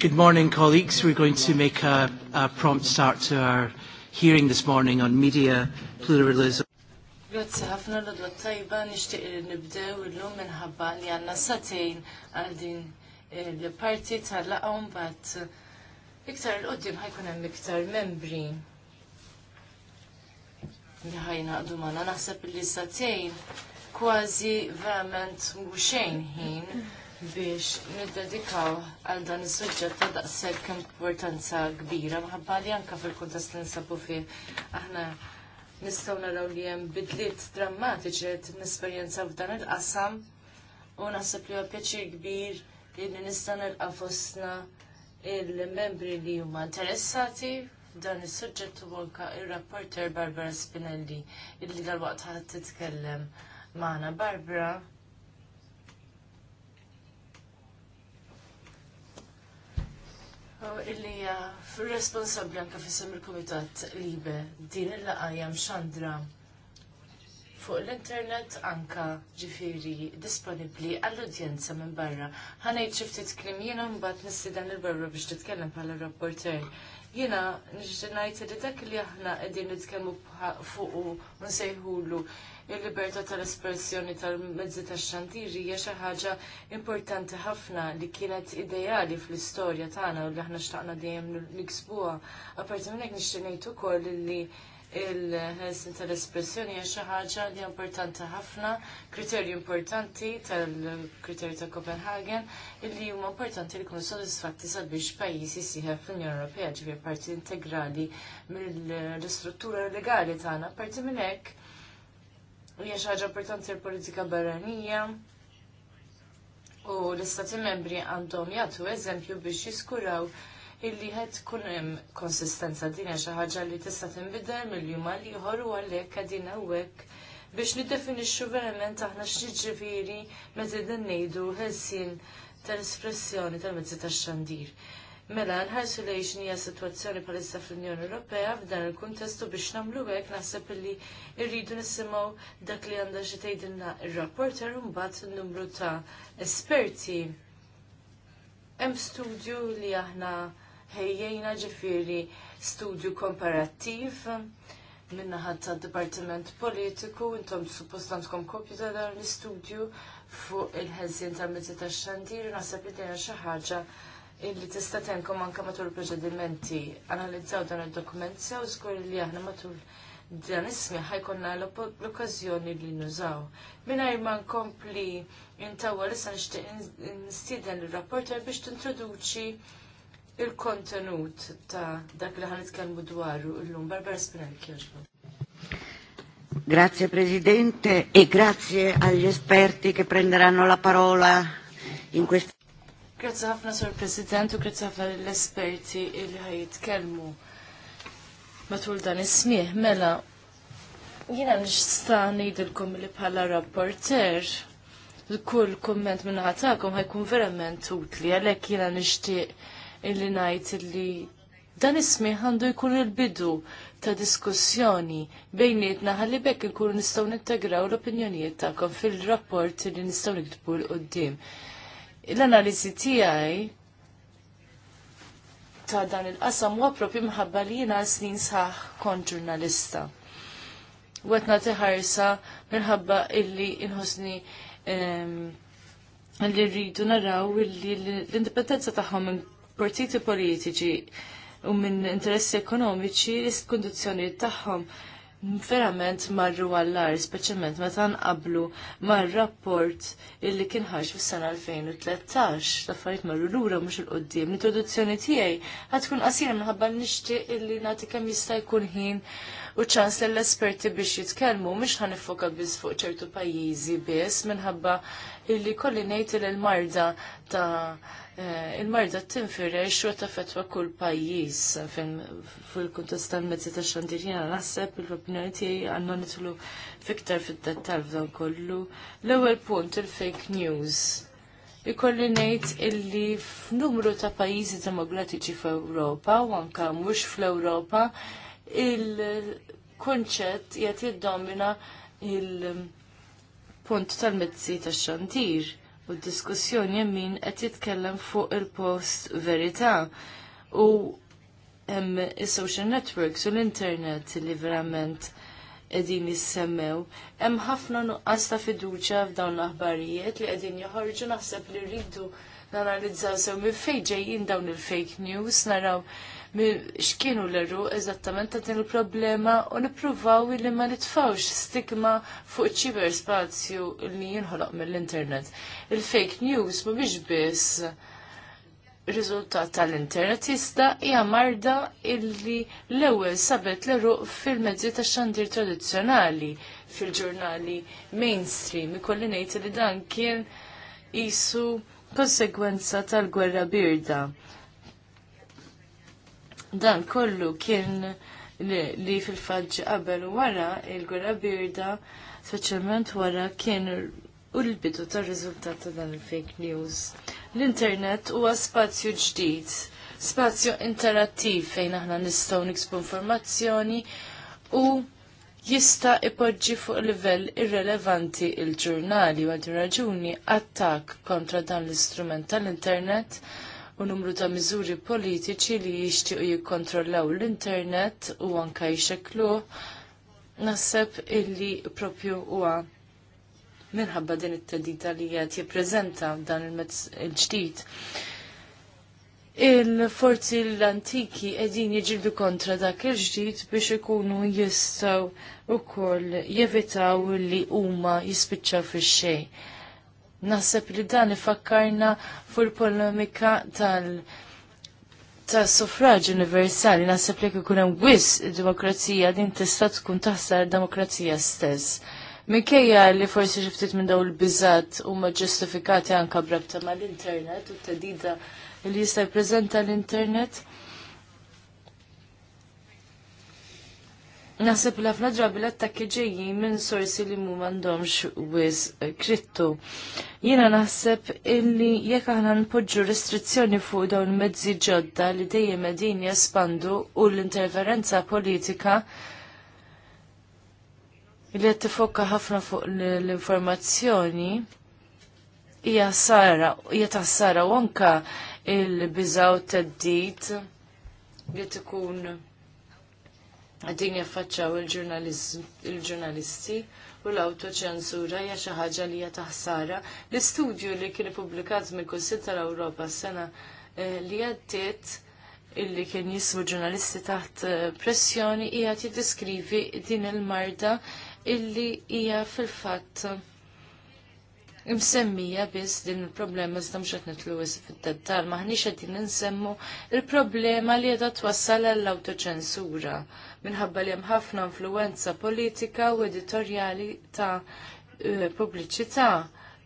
Good morning, colleagues. We're going to make a, a prompt start to our hearing this morning on media pluralism. ħafna l tajba nishtiq minħabba li għanna satejn għal din eh, l-parti tal eh, iktar l ħajkun hemm iktar membri li naħseb li satejn kważi verament ħin biex niddedikaw għal dan is-suġġett ta' daqshekk importanza kbira minħabba li anke fil-kuntest li nsabu fih aħna nistgħu naraw li hemm bidliet drammatiċi qed nesperjenza f'dan il-qasam u naħseb li huwa pjaċir kbir li nista' nilqa' fostna il-membri li huma interessati f'dan is-suġġett u anke ir-rapporter Barbara Spinelli illi dalwaqt ħadd titkellem magħna Barbara. illi responsabli responsabbli anke f'isem il-Kumitat Libe din il laqajja mxandra fuq l-internet anka ġifiri disponibbli għall-udjenza minn barra. Għanajt xi ftit kliem mbat mbagħad nissidan il barra biex titkellem bħala rapporter. Jiena nġġenajt li dak li aħna qegħdin nitkellmu fuq u nsejħulu il-libertà tal-espressjoni tal-mezzi tax-xantiri hija xi ħaġa importanti ħafna li kienet ideali fl-istorja tagħna u li aħna xtaqna dejjem niksbuha. Apparti minn hekk nixtieq ngħid ukoll li il-ħelsin tal-espressjoni hija xi ħaġa li importanti ħafna, kriterju importanti tal-kriterju ta' Copenhagen illi huma importanti li jkunu sodisfatti sabiex pajjiż jissieħeb fl-Unjoni Ewropea ġifier parti integrali mill-istruttura legali tagħna. Parti minn hekk u hija xi ħaġa importanti l-politika barranija. U l-istati membri għandhom jagħtu eżempju biex jiskuraw illi ħed tkun hemm konsistenza din xi ħaġa li tista' tinbidel mill-jum għal ieħor u għalhekk qegħdin hawnhekk biex niddefinixxu verament aħna x'niġġifieri meta din ngħidu ħelsien tal-espressjoni tal-mezzi tax-xandir. Mela, nħarsu li hija situazzjoni palissa fl-Unjoni Ewropea f'dan il-kontestu biex namlu għek naħseb li rridu nisimaw dak li għanda xitajdinna il-rapporter mbagħad numru ta' esperti. Hemm studju li aħna ħejjejna ġifieri studju komparattiv minnaħat ta' Dipartiment Politiku, intom suppost għandkom kopju ta' dan l-istudju fuq il-ħezjien ta' mezzi ta' xandir, naħseb li dejna xi ħaġa illi tista' tenkom anke matul proċedimenti analizzaw dan id-dokument sew żgur li aħna matul dan ismi ħajkonna l-okkazjoni li nużaw. Minajr ma nkompli intawa lissa nixtieq nistiden ir rapporter biex tintroduċi il-kontenut ta' dak li ħan nitkellmu dwaru llum. Barbara Spinelli Grazie Presidente e grazie agli esperti che prenderanno la parola in questo Grazzi ħafna Sur President u grazzi ħafna l-esperti li ħajitkellmu matul dan is-smieħ mela jiena nista' ngħidilkom li bħala rapporter kull kumment minn ħatakom ħajkun verament utli għalhekk jiena nixtieq illi ngħid li dan is-smieħ għandu jkun il-bidu ta' diskussjoni bejnietna għalli bekk nkunu nistgħu nintegraw l-opinjonijiet tagħkom fil-rapport li nistgħu nikdbu l qudiem l-analiżi tiegħi ta' dan il-qasam huwa propju mħabba li jiena snin sħaħ kont ġurnalista. U għetna minħabba illi inħosni illi rridu naraw illi l-indipendenza tagħhom minn partiti politiċi u minn interessi ekonomiċi l-iskondizzjoni tagħhom verament marru għallar, speċjalment meta qablu mar-rapport illi kien ħarġ fis-sena 2013, l-affarijiet marru lura mhux il-qoddim. L-introduzzjoni tiegħi ħad tkun qasira minħabba nixtieq illi nagħti kemm jista' jkun ħin u ċans l-esperti biex jitkellmu mhux ħanifoka biss fuq ċertu pajjiżi biss minħabba illi kolli ngħid lill marda ta' Eh, il-marda tinfirex u taffetwa kull pajjiż fil-kuntest tal-mezzi ta' xandir jena naħseb il-opinjoni tiegħi għandna nitlu fiktar fid-dettal f'dan kollu. L-ewwel punt il-fake news. Ikolli ngħid illi f'numru ta' pajjiżi demokratiċi f'Ewropa u anke mhux fl-Ewropa il-kunċett qiegħed jiddomina il-punt tal-mezzi tax-xandir u d-diskussjoni min qed jitkellem fuq il-post verità u hemm is-social networks u l-internet li verament qegħdin jissemmew. Hemm ħafna nuqqas ta' fiduċja f'dawn l-aħbarijiet li qegħdin joħorġu naħseb li rridu nanalizzaw sew minn fejn ġejjin dawn il-fake news naraw x'kienu l erru eżattament ta' din il-problema u nippruvaw li ma nitfawx stigma fuq ċiber spazju li jinħoloq mill-internet. Il-fake news mhumiex biss riżultat tal-internet jista hija marda illi l-ewwel sabet l-eruq fil-mezzi tax xandir tradizzjonali fil-ġurnali mainstream. Ikolli ngħid li dan kien isu konsegwenza tal-gwerra birda. Dan kollu kien li fil fadġ qabel u wara il-gwerra birda, speċjalment wara kien u l-bidu ta' riżultat ta' dan il-fake news. L-internet huwa spazju ġdid, spazju interattiv fejn aħna nistgħu niksbu informazzjoni u jista' ipoġġi fuq livell irrelevanti il-ġurnali u għadu raġuni attak kontra dan l-istrument tal-internet u numru ta' miżuri politiċi li jixtiequ jikkontrollaw l-internet u anka jxeklu naħseb illi propju huwa minħabba din it-tedita li qed jippreżenta dan il-mezz il-ġdid. Il-forzi l-antiki edin jiġildu kontra dak il-ġdid biex ikunu jistaw u koll jevitaw li huma jispiċċaw fi xej. Naħseb li dan ifakkarna fuq il-polemika tal- ta' suffraġ universali naħseb li jkun hemm wis id-demokrazija din tista' tkun taħsar demokrazija stess. Minkejja li forsi xiftit minn daw il u huma ġustifikati anke brabta mal-internet u t-tedida li jista' jippreżenta l-internet. Nasib la fna drabi l-attakki ġejjin minn sorsi li mu mandomx wiz krittu. Jina naħseb illi jekk aħna npoġġu restrizzjoni fuq dawn mezzi ġodda li dejjem medin jespandu u l-interferenza politika li qed tifokka ħafna fuq l-informazzjoni hija sara hija tassara u anka il-biżaw teddid li tkun għadin jaffaċċaw il-ġurnalisti u l-autoċensura hija xi ħaġa li hija taħsara. L-istudju li kien ippubblikat mill-Kunsill tal-Ewropa sena eh, li għaddiet illi kien jismu ġurnalisti taħt eh, pressjoni hija jiddiskrivi din il-marda illi hija fil-fatt msemmija biss din il-problema iżda mhux nitlu fid-dettal maħniex qegħdin nsemmu il-problema li qiegħda twassal għall-awtoċensura minħabba li hemm ħafna influenza politika u editorjali ta' eh, pubbliċità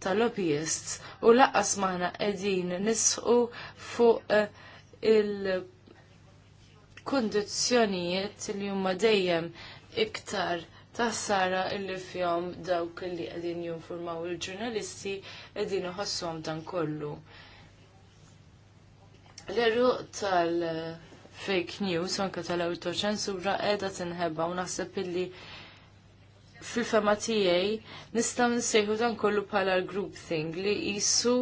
ta' lobbyists u laqqas maħna qegħdin nisqu fuq eh, il-kundizzjonijiet li huma dejjem iktar tassara illi fjom dawk li qegħdin jinformaw il-ġurnalisti qegħdin iħossuhom dan kollu. l eru tal- fake news anke tal-autoċensura qiegħda tinħebba u naħseb illi fil-fema tiegħi nista' nsejħu dan kollu bħala thing li qisu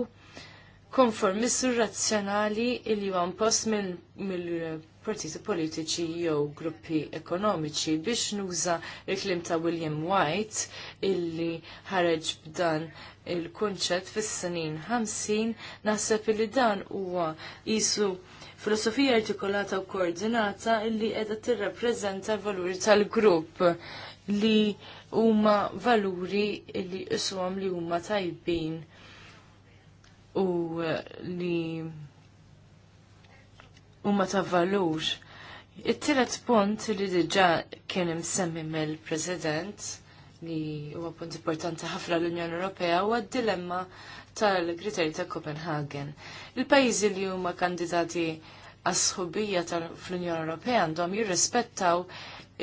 konformissu razzjonali illi huwa post mill-partiti politiċi jew gruppi ekonomiċi biex nuża il-klim ta' William White illi ħareġ b'dan il-kunċett fis-snin 50 naħseb illi dan huwa qisu filosofija artikolata u koordinata illi qiegħda tirrappreżenta valuri tal-grupp li huma valuri li iswam li huma tajbin u uh, li huma ta' valur. It-tielet punt li diġà kien imsemmi mill-President li huwa punt importanti ħafna l-Unjoni Ewropea huwa d-dilemma tal-kriterji ta' Copenhagen. Il-pajjiżi li huma kandidati għas-sħubija fl-Unjoni Ewropea għandhom jirrispettaw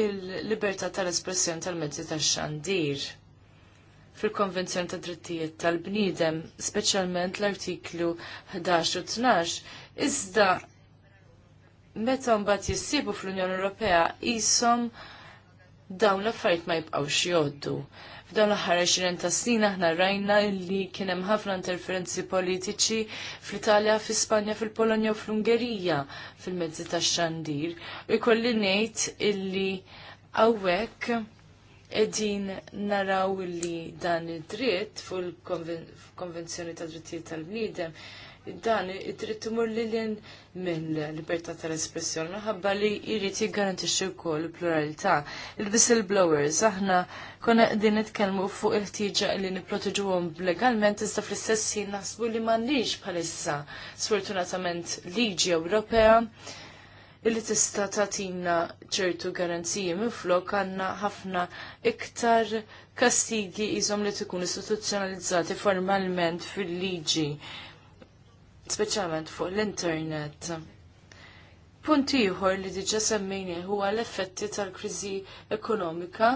il-libertà tal-espressjoni tal-mezzi tax-xandir. Fil-Konvenzjoni ta' Drittijiet tal-Bniedem, speċjalment l-artiklu 11 u 12, iżda meta mbagħad jissibu fl-Unjoni Ewropea qishom dawn l-affarijiet ma jibqgħux jgħoddu. F'dawn l-aħħar 20 ta' snin aħna rajna li kien hemm ħafna interferenzi politiċi fl-Italja, fl-Ispanja, fil-Polonja u fl-Ungerija fil-mezzi tax-xandir. U jkolli ngħid illi hawnhekk qegħdin naraw li dan id-dritt fuq il-Konvenzjoni ta' Drittijiet tal-Bniedem dan it-tritt imur lilien mill-libertà tal-espressjoni minħabba li jrid jiggarantixxi wkoll pluralità. il blowers, aħna konna qegħdin nitkellmu fuq il-ħtieġa li nipproteġuhom legalment iżda fl-istess ħin naħsbu li m'għandniex bħalissa sfortunatament liġi Ewropea illi tista tatina ċertu garanziji flok għandna ħafna iktar kastigi iżom li tkun istituzzjonalizzati formalment fil-liġi speċjalment fuq l-internet. Punt ieħor li diġa semmejni huwa l-effetti tal-kriżi ekonomika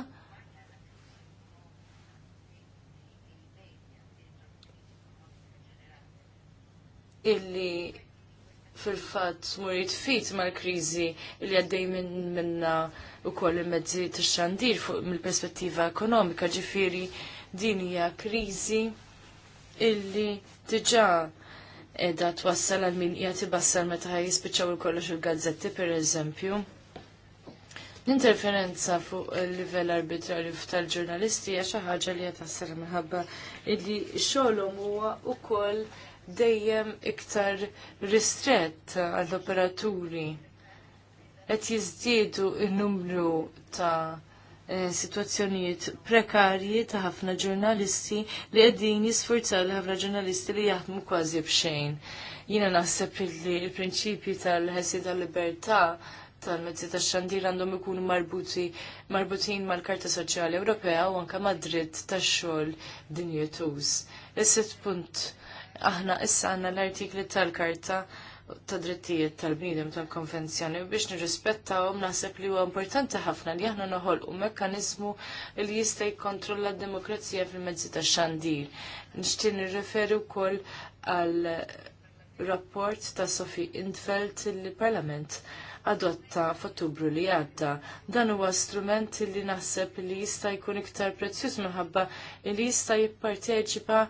illi fil fatt murit fit ma' l-krizi li għaddej minn minna u koll il-mezzi t-xandir fuq mill-perspettiva ekonomika ġifiri din hija krizi illi diġa edha twassal għal min jgħati bassal meta jispiċaw il-kollox il-gazzetti per eżempju. L-interferenza fuq il-livell arbitrarju tal-ġurnalisti hija xi ħaġa li jatassar minħabba illi xogħolhom huwa wkoll dejjem iktar ristret għall-operaturi qed jiżdiedu n-numru ta' Eh, situazzjonijiet prekarji ta' ħafna ġurnalisti li qegħdin jisfurzaw li ħafna ġurnalisti li jaħdmu kważi b'xejn. Jiena naħseb li l-prinċipji tal-ħessi tal-libertà tal-mezzi ta' xandir għandhom ikunu marbuti marbutin mal-Karta Soċjali Ewropea u anka mad-dritt tax-xogħol dinjetuż. Is-sitt punt aħna issa għandna l-artikli tal-Karta ta' drittijiet tal bnidem tal-konvenzjoni biex nirrispettawhom naħseb li huwa importanti ħafna li aħna u mekkaniżmu li jista' jikkontrolla d-demokrazija fil-mezzi tax-xandir. Nixtieq nirreferi wkoll għal rapport ta' Sophie Intfeld il-Parlament adotta f'Ottubru li għadda. Dan huwa strument li naħseb li jista' jkun iktar prezzjuż minħabba li jista' jipparteċipa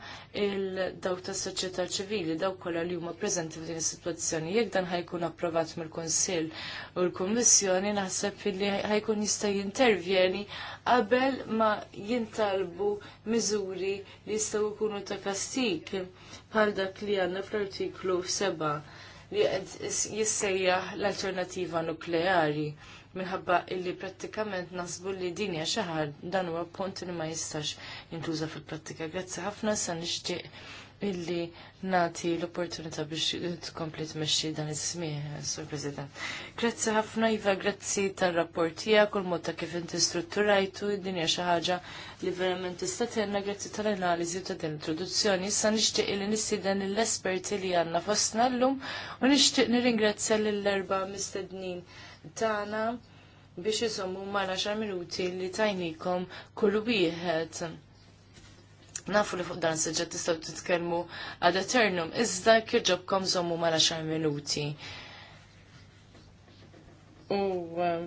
il-daw ta' soċjetà ċivili, daw kollha li huma preżenti f'din is-sitwazzjoni. Jekk dan ħajkun approvat mill-Kunsill u l-Kummissjoni naħseb li ħajkun jista' jintervjeni qabel ma jintalbu miżuri li jistgħu jkunu ta' kastik bħal dak li għandna fl-artiklu 7 li jissejja l-alternativa nukleari minħabba illi prattikament nasbu li din hija xi dan huwa punt li ma jistax jintuża fil-prattika. Grazzi ħafna sa nixtieq illi nati l-opportunità biex tkompli tmexxi dan is-smieħ, Sur President. Grazzi ħafna Iva, grazzi tar-rapport tiegħek u l ta' kif inti strutturajtu id-dinja xi ħaġa li verament tista' tistenna grazzi tal-analiżi ta' din l-introduzzjoni. Issa nixtieq li nissieden lill-esperti li għandna fostna llum u nixtieq nirringrazzja lill-erba' mistednin tagħna biex isommu mal-10 minuti li tajnikom kull wieħed nafu li fuq dan suġġett tistaw titkellmu għad eternum, iżda kirġobkom żommu mara xar minuti. U um,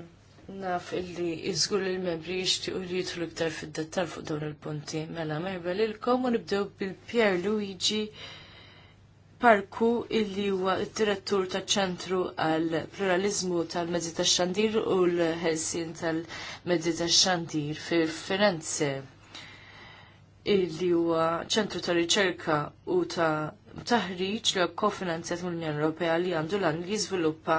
naf illi iżgur li l-membri jixtiequ li jidħlu iktar fid-dettal fuq dawn il-punti. Mela merba lilkom u nibdew bil-Pier Luigi Parku illi huwa d-direttur taċ ċentru għal pluralizmu tal-Medzi tax-Xandir u l helsin tal-Medzi tax-Xandir fi Firenze li huwa ċentru ta' riċerka u ta' taħriġ li kofinanzjat mill-Unjoni Ewropea li għandu lan li jiżviluppa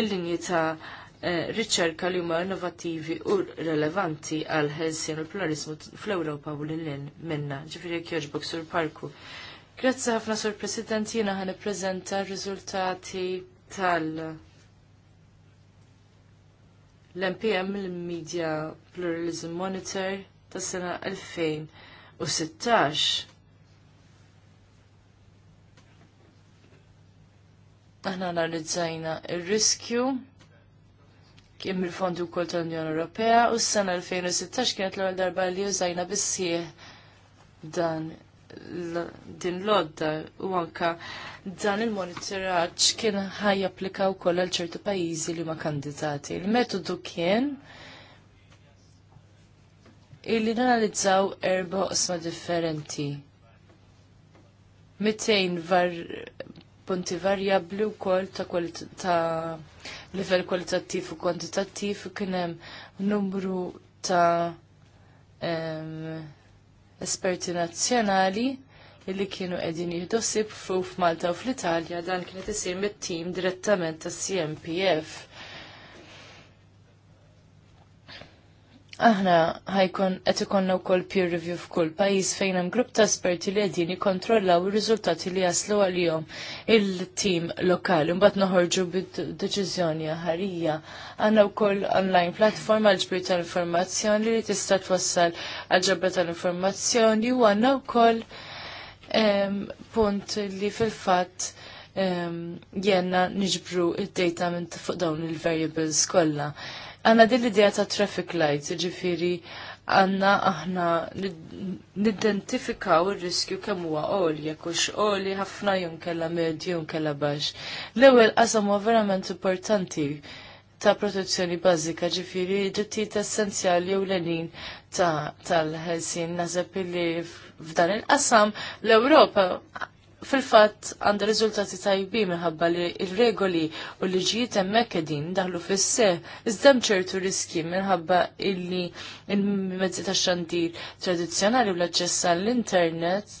il-linji ta' eh, riċerka li huma innovattivi u relevanti għal ħelsien u pluralizmu fl-Ewropa u l-lin minna. Ġifieri kjoġbok sur parku. Grazzi ħafna sur President jiena ħan ippreżenta r-riżultati tal- l-MPM l-Media Pluralism Monitor tas sena 2000 u 16. Aħna analizzajna il riskju kien il-Fondi wkoll tal-Unjoni Ewropea u s-sena 2016 kienet l-ewwel darba li użajna bissieh dan din l-odda u anka dan il-monitoraġġ kien ħaj applika wkoll għal ċertu pajjiżi li ma kandidati. Il-metodu kien illi nanalizzaw erba osma differenti. Mittejn var punti varjabli u kol ta', ta livell kwalitattiv u kwantitattiv u kienem numru ta' um, esperti nazzjonali illi kienu edin jihdossib fu f'Malta u fl-Italja dan kienet isim mit-tim direttament ta' CMPF. Aħna ħajkun qed ikollna wkoll peer review f'kull pajjiż fejn hemm grupp ta' esperti li qegħdin jikkontrollaw ir-riżultati li jaslu għalihom il-tim lokali mbagħad noħorġu bid-deċiżjoni aħarija. Għandna wkoll online platform għal ġbir tal-informazzjoni li tista' twassal għal ġabra tal-informazzjoni u għandna wkoll ehm, punt li fil-fatt ehm, jenna niġbru id-data minn fuq dawn il-variables kollha. Għanna din l-idea ta' traffic lights, ġifiri għanna aħna nidentifikaw il-riskju kemm huwa qoli, jekk ux qoli ħafna jum kella medju jum kella baxx. L-ewwel qasam huwa verament importanti ta' protezzjoni bażika ġifiri ġittijiet essenzjali u l-enin tal-ħelsin. Naħseb li f'dan il-qasam l-Ewropa fil-fatt għandha riżultati tajbi minħabba li il-regoli u liġijiet hemmhekk edin daħlu fis iżdem iżda ċertu riski minħabba illi il-mezzi tax-xandir tradizzjonali u l-aċċess l internet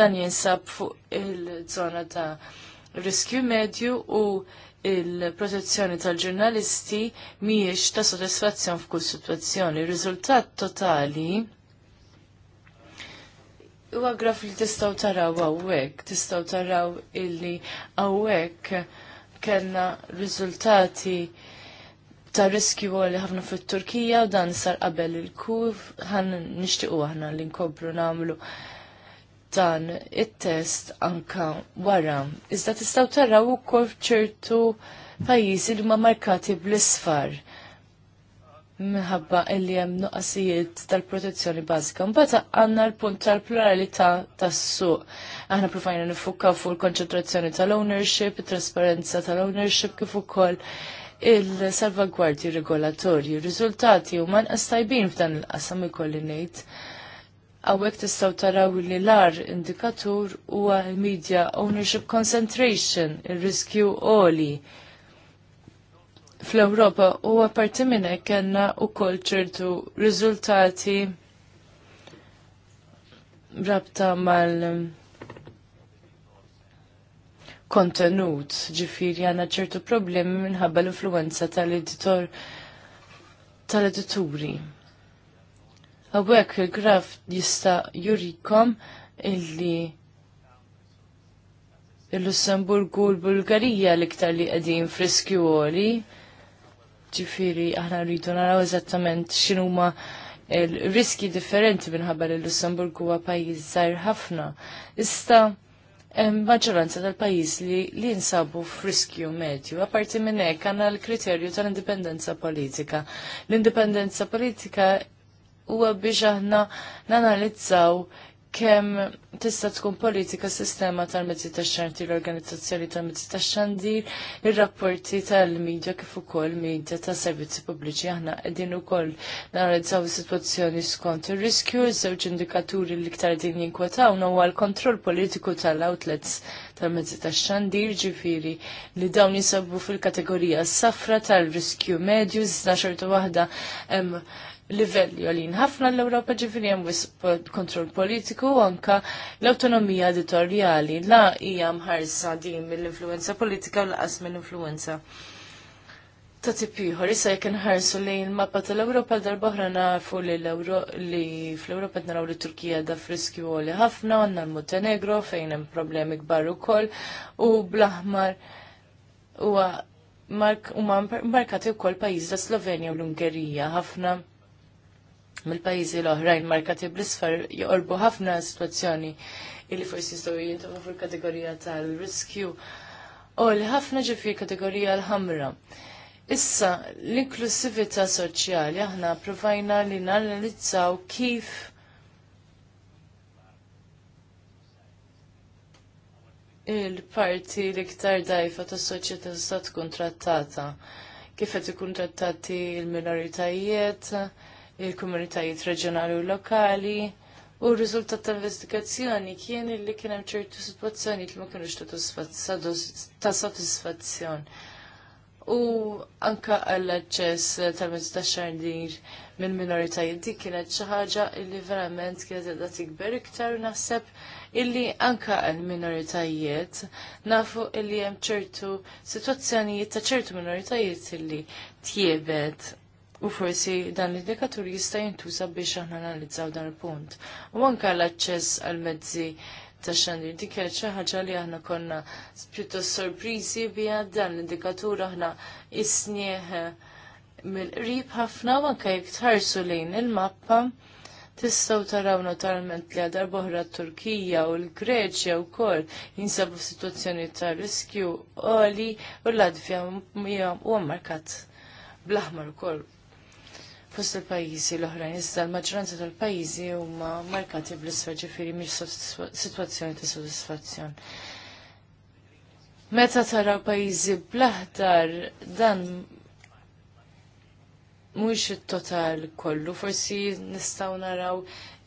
dan jinsab fuq il-żona ta' riskju medju u il-protezzjoni tal-ġurnalisti mhijiex ta' sodisfazzjon f'kull sitwazzjoni. Rizultat riżultat totali U għagraf li tistaw taraw għawek, tistaw taraw illi għawek kena rizultati ta' riski għalli ħafna fit turkija u dan sar qabel il għan ħan u għahna li nkobru namlu dan it-test anka wara. Iżda tistaw taraw u kol ċertu pajjiżi li ma markati bl-isfar minħabba illi hemm nuqqasijiet tal-protezzjoni bażika. Mbagħad għandna l-punt tal-pluralità tas-suq. Aħna provajna nifukkaw fuq il-konċentrazzjoni tal-ownership, it-trasparenza tal-ownership kif ukoll il-salvagwardji regolatorji. Riżultati huma nqas tajbin f'dan il-qasam ikolli ngħid. Hawnhekk tistgħu taraw li l-ar indikatur huwa l-media ownership concentration, ir-riskju oli fl-Ewropa u apparti minn hekk kellna wkoll ċertu riżultati rabta mal kontenut ġifiri għanna ċertu problemi minħabba l-influenza tal-editor tal-edituri. Għawek il-graf jista jurikom illi il-Lussemburgu u l-Bulgarija l-iktar li għedin friskju għoli Ġifiri, aħna rridu naraw eżattament x'inhuma riski differenti minħabba li Lussemburg huwa pajjiż żgħir ħafna. Issa maġġoranza tal-pajjiż li li jinsabu f'riskju medju. Apparti minn hekk għandna l-kriterju tal-indipendenza politika. L-indipendenza politika huwa biex aħna nanalizzaw kemm tista' tkun politika sistema tal-mezzi tax-xandir, l-organizzazzjoni tal-mezzi tax-xandir, ir-rapporti tal-medja kif ukoll medja ta' servizzi pubbliċi aħna qegħdin ukoll narizzaw is-sitwazzjoni skont ir-riskju, żewġ indikaturi li iktar din jinkwetawna huwa l-kontroll politiku tal-outlets tal-mezzi tax-xandir, ġifieri li dawn jisabu fil-kategorija safra tal-riskju medju, iżda xorta waħda hemm livell jolin ħafna l-Ewropa ġifiri hemm wisq kontroll politiku u anka l-autonomija editorjali la hija mħarsa din mill-influenza politika u laqas mill-influenza ta' tipiħor, issa jek nħarsu li l-mappa tal-Europa l-darbohra nafu li fl-Europa naraw li Turkija da friskju li ħafna, għanna l-Montenegro fejn hemm problemi kbar ukoll u blaħmar u markati ukoll pajjiż da Slovenja u l-Ungerija ħafna mill-pajjiżi l-oħrajn markati bl-isfar joqorbu ħafna situazzjoni illi forsi jistgħu jintufu fil-kategorija tal-riskju u li ħafna ġi fil-kategorija l-ħamra. Issa l-inklusivita soċjali aħna provajna li nanalizzaw kif il-parti l-iktar dajfa tas soċjetà tista' tkun trattata kif qed ikun trattati l-minoritajiet, il-komunitajiet reġjonali u lokali. U r-riżultat ta' investigazzjoni kien li kien hemm ċertu sitwazzjonijiet li ma kienux ta' satisfazzjon. U anka għall-aċċess tal-mezz ta' xandir minn minoritajiet dik kienet xi ħaġa li verament kienet qiegħda tikber iktar naħseb illi anka għal minoritajiet nafu illi hemm ċertu sitwazzjonijiet ta' ċertu minoritajiet illi tjiebet U forsi dan l-indikatur jista' jintuża biex aħna analizzaw dan il-punt. U anke l-aċċess għal mezzi ta' xandir dikjer xi ħaġa li aħna konna pjuttost sorpriżi biha dan l-indikatur aħna isnieħ mill-qrib ħafna u anke jekk tħarsu lejn il-mappa tistaw taraw notarment li għadar boħra Turkija u l-Greċja u kol jinsabu situazzjoni ta' riskju għoli u l-Latvija u għammarkat blaħmar u kol fost il-pajjiżi l-oħrajn iżda l-maġġoranza tal-pajjiżi huma markati bl-isfel ġifiri mhix sitwazzjoni ta' sodisfazzjon. Meta taraw pajjiżi bl-aħdar dan mhuwiex it-total kollu, forsi nistgħu naraw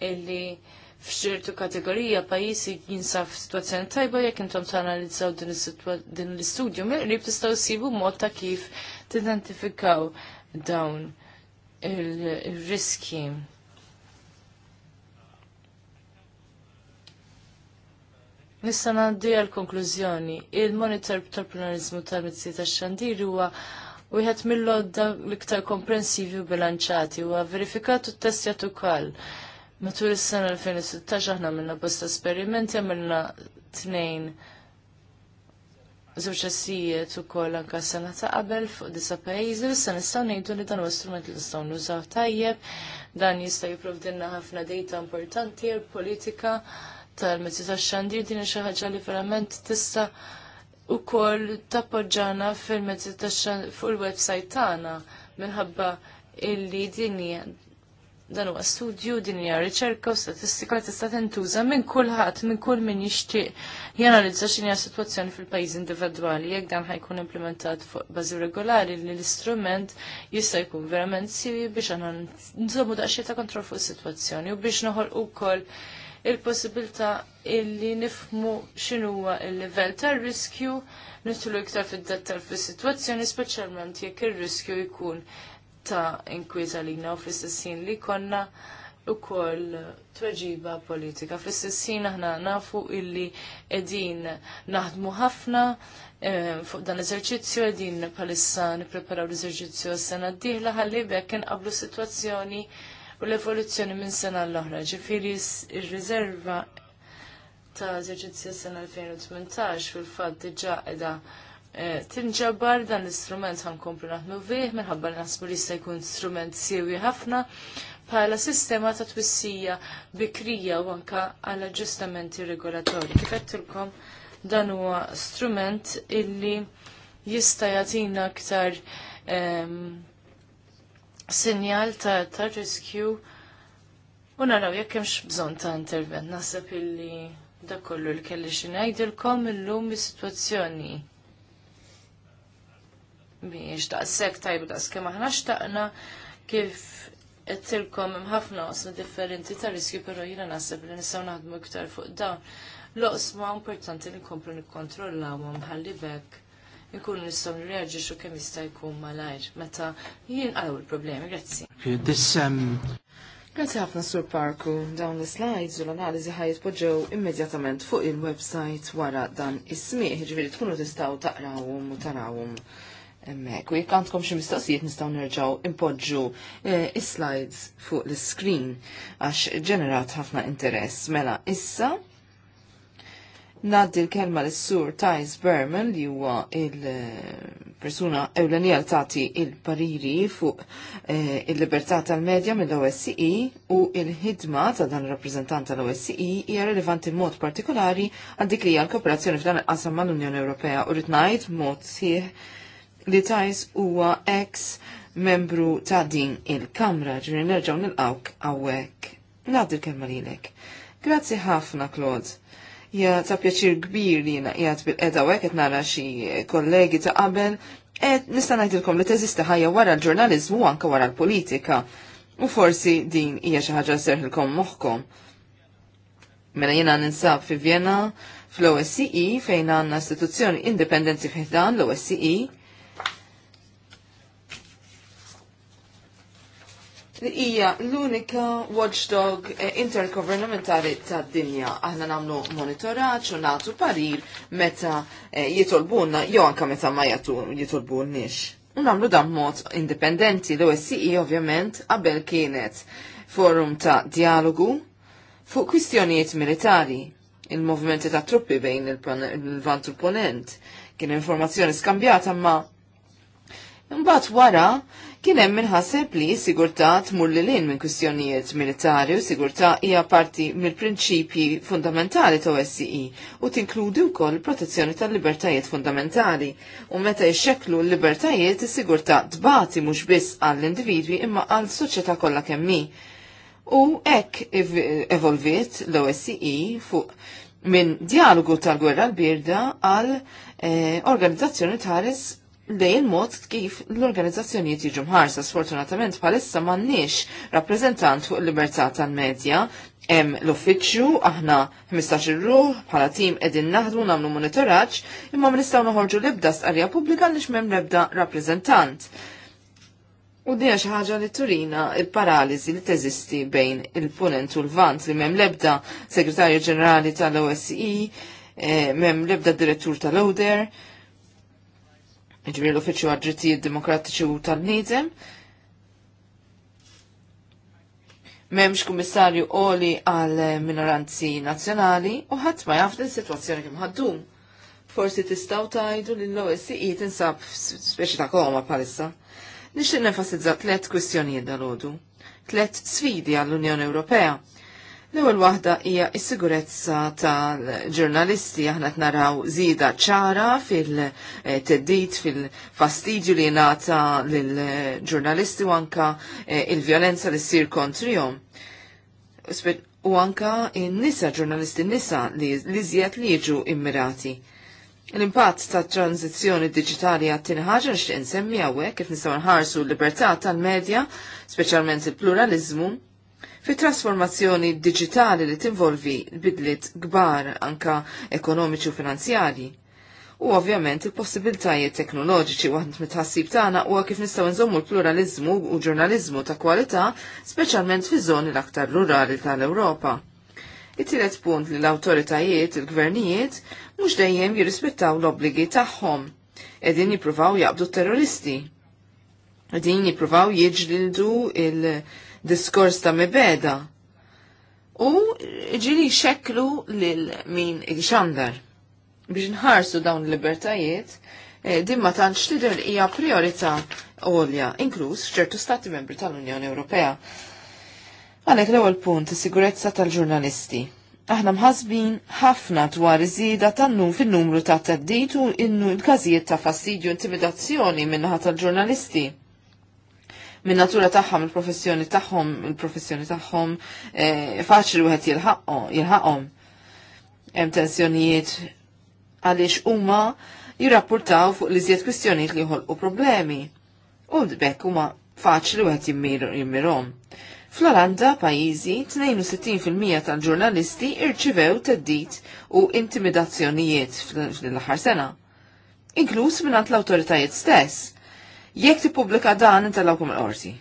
illi f'ċertu kategorija pajjiżi jinsab f'sitwazzjoni tajba jekk intom tanalizzaw din l-istudju mill-qrib tistgħu ssibu mod ta' kif tidentifikaw dawn il-riski. Nista' ngħaddi għal konklużjoni. Il-monitor tal-pluralizmu tal-mizzi tax-xandir huwa wieħed mill-lodda l-iktar komprensivi u bilanċati huwa verifikat u testjat ukoll. Matul is-sena 2016 aħna minna bosta esperimenti għamilna tnejn u assijiet ukoll s sena ta' qabel fuq disa pajjiżi, issa nistgħu ngħidu li dan huwa strument li nistgħu nużaw tajjeb, dan jista' jipprovdilna ħafna dejta importanti għal politika tal-mezzi tax-xandir din xi ħaġa li verament tista' ukoll tappoġġana fil-mezzi tax fuq il-website tagħna minħabba illi din dan huwa studju, din hija riċerka u statistika li tista' tintuża minn kulħadd, minn kull min jixtieq janalizza x'inhi situazzjoni fil-pajjiż individwali jekk dan ħajkun implementat fuq bażi regolari li l-istrument jista' jkun verament siwi biex aħna nżommu daqsxejn ta' kontroll fuq is-sitwazzjoni u biex noħolqu wkoll il-possibilità illi nifmu x'inhuwa il-livell tar-riskju nitlu iktar fid-dettal fis-sitwazzjoni speċjalment jekk ir-riskju jkun ta' inkwieta li u fl-istessin li konna u koll tweġiba politika. Fl-istessin aħna nafu illi edin naħdmu ħafna eh, fuq dan l-eżerċizzju edin palissa nipreparaw l-eżerċizzju s-sena d-dihla ħalli bekken nqablu situazzjoni u l-evoluzzjoni minn sena l-oħra. Ġifiri il-rizerva ta' eżerċizzju s-sena 2018 fil-fat diġa edha Eh, tinġabbar dan l-istrument ħankomplu naħdmu fih minħabba naħsbu li jista' jkun strument siewi ħafna bħala sistema ta' twissija bikrija u anka għal aġġustamenti regolatorji. Kif dan huwa strument illi jista' jagħtina aktar ehm, sinjal ta' ta' riskju u naraw jekk hemmx bżonn ta' intervent. Naħseb illi dak kollu li kelli xi ngħidilkom illum is-sitwazzjoni miex daqsek tajbu daqskem aħna xtaqna kif tilkom ħafna osma differenti ta' riskju pero jina nasib li nisaw naħdmu iktar fuq da' loqs ma' importanti li nkomplu nikkontrollaw mħalli bekk nkunu nistgħu nirreaġixxu kemm jista' jkun malajr meta għaw il problemi Grazzi. Um, Grazzi ħafna Sur Parku, dawn l-slides u l-analiżi ħajitpoġġew immedjatament fuq il-website wara dan is-smieħ, ġifieri tkunu tistgħu taqrawhom u tarawhom. Emmek, u jekk għandkom xi mistoqsijiet nistgħu nerġgħu impoġġu eh, is-slides fuq l-screen għax ġenerat ħafna interess. Mela, issa Naddi l-kelma l-sur Tajs Berman li huwa il-persuna ewlenija l tati il-pariri fuq eh, il-libertà tal-medja mill-OSCE u il-ħidma ta' dan rappresentant tal-OSCE hija relevanti mod partikolari għal dik li hija l-kooperazzjoni f'dan il-qasam mal-Unjoni Ewropea u rid ngħid mod sieħ li tajs huwa ex membru ta' din il-kamra ġiri nerġaw nil awk għawek. Nadir il lilek. Grazzi ħafna, Claude. Ja ta' pjaċir kbir li jgħat bil-edha għek et nara xie kollegi ta' qabel, et nista' ngħidilkom li teżista ħajja wara l-ġurnalizmu anka wara l-politika. U forsi din hija xi ħaġa serħilkom moħħkom. Mela jiena ninsab fi Vienna fl-OSCE fejn għandna istituzzjoni indipendenti fiħdan l-OSCE li hija l-unika watchdog eh, intergovernamentali tad-dinja. Aħna nagħmlu monitoraċ u nagħtu parir meta eh, jitolbunna jew anke meta ma jitolbunniex. U nagħmlu dan mod indipendenti l-OSCE ovvjament qabel kienet forum ta' dialogu fuq kwistjonijiet militari, il-movimenti ta' truppi bejn il-vant il ponent kien informazzjoni skambjata ma' Mbagħad wara Kien hemm minħaseb li sigurtà tmur lil lin minn kwistjonijiet militari u sigurtà hija parti mill-prinċipji fundamentali ta' OSCE u tinkludi wkoll protezzjoni tal-libertajiet fundamentali. U meta jxeklu l-libertajiet is-sigurtà tbati mhux biss għall-individwi imma għall-soċjetà kollha kemm U hekk evolviet l-OSCE fuq minn dialogu tal-gwerra l-birda għal eh, organizzazzjoni tħares lejn mod kif l-organizzazzjonijiet jiġu mħarsa sfortunatament bħalissa m'għandniex rappreżentant fuq il-libertà tal-medja hemm l-uffiċċju aħna 15 ruħ bħala tim qegħdin naħdmu nagħmlu monitoraġġ imma ma nistgħu noħorġu l ebda stqarja pubblika għaliex m'hemm l-ebda rappreżentant. U dija xi ħaġa li turina l paraliżi li teżisti bejn il-punent u l-vant li m'hemm l-ebda segretarju ġenerali tal-OSI, eh, m'hemm l-ebda direttur tal-ODER, ġivri l-Uffiċċju għad-Drittijiet Demokratiċi u tal nizem Memx kummissarju oli għal minoranzi nazzjonali u ħadd ma jaf din sitwazzjoni kemm ħaddum. Forsi tistgħu tgħidu l-OSCE tinsab speċi ta' koma palissa. Nixtieq nenfasizza tliet kwistjonijiet dal-għodu. Tlet sfidi għall-Unjoni Ewropea L-ewwel waħda hija s-sigurezza tal-ġurnalisti aħna qed naraw żieda ċara fil-teddit fil-fastidju li ngħata lill-ġurnalisti u anka eh, il-vjolenza li ssir kontrihom. U anka n-nisa ġurnalisti nisa li żjed li jiġu immirati. L-impatt ta' tranzizjoni digitali għattin ħagġa nxtieq insemmi hawnhekk kif nistgħu nħarsu l-libertà tal-medja, speċjalment il-pluralizmu, fit trasformazzjoni digitali li tinvolvi bidliet kbar anka ekonomiċi u finanzjari. U ovvjament il-possibiltajiet teknoloġiċi waħd mitħassib tagħna huwa kif nistgħu nżommu l-pluralizmu u ġurnalizmu ta' kwalità, speċjalment fiż-żoni l-aktar rurali tal-Ewropa. It-tielet punt li l-awtoritajiet, il-gvernijiet, mhux dejjem jirrispettaw l-obbligi tagħhom. Qegħdin jippruvaw jaqbdu terroristi. Qegħdin jippruvaw jiġlildu il- diskors ta' mibeda. U ġili xeklu lil min xandar. Biex nħarsu dawn l-libertajiet, eh, dimma tantx tidher hija priorità għolja, inkluż ċertu stati membri tal-Unjoni Ewropea. Għalhekk l-ewwel punt is-sigurezza tal-ġurnalisti aħna mħasbin ħafna dwar iż-żieda tan-num fin-numru ta' tadditu innu l-każijiet ta' fastidju intimidazzjoni minnaħa tal-ġurnalisti minn natura tagħhom il-professjoni tagħhom il-professjoni tagħhom eh, faċli wieħed jilħaqhom. Hemm tensjonijiet għaliex huma jirrapportaw fuq li żjed kwistjonijiet li jħolqu problemi. U bekk huma faċli wieħed jimmirhom. Fl-Olanda, pajizi, 62% tal-ġurnalisti irċivew teddit u intimidazzjonijiet fl-aħħar sena, inkluż mingħand l-autoritajiet stess Jekk tippubblika dan lawkum l qorti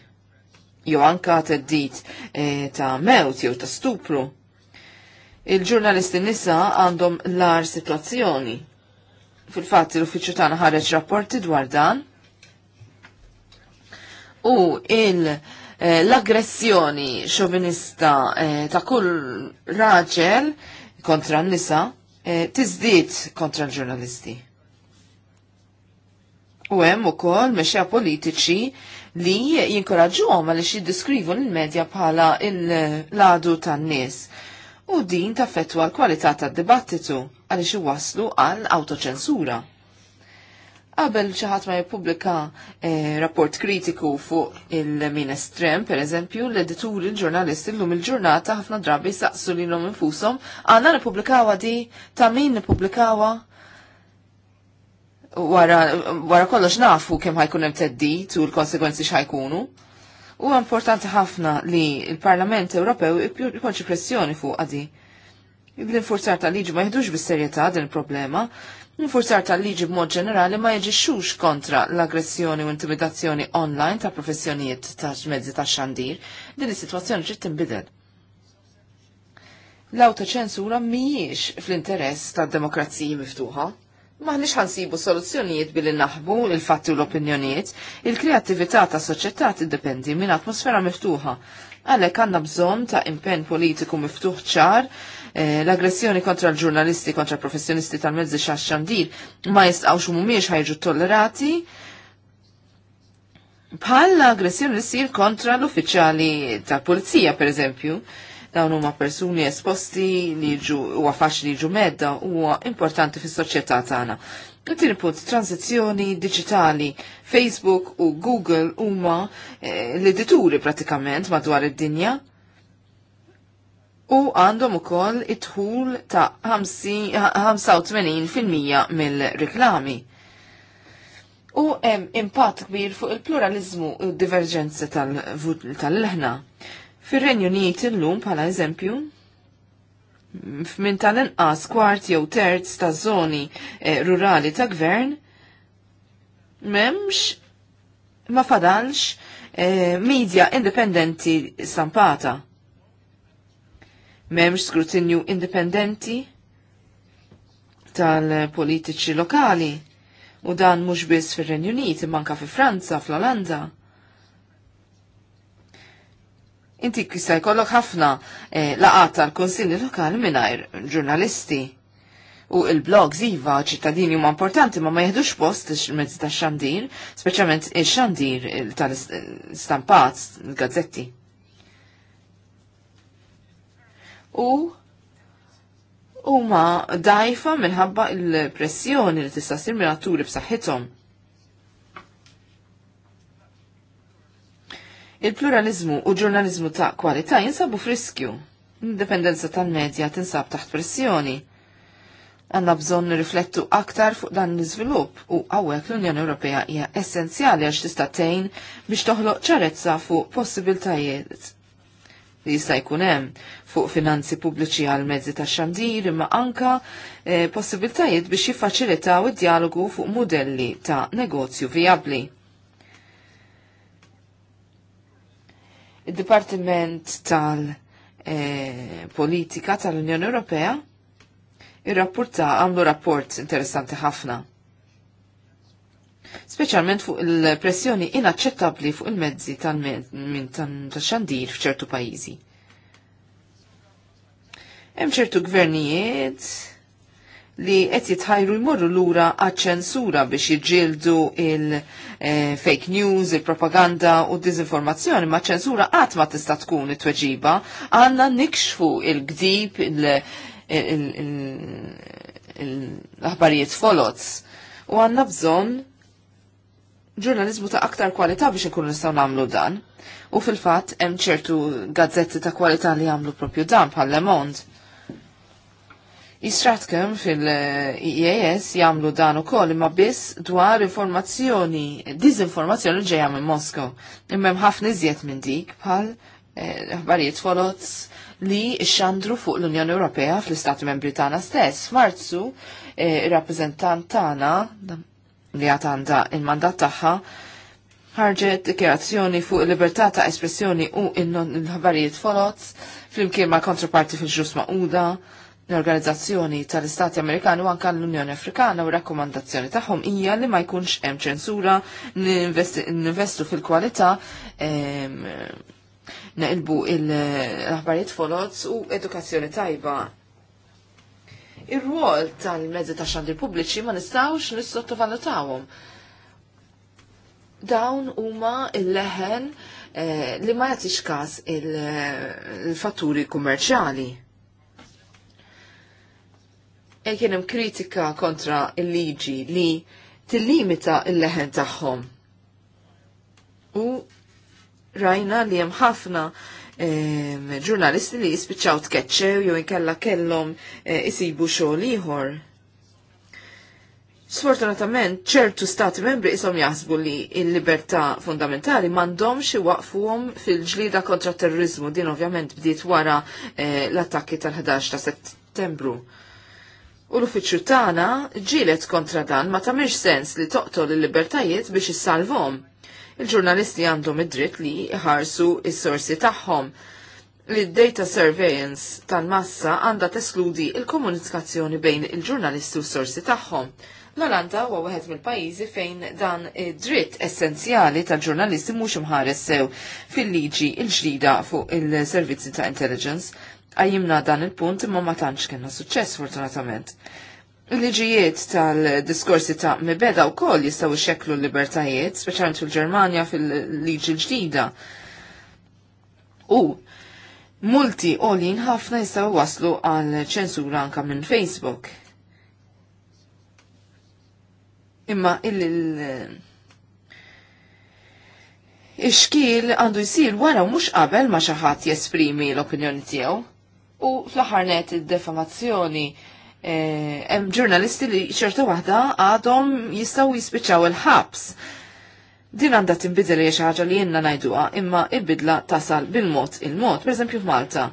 Jew anka teddit eh, ta' mewt jew ta' stupru. Il-ġurnalisti nisa għandhom lar situazzjoni. Fil-fatt l-uffiċċju tagħna ħareġ rapporti dwar dan. U il- eh, l-aggressjoni xovinista eh, ta' kull raġel kontra n-nisa tizdit kontra l-ġurnalisti. U hemm ukoll mexja politiċi li jinkoraġġuhom għaliex jiddiskrivu l-medja bħala l-għadu tan-nies. U din taffettwa l-kwalità tad-dibattitu għaliex iwasslu għal autoċensura. Qabel xi ħadd ma jippubblika eh, rapport kritiku fuq il-min estrem, pereżempju, l-edituri l-ġurnalisti llum il-ġurnata ħafna drabi saqsu lilhom infushom għandna nippubblikawa di ta' min nippubblikawha wara, wara kollox nafu kemm ħajkun hemm teddit u l-konsekwenzi x'ħajkunu. U importanti ħafna li l-Parlament Ewropew ikonċi pressjoni fuq għadi. L-infurzar tal-liġi ma jihdux bis-serjetà din il-problema, l-infurzar tal-liġi b'mod ġenerali ma jiġixux kontra l-aggressjoni u intimidazzjoni online ta' professjonijiet ta' mezzi ta' xandir, din is-sitwazzjoni ġiet tinbidel l-autoċensura mijiex fl-interess ta' demokrazija miftuħa maħniex ħansibu soluzzjonijiet billi naħbu il-fatti u l-opinjonijiet, il-kreattività ta' soċjetà tiddependi minn atmosfera miftuħa. Għalhekk għandna bżonn ta' impenn politiku miftuħ ċar, eh, l-aggressjoni kontra l-ġurnalisti kontra l professjonisti tal-mezzi xaxxandil ma jistqawx mhumiex ħajġu tollerati, bħal l-aggressjoni li sir kontra l-uffiċjali tal-pulizija, per eżempju, Dawn huma persuni esposti li jiġu huwa faċli jiġu medda huwa importanti fis-soċjetà tagħna. Il-tieni punt tranzizzjoni diġitali Facebook u Google huma eh, l-edituri pratikament madwar id-dinja u għandhom ukoll it-tħul ta' 85% mill-reklami. U hemm impatt kbir fuq il-pluralizmu u d diverġenza tal-ħna. tal leħna tal Fir-Renju Unit illum bħala eżempju, f'min tal-inqas kwart jew terz ta' zoni eh, rurali ta' gvern, memx ma fadalx eh, media indipendenti stampata. Memx skrutinju indipendenti tal-politiċi lokali u dan mhux biss fir-Renju Unit, manka fi Franza, fl-Olanda inti jista' jkollok ħafna eh, laqat tal-konsilli lokali mingħajr ġurnalisti. U il blog ziva, ċittadini huma importanti ma ma jeħdux post il-mezzi ta' xandir, speċjalment il-xandir il xandir tal il-gazzetti. U huma dajfa minħabba il-pressjoni li tista' sir minn atturi b'saħħithom. Il-pluralizmu u ġurnalizmu ta' kwalità jinsabu friskju. Indipendenza tal-medja tinsab taħt pressjoni. Għanna bżon nirriflettu aktar fuq dan l-iżvilupp u għawek l-Unjoni Ewropea hija essenzjali għax tista' tgħin biex toħloq ċarezza fuq possibiltajiet li jista' jkun hemm fuq finanzi pubbliċi għal mezzi ta' xandir imma anka eh, possibiltajiet biex jiffaċilitaw id-dialogu fuq modelli ta' negozju viabli. il-Dipartiment tal-Politika eh, tal-Unjoni Ewropea ir-rapporta rapport interessanti ħafna. Speċjalment fuq il-pressjoni inaċċettabbli fuq il-mezzi tal-xandir f'ċertu pajjiżi. Hemm ċertu gvernijiet li qed jitħajru jmorru lura għaċ-ċensura biex jiġġieldu il-fake eh, news, il-propaganda u d dizinformazzjoni, ma ċensura qatt ma tista' tkun it-tweġiba, għandna nikxfu il-gdib, l-aħbarijiet folots u għandna bżonn ġurnalizmu ta' aktar kwalità biex ikunu nistgħu nagħmlu dan. U fil-fatt hemm ċertu gazzetti ta' kwalità li jagħmlu propju dan bħal Le Monde Jistratkem fil-IAS e jamlu dan u koll imma biss dwar informazzjoni, dizinformazzjoni ġejja minn Moskow. Immem ħafna iżjed minn dik bħal eh, ħbarijiet folot li xandru fuq l-Unjoni Ewropea fl-Istati Membri tagħna stess. Marzu eh, ir-rappreżentant tagħna li għad għandha il-mandat tagħha ħarġet dikjerazzjoni fuq il-libertà ta' espressjoni u l ħbarijiet folot fl-imkien ma' kontraparti fil-ġus ma' L-Organizzazzjoni tal-Istati Amerikani u anka l-Unjoni Afrikana u rakkomandazzjoni tagħhom hija li ma jkunx hemm ċensura ninvestu fil-kwalità naqilbu l aħbarijiet folots u edukazzjoni tajba ir-rwol tal-mezzi ta' xandir pubbliċi ma nistawx nissottovalutawhom. Dawn huma l leħen eh, li ma jagħtix każ il-fatturi kummerċjali e hemm kritika kontra il-liġi li tillimita il-leħen tagħhom. U rajna li hemm ħafna ġurnalisti li jispiċċaw tkeċċew jew inkella kellhom eh, isibu xogħol ieħor. Sfortunatament, ċertu stati membri isom jaħsbu li il-libertà fundamentali mandomx waqfuhom fil-ġlida kontra terrorizmu din ovvjament bdiet wara eh, l-attakki tal-11 ta' settembru. U l-uffiċċju tagħna ġielet kontra dan ma tagħmilx sens li toqtol il-libertajiet biex issalvhom. Il-ġurnalisti għandhom id-dritt li jħarsu is-sorsi tagħhom li data surveillance tal-massa għandha teskludi il-komunikazzjoni bejn il-ġurnalisti u s-sorsi tagħhom. L-Olanda huwa wieħed mill-pajjiżi fejn dan id-dritt essenzjali tal-ġurnalisti mhux imħares sew fil-liġi l ġdida fuq il-servizzi ta' intelligence għajimna dan il-punt imma ma tantx kienna suċċess fortunatament. Il-liġijiet tal-diskorsi ta' mibeda u koll jistaw xeklu l-libertajiet, speċjalment fil-Germania fil-liġi ġdida. U multi olin ħafna jistaw waslu għal ċensura anka minn Facebook. Imma il- ix għandu jisir wara mhux qabel ma xi ħadd jesprimi l-opinjoni tiegħu u fl-ħarnet id-defamazzjoni. Eh, hemm ġurnalisti li ċerta waħda għadhom jistgħu jispiċċaw il-ħabs. Din għandha tinbidel li xi ħaġa li jenna ngħiduha, imma il-bidla tasal bil-mod il-mod, pereżempju f'Malta.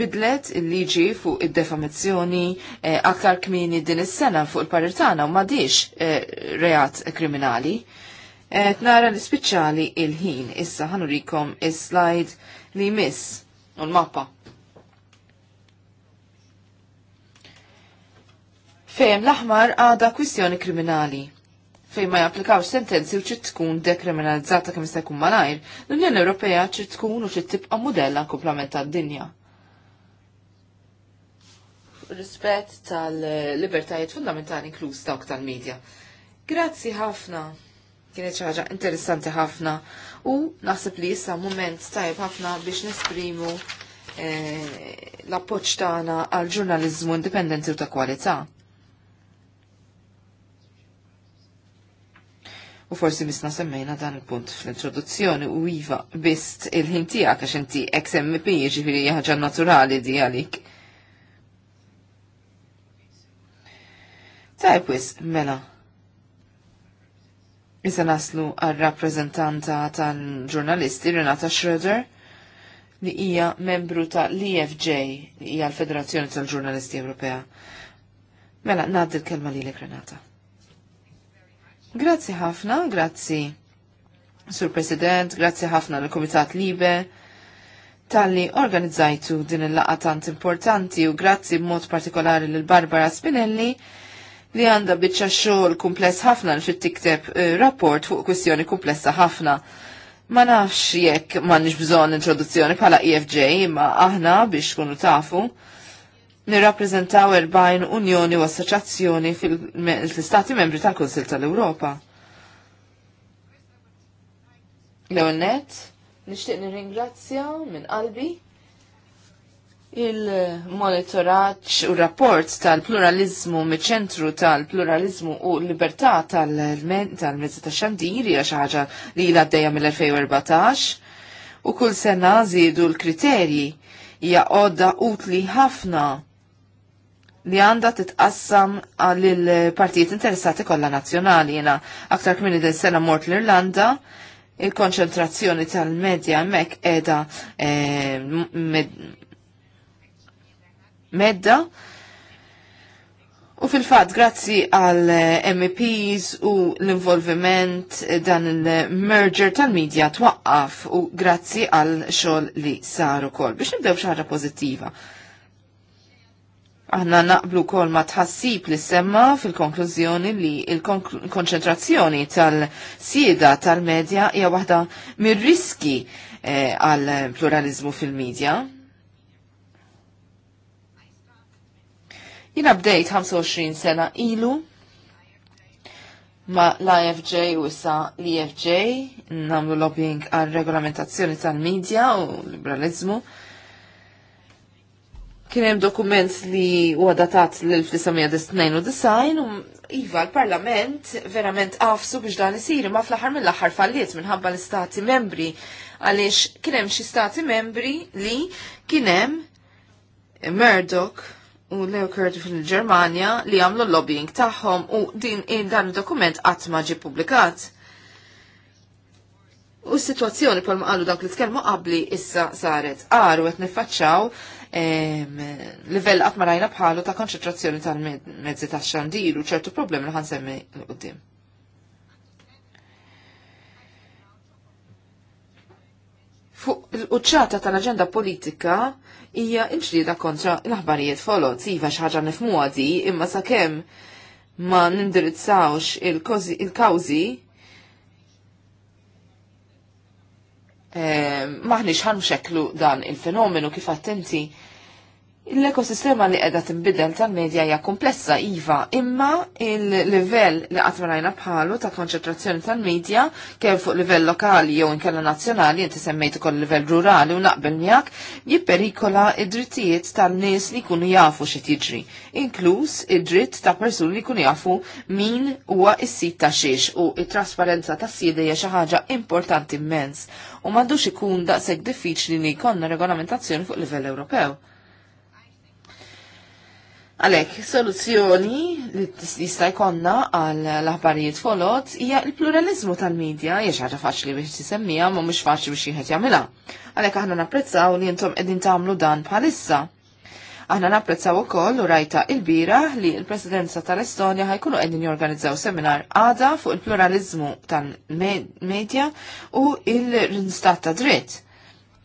Bidlet il-liġi fuq id-defamazzjoni eh, aktar kmini din is-sena fuq il paritana u m'għadix eh, reat kriminali. Eh, Tnara l-ispiċċali il-ħin issa ħanurikom is-slide li miss u l-mappa. Fejem l-aħmar għada kwistjoni kriminali fejn ma japplikawx sentenzi u ċit tkun dekriminalizzata kemm se jkun malajr, l-Unjoni Ewropea ċit tkun u ċit tibqa' mudell għal kumplament tad-dinja. Rispett tal-libertajiet fundamentali inkluż dawk tal-medja. Grazzi ħafna kienet ħaġa interessanti ħafna u naħseb li issa mument tajb ħafna biex nesprimu eh, l-appoġġ tagħna għal ġurnaliżmu indipendenti u ta' kwalità. U forsi misna semmejna dan il-punt fl-introduzzjoni u iva bist il-ħin tiegħek għax inti XMP ġifiri ħaġa naturali di għalik. Tajb wis, mela, Issa naslu għal-rappreżentanta tal-ġurnalisti Renata Schroeder li hija membru ta' l-EFJ li hija l-Federazzjoni tal-Ġurnalisti Ewropea. Mela, nad il kelma lilek Renata. Grazzi ħafna, grazzi Sur President, grazzi ħafna l-Komitat Libe tal-li organizzajtu din il-laqa tant importanti u grazzi b'mod partikolari l-Barbara Spinelli li għanda bieċa xogħol kumpless ħafna fit tikteb eh, rapport fuq kwistjoni komplessa ħafna. Ma nafx jekk m'għandniex bżonn introduzzjoni bħala EFJ imma aħna biex kunu tafu nirrappreżentaw 40 unjoni u assoċjazzjoni fil-istati membri tal-Kunsil tal-Ewropa. Leonet, nixtieq nirringrazzja minn qalbi il-monitoraċ u rapport tal-pluralizmu miċ-ċentru tal-pluralizmu u libertà tal-mezzi ta' xandir hija xi ħaġa li l għaddejja mill-2014 u kull sena żiedu l-kriterji hija għodda utli ħafna li għanda titqassam għall partijiet interessati kollha nazzjonali jena aktar kmini din sena mort l-Irlanda il-konċentrazzjoni tal-medja mek edha eh, medda. U fil-fat, grazzi għal eh, MEPs u l-involviment eh, dan il-merger tal-medja twaqqaf u grazzi għal xol li saru kol. Biex nibdew xaħra pozittiva. Aħna naqblu kol ma tħassib li semma fil-konklużjoni li il-konċentrazzjoni tal-sieda tal-medja hija waħda mir-riski eh, għal pluralizmu fil-medja Jina bdejt 25 sena ilu ma l-IFJ u issa l-IFJ e namlu lobbying għal regolamentazzjoni tal-medja u liberalizmu. Kien hemm dokument li huwa datat l-1992 u iva l-Parlament verament għafsu biex dan isir ma fl-aħħar mill-aħħar falliet minħabba l-istati membri għaliex kien hemm xi stati membri li kien hemm Murdoch u l-Eukert fil-Germania li għamlu lobbying tagħhom u din dan dokument qatt ma ġi publikat. U s-situazzjoni pal qalu dawk li tkellmu qabli issa saret għaru għet nifacċaw livell qatt ma rajna bħalu ta' konċentrazzjoni tal-mezzi tax-xandir u ċertu problemi li ħansemmi l-qudiem. Fuq il-qċata tal-aġenda politika, hija l kontra l-aħbarijiet folo, Iva xaġa nifmuha di, imma sakemm ma nindirizzawx il-kawżi eh, maħniċ ħanxeklu dan il-fenomenu kif attenti L-ekosistema li qiegħda tinbidel tal-medja hija komplessa iva, imma il-livell li qatt marajna bħalu ta' konċentrazzjoni tal-medja kemm fuq livell lokali jew inkella nazzjonali inti semmejt ukoll livell rurali u naqbel miegħek jipperikola id-drittijiet tan-nies li jkunu jafu xi jiġri, inkluż id-dritt ta' persuni li jkunu jafu min huwa is-sit ta' xiex u it-trasparenza tas-sieda hija xi ħaġa importanti immens u m'għandux ikun daqshekk diffiċli li jkollna regolamentazzjoni fuq livell Ewropew Għalek, soluzzjoni li jista' jkollna għal laħbarijiet aħbarijiet folot hija l-pluralizmu tal-medja, hija xi ħaġa faċli biex tisemmija ma mux faċli biex jħet jagħmilha. Għalhekk aħna napprezzaw li intom qegħdin tagħmlu dan bħalissa. Aħna napprezzaw ukoll u rajta il-bira li l-Presidenza tal-Estonja ħajkunu qegħdin jorganizzaw seminar għada fuq il-pluralizmu tal-medja u il-rinstat ta' dritt.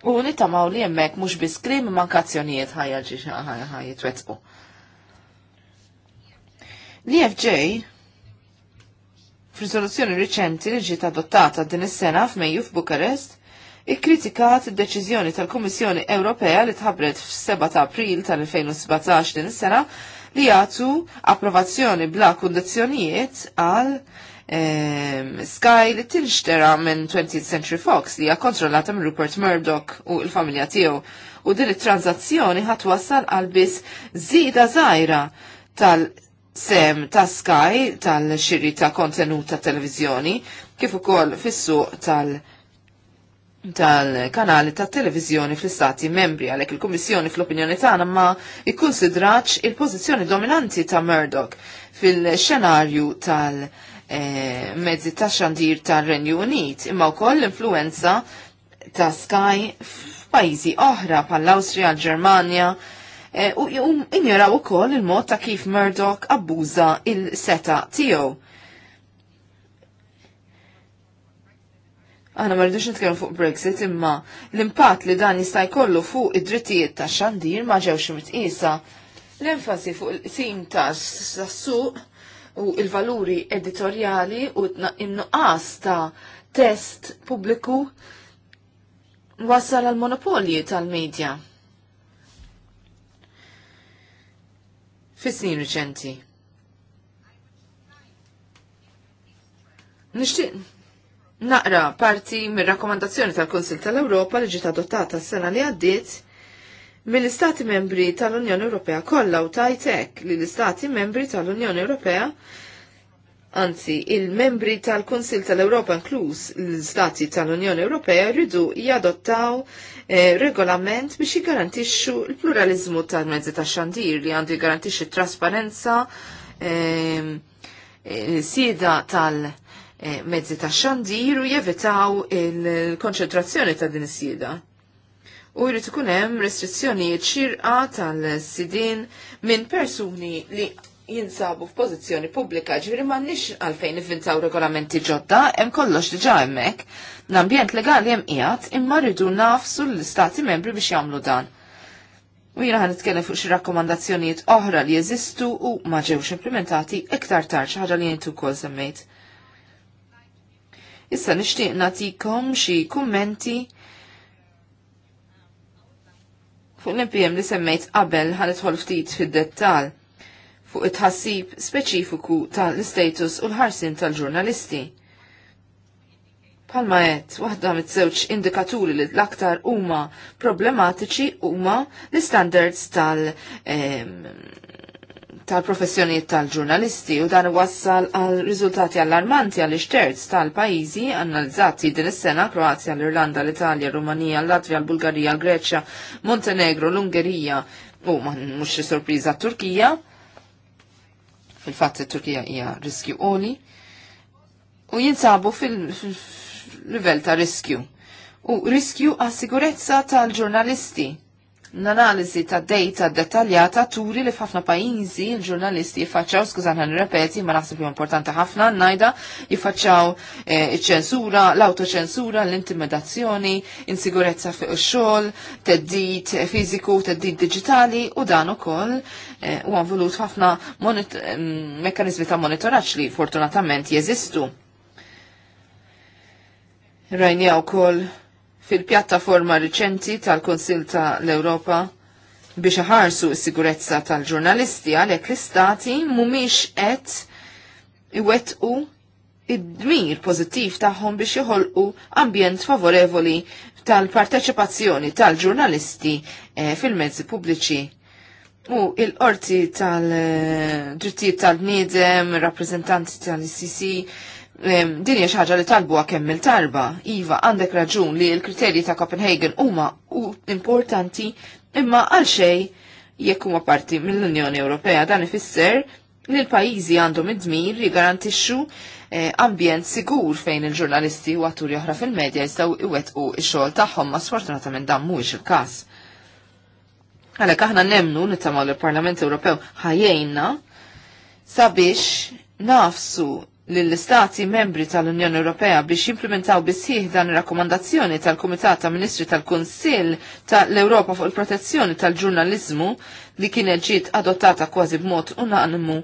U nittamaw li jemmek mux biskrim mankazzjonijiet ħajja ġiġa ħajja ħajja L-IFJ e f'riżoluzzjoni riċenti li ġiet adottata din is-sena f'Mejju f'Bukarest, ikkritikat id-deċiżjoni tal-Kummissjoni Ewropea li tħabbret f'7 ta' April tal-2017 din is-sena li jagħtu approvazzjoni bla kundizzjonijiet għal ehm, Sky li tinxtera minn 20th Century Fox li hija kontrollata minn Rupert Murdoch u l-familja tiegħu u din it-tranzazzjoni wassal għal biss żieda żgħira tal sem ta' Sky tal-xiri ta' kontenut ta' televizjoni kif ukoll fis-suq tal- tal-kanali ta' televizjoni fl-istati membri għalhekk il-Kummissjoni fl-opinjoni tagħna ma ikkonsidraċ il-pożizzjoni dominanti ta' Murdoch fil-xenarju tal- eh, mezzi ta' xandir tal-Renju Unit imma wkoll l-influenza ta' Sky f'pajjiżi oħra bħall-Awstrija, l-Ġermanja, Eh, u injoraw ukoll il-mod ta' kif Murdoch abbuża il-seta tiegħu. Aħna ma rridux nitkellmu fuq Brexit imma l-impatt li dan jista' jkollu fuq id-drittijiet ta' xandir ma ġewx mitqisa. L-enfasi fuq il-tim tas-suq u il-valuri editorjali u n-nuqqas ta' test pubbliku wassal għal monopolji tal-medja. fis-snin riċenti. Nixtieq naqra parti mir-rakkomandazzjoni tal-Kunsil tal-Ewropa li ġiet adottata s-sena li għaddiet mill-Istati membri tal-Unjoni Ewropea kollha u tajtek li l-Istati membri tal-Unjoni Ewropea Anzi, il-membri tal-Konsil tal-Europa inkluż l-Stati tal-Unjoni Ewropea rridu jadottaw eh, regolament biex jgarantixxu l-pluralizmu tal-mezzi tax-xandir li għandu jgarantixxi trasparenza ehm, eh, eh, tal-mezzi tax-xandir u jevitaw il-konċentrazzjoni ta' din is-sieda u jrid ikun hemm restrizzjonijiet xirqa tal-sidin minn persuni li jinsabu f'pożizzjoni pubblika, ma m'għandniex għalfejn nivvintaw regolamenti ġodda, hemm kollox diġà hemmhekk. L-ambjent legali hemm qiegħed imma rridu nafsu l-istati membri biex jagħmlu dan. U jiena ħan nitkellem fuq xi rakkomandazzjonijiet oħra li jeżistu u ma ġewx implementati iktar tard xi ħaġa li jien ukoll semmejt. Issa nixtieq nagħtikom xi kummenti fuq l-impjem li semmejt qabel ħanitħol ftit fid-dettall fuq it-ħassib speċifiku tal-status u l-ħarsin tal-ġurnalisti. Palma qed waħda mit-żewġ indikaturi li l-aktar huma problematiċi huma l-standards tal- tal-professjonijiet tal-ġurnalisti u dan wassal għal riżultati allarmanti għal terz tal-pajizi analizzati din is-sena Kroazja, l-Irlanda, l-Italja, Rumanija, l-Latvja, l-Bulgarija, l-Greċja, Montenegro, l-Ungerija u mhux sorpriża Turkija fil-fatt il turkija hija riskju qoli u jinsabu fil-livell ta' riskju. U riskju għas sigurezza tal-ġurnalisti L-analiżi ta' data dettaljata turi li f'ħafna pajjiżi l-ġurnalisti jifaċċaw, skużan ħan repeti, ma naħseb li importanti ħafna najda, jiffaċċaw iċ-ċensura, l-autoċensura, l-intimidazzjoni, insigurezza fuq ix-xogħol, teddit fiżiku, teddit diġitali u dan ukoll u volut ħafna mekkanizmi ta' monitoraġġ li fortunatament jeżistu. Rajnija koll fil-pjattaforma riċenti tal-Konsil tal-Europa biex ħarsu s-sigurezza tal-ġurnalisti għalhekk l-istati mhumiex qed iwettqu id-dmir pożittiv tagħhom biex joħolqu ambjent favorevoli tal-parteċipazzjoni tal-ġurnalisti eh, fil-mezzi pubbliċi. U il-qorti tal-drittijiet eh, tal-bniedem, rappresentanti tal-ICC, din hija xi ħaġa li talbuha kemm il-tarba. Iva, għandek raġun li l-kriterji ta' Copenhagen huma importanti imma għal xejn jekk huma parti mill-Unjoni Ewropea dan ifisser li l-pajjiżi għandhom id-dmir li garantixxu eh, ambjent sigur fejn il-ġurnalisti u atturi oħra fil-medja jistgħu iwettqu x-xogħol tagħhom ma sfortunatament dan mhuwiex il-każ. Għalhekk aħna nemmnu nittama' l-Parlament Ewropew ħajjejna sabiex nafsu lill-istati membri tal-Unjoni Ewropea biex jimplementaw bisħiħ dan ir-rakkomandazzjoni tal-Kumitat ta' Ministri tal-Kunsill tal-Ewropa fuq il-protezzjoni tal-ġurnalizmu li kienet ġiet adottata kważi b'mod unanimu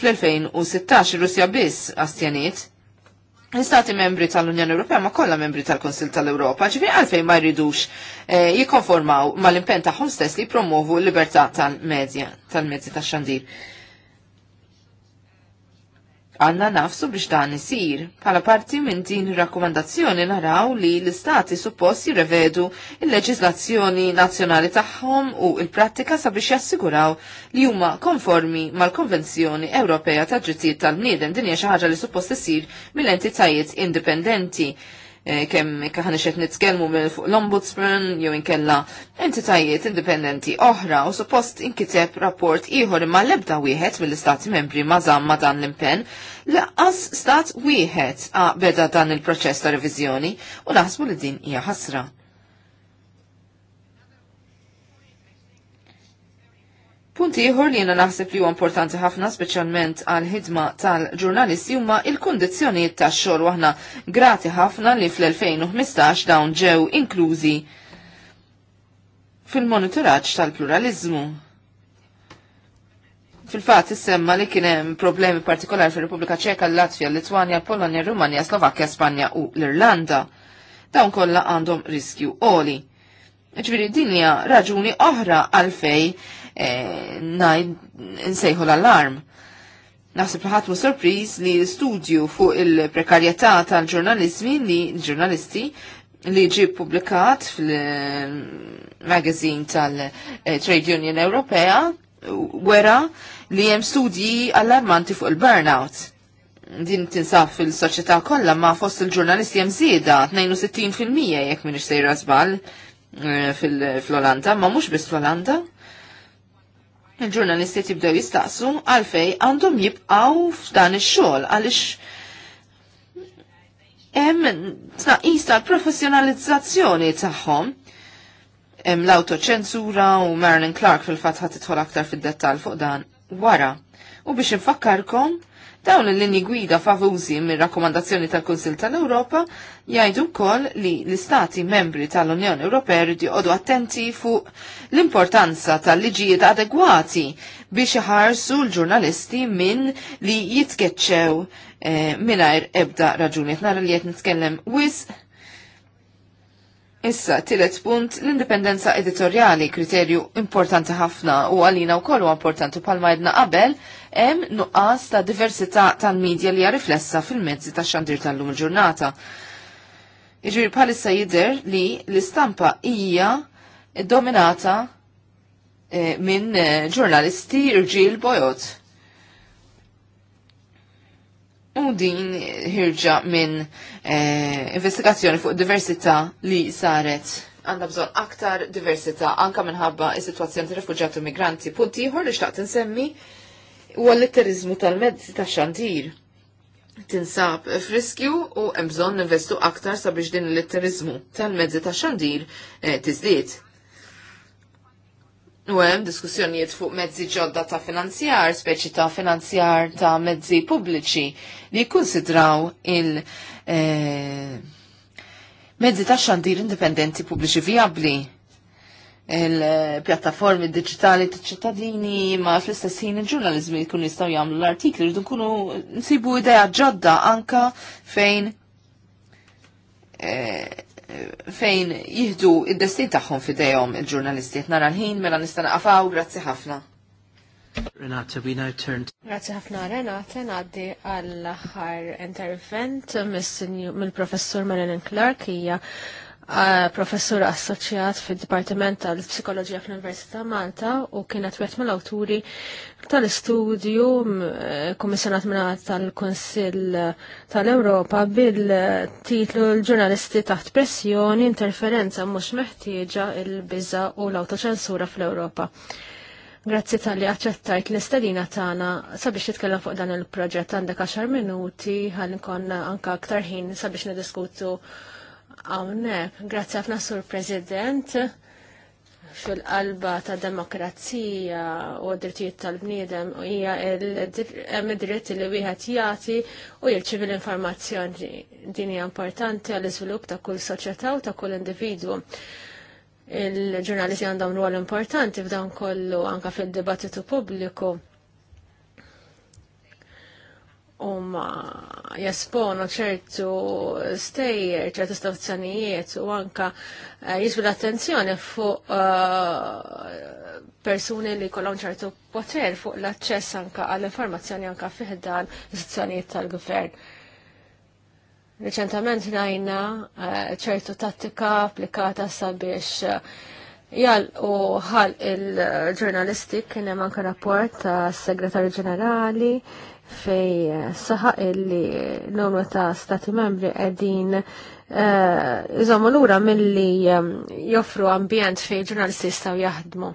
fl-2016 Russja biss astjaniet. L-Istati membri tal-Unjoni Ewropea ma kollha membri tal-Konsil tal europa ġifi għalfejn ma jridux eh, jikkonformaw mal impenta tagħhom stess li promovu l-libertà tal-medja, tal-mezzi tax-xandir. tal medja tal tax tal medja tal mezzi tax xandir għanna nafsu biex dan isir. Pala parti minn din rakkomandazzjoni naraw li l-istati suppost jirrevedu il-leġislazzjoni nazzjonali tagħhom u il-prattika sabiex jassiguraw li huma konformi mal-Konvenzjoni Ewropea ta' Drittijiet tal-Bniedem din hija xi ħaġa li suppost isir mill-entitajiet indipendenti. Eh, kemm kħan xed nitkellmu minn fuq l-Ombudsman jew inkella entitajiet indipendenti oħra u suppost inkiteb rapport ieħor imma l-ebda wieħed mill-istati membri ma żamma dan l-impenn laqas stat wieħed beda dan il-proċess ta' reviżjoni u naħsbu li din hija ħasra. Punti ieħor li jiena naħseb li huwa importanti ħafna speċjalment għal ħidma tal-ġurnalisti huma il-kundizzjonijiet tax-xogħol waħna grati ħafna li fl-2015 dawn ġew inklużi fil-monitoraġġ tal-pluralizmu. Fil-fatt issemma li kien hemm problemi partikolari fir-Repubblika Ċeka, l-Latvja, l-Litwanja, l-Polonja, r Slovakkja, Spanja u l-Irlanda. Dawn kollha għandhom riskju oli. Ġviri dinja raġuni oħra għalfej Eh, ngħid insejħu l-allarm. Naħseb li ħadd sorpriż li l-studju fuq il-prekarjetà tal-ġurnalizmi li l-ġurnalisti li ġi publikat fil magazin tal-Trade Union Ewropea wera li hemm studji allarmanti fuq il-burnout. Din tinsab fil-soċjetà kollha ma fost il-ġurnalisti hemm żieda 62% jekk m'iniex sejra żball eh, fil-Olanda, ma mhux biss fl-Olanda il-ġurnalisti tibdew jistaqsu għalfej għandhom jibqaw f'dan ix-xogħol għaliex hemm tnaqqis tal-professjonalizzazzjoni tagħhom. Hemm l-autoċensura u Marilyn Clark fil-fatt ħadd aktar fid-dettall fuq dan wara. U biex infakkarkom Dawn l-linji gwida favużi mir rakkomandazzjoni tal-Kunsil tal-Ewropa jgħidu wkoll li l-Istati membri tal-Unjoni Ewropea jridu jqogħdu attenti fuq l-importanza tal-liġijiet adegwati biex iħarsu l-ġurnalisti minn li jitkeċċew eh, mingħajr ebda raġuniet Nara li qed nitkellem wis Issa, tillet punt, l-indipendenza editorjali, kriterju importanti ħafna u għalina u kollu importanti palma jedna qabel, hemm nuqqas ta' diversità tal-medja li hija riflessa fil-mezzi ta' xandir tal-lum il-ġurnata. Iġri bħalissa jidher li l-istampa hija dominata eh, minn eh, ġurnalisti irġiel bojot. U din ħirġa minn eh, investigazzjoni fuq diversità li saret għandha bżonn aktar diversità anka minħabba is-sitwazzjoni ta' refuġjati u migranti. Punt ieħor li xtaqt insemmi u għall-litterizmu tal-mezzi ta' xandir. Tinsab friskju u mbżon investu aktar sabiex din il-litterizmu tal-mezzi ta' xandir eh, tizdiet. U hemm diskussjonijiet fuq mezzi ġodda ta' finanzjar, speċi ta' finanzjar ta' mezzi pubbliċi li jikkunsidraw il- eh, mezzi ta' xandir indipendenti pubbliċi viabli il-pjattaformi digitali t-ċittadini ma fl-istess ħin il-ġurnalizmi jkun jistaw jagħmlu l-artikli rridu nkunu nsibu idea ġodda anka fejn e, fejn jihdu id-destin tagħhom fidejhom il-ġurnalisti qed nara l-ħin mela nista' naqafaw grazzi ħafna. Renata, we now turn to... Grazie ħafna Renata, naddi għall-ħar intervent mill-professur Marilyn Clark hija professur assoċjat fil-Dipartiment tal-Psikoloġija fl-Università Malta u kienet wieħed mill-awturi tal-istudju eh, kommissjonat minn tal-Konsill tal-Ewropa bil-titlu l-ġurnalisti taħt pressjoni, interferenza mhux meħtieġa il-biża u l-autoċensura fl-Ewropa. Grazzi tal-li għacċettajt l-istadina tagħna sabiex titkellem fuq dan il-proġett għandek 10 minuti ħalli nkun anka aktar ħin sabiex niddiskutu Hawnhekk, grazzi ħafna Sur President fil-qalba ta' demokrazija u drittijiet tal-bniedem u hija id-dritt li wieħed jagħti u jirċiv l-informazzjoni din hija importanti għall iżvilupp ta' kull soċjetà u ta' kull individwu. Il-ġurnalisti għandhom rol importanti f'dan kollu anka fil dibattitu pubbliku huma jesponu ċertu stejjer, ċertu stazzjonijiet u anka eh, jisbu l-attenzjoni fuq eh, persuni li kolom ċertu poter fuq l-aċċess anka għall-informazzjoni anka fiħdan istazzjonijiet tal-gvern. Reċentament najna eh, ċertu tattika applikata sabiex uh, Jal, u ħal il-ġurnalisti kien hemm anke rapport tas segretarju ġenerali fej eh, saħa illi l-numru ta' stati membri għedin eh, iżommu l-ura mill-li eh, joffru ambjent fej ġurnalisti staw jaħdmu.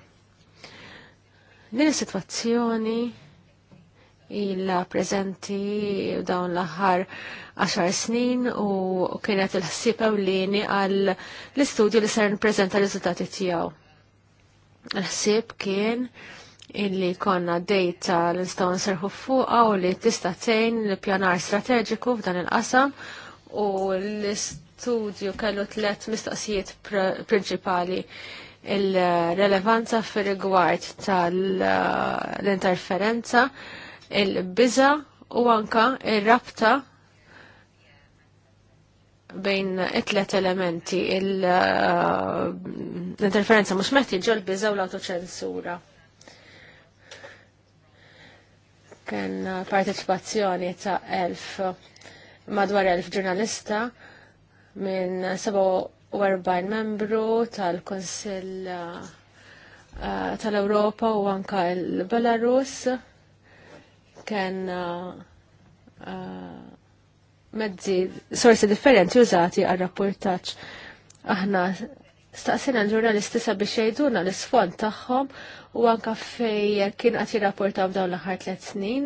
Din is-sitwazzjoni illa prezenti u dawn l-aħħar 10 snin u kienet il-ħsib ewlieni għal l-istudju li ser nippreżenta r-riżultati tiegħu. Il-ħsib kien illi konna data li nistgħu nserħu fuqa u li tista' tgħin l-pjanar strateġiku f'dan il-qasam u l-istudju kellu tliet mistoqsijiet prinċipali il-relevanza fir-rigward tal-interferenza, il biza u anka il-rabta bejn it-tlet elementi uh, l-interferenza mux meħtieġa l-biża u l-autoċensura. kien parteċipazzjoni ta' elf madwar elf ġurnalista minn 47 membru tal-Konsill eh, tal-Europa u anka l-Belarus kellna eh, eh, mezzi sorsi differenti użati għal rapportaċ aħna staqsina l-ġurnalisti sabiex jajduna l-isfond tagħhom u anka fej kien qed jirrapportaw dawn l-aħħar tliet snin.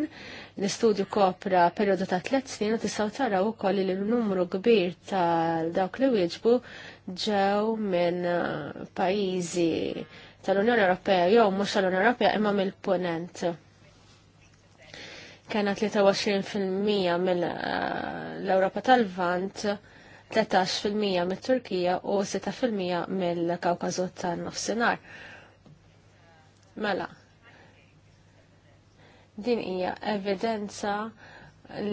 L-istudju kopra perjodu ta' tliet snin u tistgħu taraw ukoll li l-numru kbir tal dawk li wieġbu ġew minn uh, pajjiżi tal-Unjoni Ewropea jew mhux tal-Unjoni Ewropea imma mill-Punent. Kena 23% mill-Ewropa uh, tal-Vant 13% mit-Turkija u 6% mill-Kawkażu tan-Nofsinhar. Mela, din hija evidenza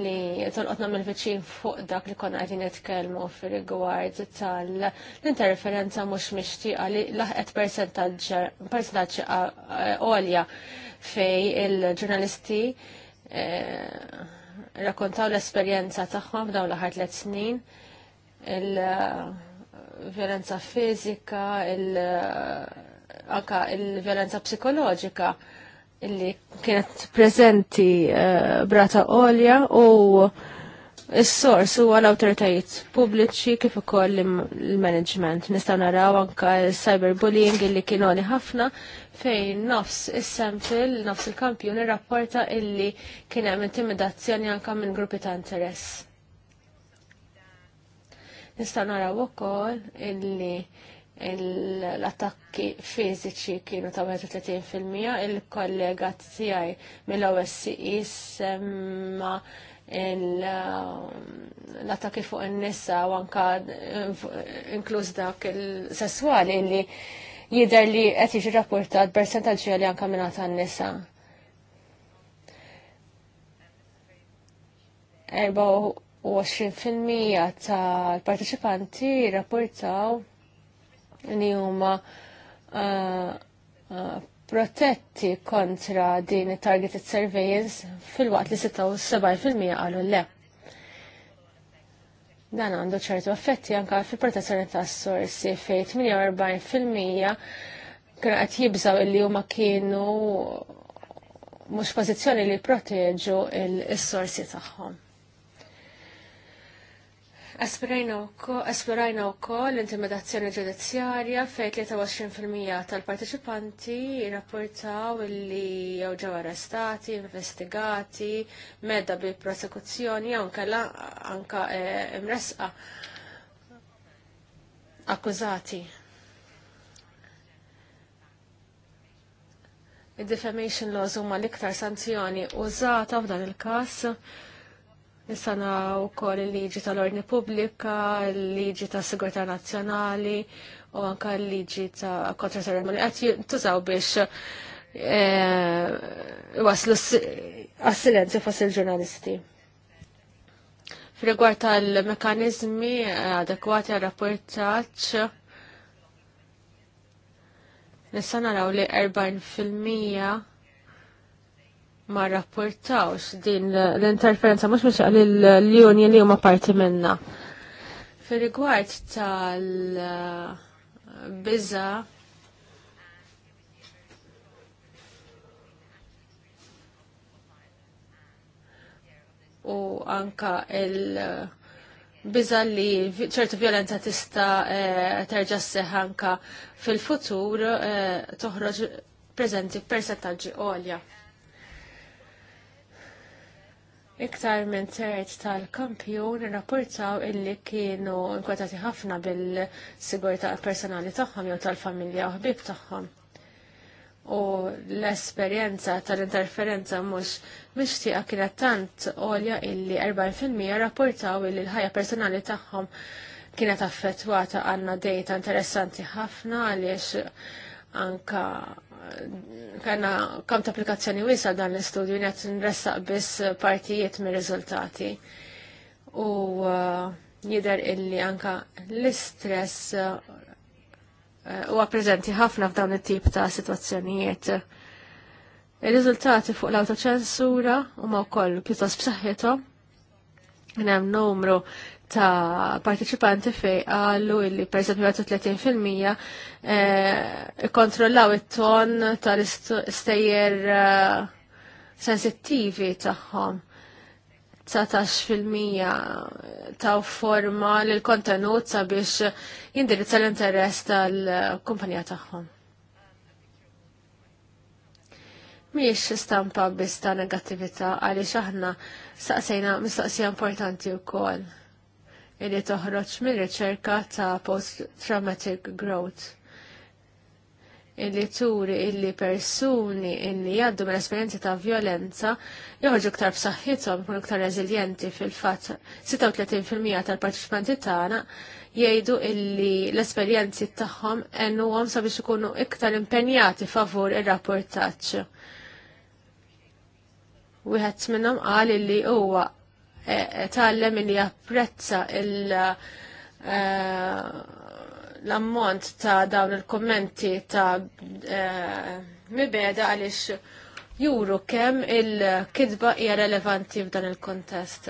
li tolqotna mill-viċin fuq dak li konna għedin nitkellmu fil-rigward tal-interferenza mhux mixtieqa li laħqet percentaġġ għolja fej il-ġurnalisti eh, rakkontaw l-esperjenza tagħhom f'dawn laħar tlet snin il-violenza fizika, il- anka il-violenza psikoloġika illi kienet prezenti uh, brata olja u il sors huwa l-awtoritajiet pubbliċi kif ukoll il-management. Nistgħu naraw anke cyberbullying illi kienu li ħafna fejn nofs is fil nofs il-kampjun il-rapporta illi kien hemm intimidazzjoni anka minn gruppi ta' interess. Nistgħu naraw ukoll illi l-attakki fiżiċi kienu ta' 30% il-kollega tiegħi mill-OSCE semma um, l-attakki fuq in-nisa u anka uh, inkluż dak il-sesswali li jidher li qed jiġi rapportat percentaġġi li anka mingħata n-nisa. 24% tal-parteċipanti rapportaw li huma uh, uh, protetti kontra din targeted surveillance fil-waqt li 76% qalu le. Dan għandu ċertu effetti anka fil protezzjoni ta' s-sorsi fej 48% kienu qed jibżaw illi huma kienu mhux pożizzjoni li proteġu il-sorsi tagħhom. Esplorajna u kol l-intimidazzjoni ġudizzjarja fej 23% tal-parteċipanti rapportaw li jawġaw ġew arrestati, investigati, medda bi prosekuzzjoni anka anka e, imresqa akkużati. Id-defamation laws huma l-iktar sanzjoni użata f'dan il-każ Nisana u koll il-liġi tal-ordni publika, il-liġi ta' sigurta nazjonali u anka il-liġi ta' kontra terremoni. Għat jintużaw biex e, waslu għas-silenzju fos il-ġurnalisti. Rigward tal-mekanizmi e, adekwati għal rapportaċ, nisana naraw li 40% ma rapportawx din l-interferenza mhux mhux lill-Unjoni li huma parti minna. fil rigward tal biza u anka il- biza li ċertu violenza tista eh, terġa seħanka fil-futur eh, toħroġ prezenti percentaġġi għolja. Iktar minn terz tal kampjon rapportaw illi kienu nkwetati ħafna bil-sigurta personali tagħhom jew tal-familja u ħbib tagħhom. U l-esperjenza tal-interferenza mhux mixtieqa kienet tant għolja illi 40% rapportaw illi l-ħajja personali tagħhom kienet affettwata għandna dejta interessanti ħafna għaliex anka kena kam ta' applikazzjoni wisa dan l-istudju net nressaq biss partijiet mir riżultati u uh, jider illi anka l-istress uh, huwa preżenti ħafna f'dawn it-tip ta' sitwazzjonijiet. Ir-riżultati fuq l-autoċensura huma wkoll pjuttost b'saħħithom. Kien hemm numru ta' partiċipanti fej għallu illi per esempio 30 30% ikkontrollaw it-ton tal-istejjer eh, sensittivi tagħhom. fil-mija ta' forma l-kontenut sabiex jindirizza l-interess tal-kumpanija tagħhom. Miex stampa biss ta' negattività għaliex aħna staqsejna mistoqsija importanti wkoll Illi toħroġ mir-riċerka ta' post-traumatic growth illi turi illi persuni illi jaddu minn esperienzi ta' violenza joħorġu ktar b'saħħithom jkunu ktar reżiljenti fil-fatt 36% tal-partiċipanti tagħna jgħidu illi l-esperjenzi tagħhom għom sabiex ikunu iktar impenjati favur ir-rapportaġġ. Wieħed minnhom qal illi huwa E, e, tgħallem li japprezza e, l-ammont ta' dawn il-kommenti ta' mibeda għaliex juru kemm il-kidba hija relevanti f'dan il-kontest.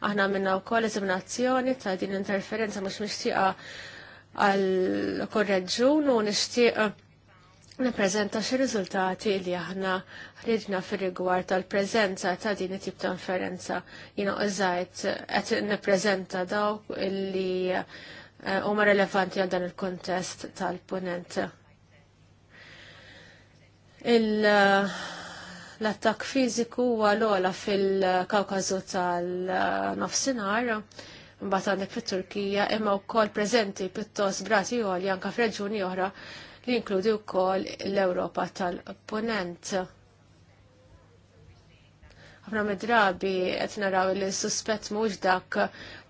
Aħna minna wkoll eżaminazzjoni ta' din interferenza mhux mixtieqa għal korreġun u nixtieq Nippreżenta xi riżultati li aħna ħridna fir-rigward tal-preżenza ta' din it-tip ta' inferenza. Jiena eżajt qed nippreżenta dawk li eh, huma relevanti għal dan il-kontest tal-punent. Eh, l-attak fiżiku huwa l-ogħla fil-Kawkażu tal-nofsinhar mbagħad għandek fit-Turkija imma wkoll preżenti pjuttost brati għolja anke f'reġuni oħra li jinkludi wkoll l-Ewropa tal-Ponent. Ħafna mid-drabi qed naraw li suspett mhux dak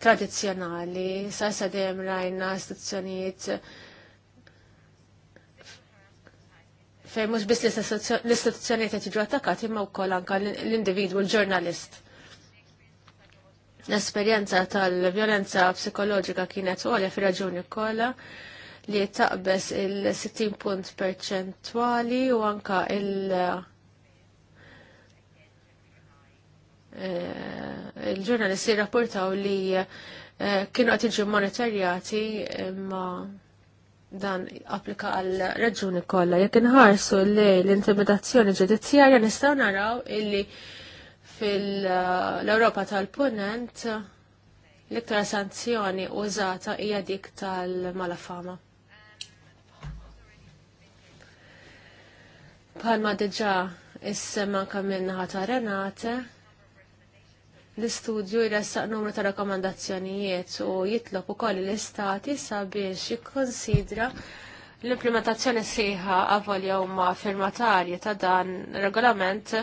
tradizzjonali, sa issa dejjem rajna istituzzjonijiet fejn mhux biss l-istituzzjonijiet qed jiġu attakkati imma wkoll anke l-individwu l-ġurnalist. L-esperjenza tal-vjolenza psikoloġika kienet għolja fir-raġuni kollha li taqbes il-60 punt perċentwali u anka il- eh, il-ġurnalisti rapportaw li eh, kienu għat iġu monetarjati imma eh, dan applika għal raġuni kollha. Jek inħarsu li l-intimidazzjoni ġudizzjarja nistgħu naraw illi fil-Ewropa tal-Punent l-iktar sanzjoni użata hija dik tal-malafama. Bħalma deġa is-sema kamilna ħata Renate, l-istudju jressaq numru ta' rakomandazzjonijiet u jitlob ukoll l-istati sabiex jikkonsidra l-implementazzjoni sieħa għavol jew ma' firmatarji ta' dan regolament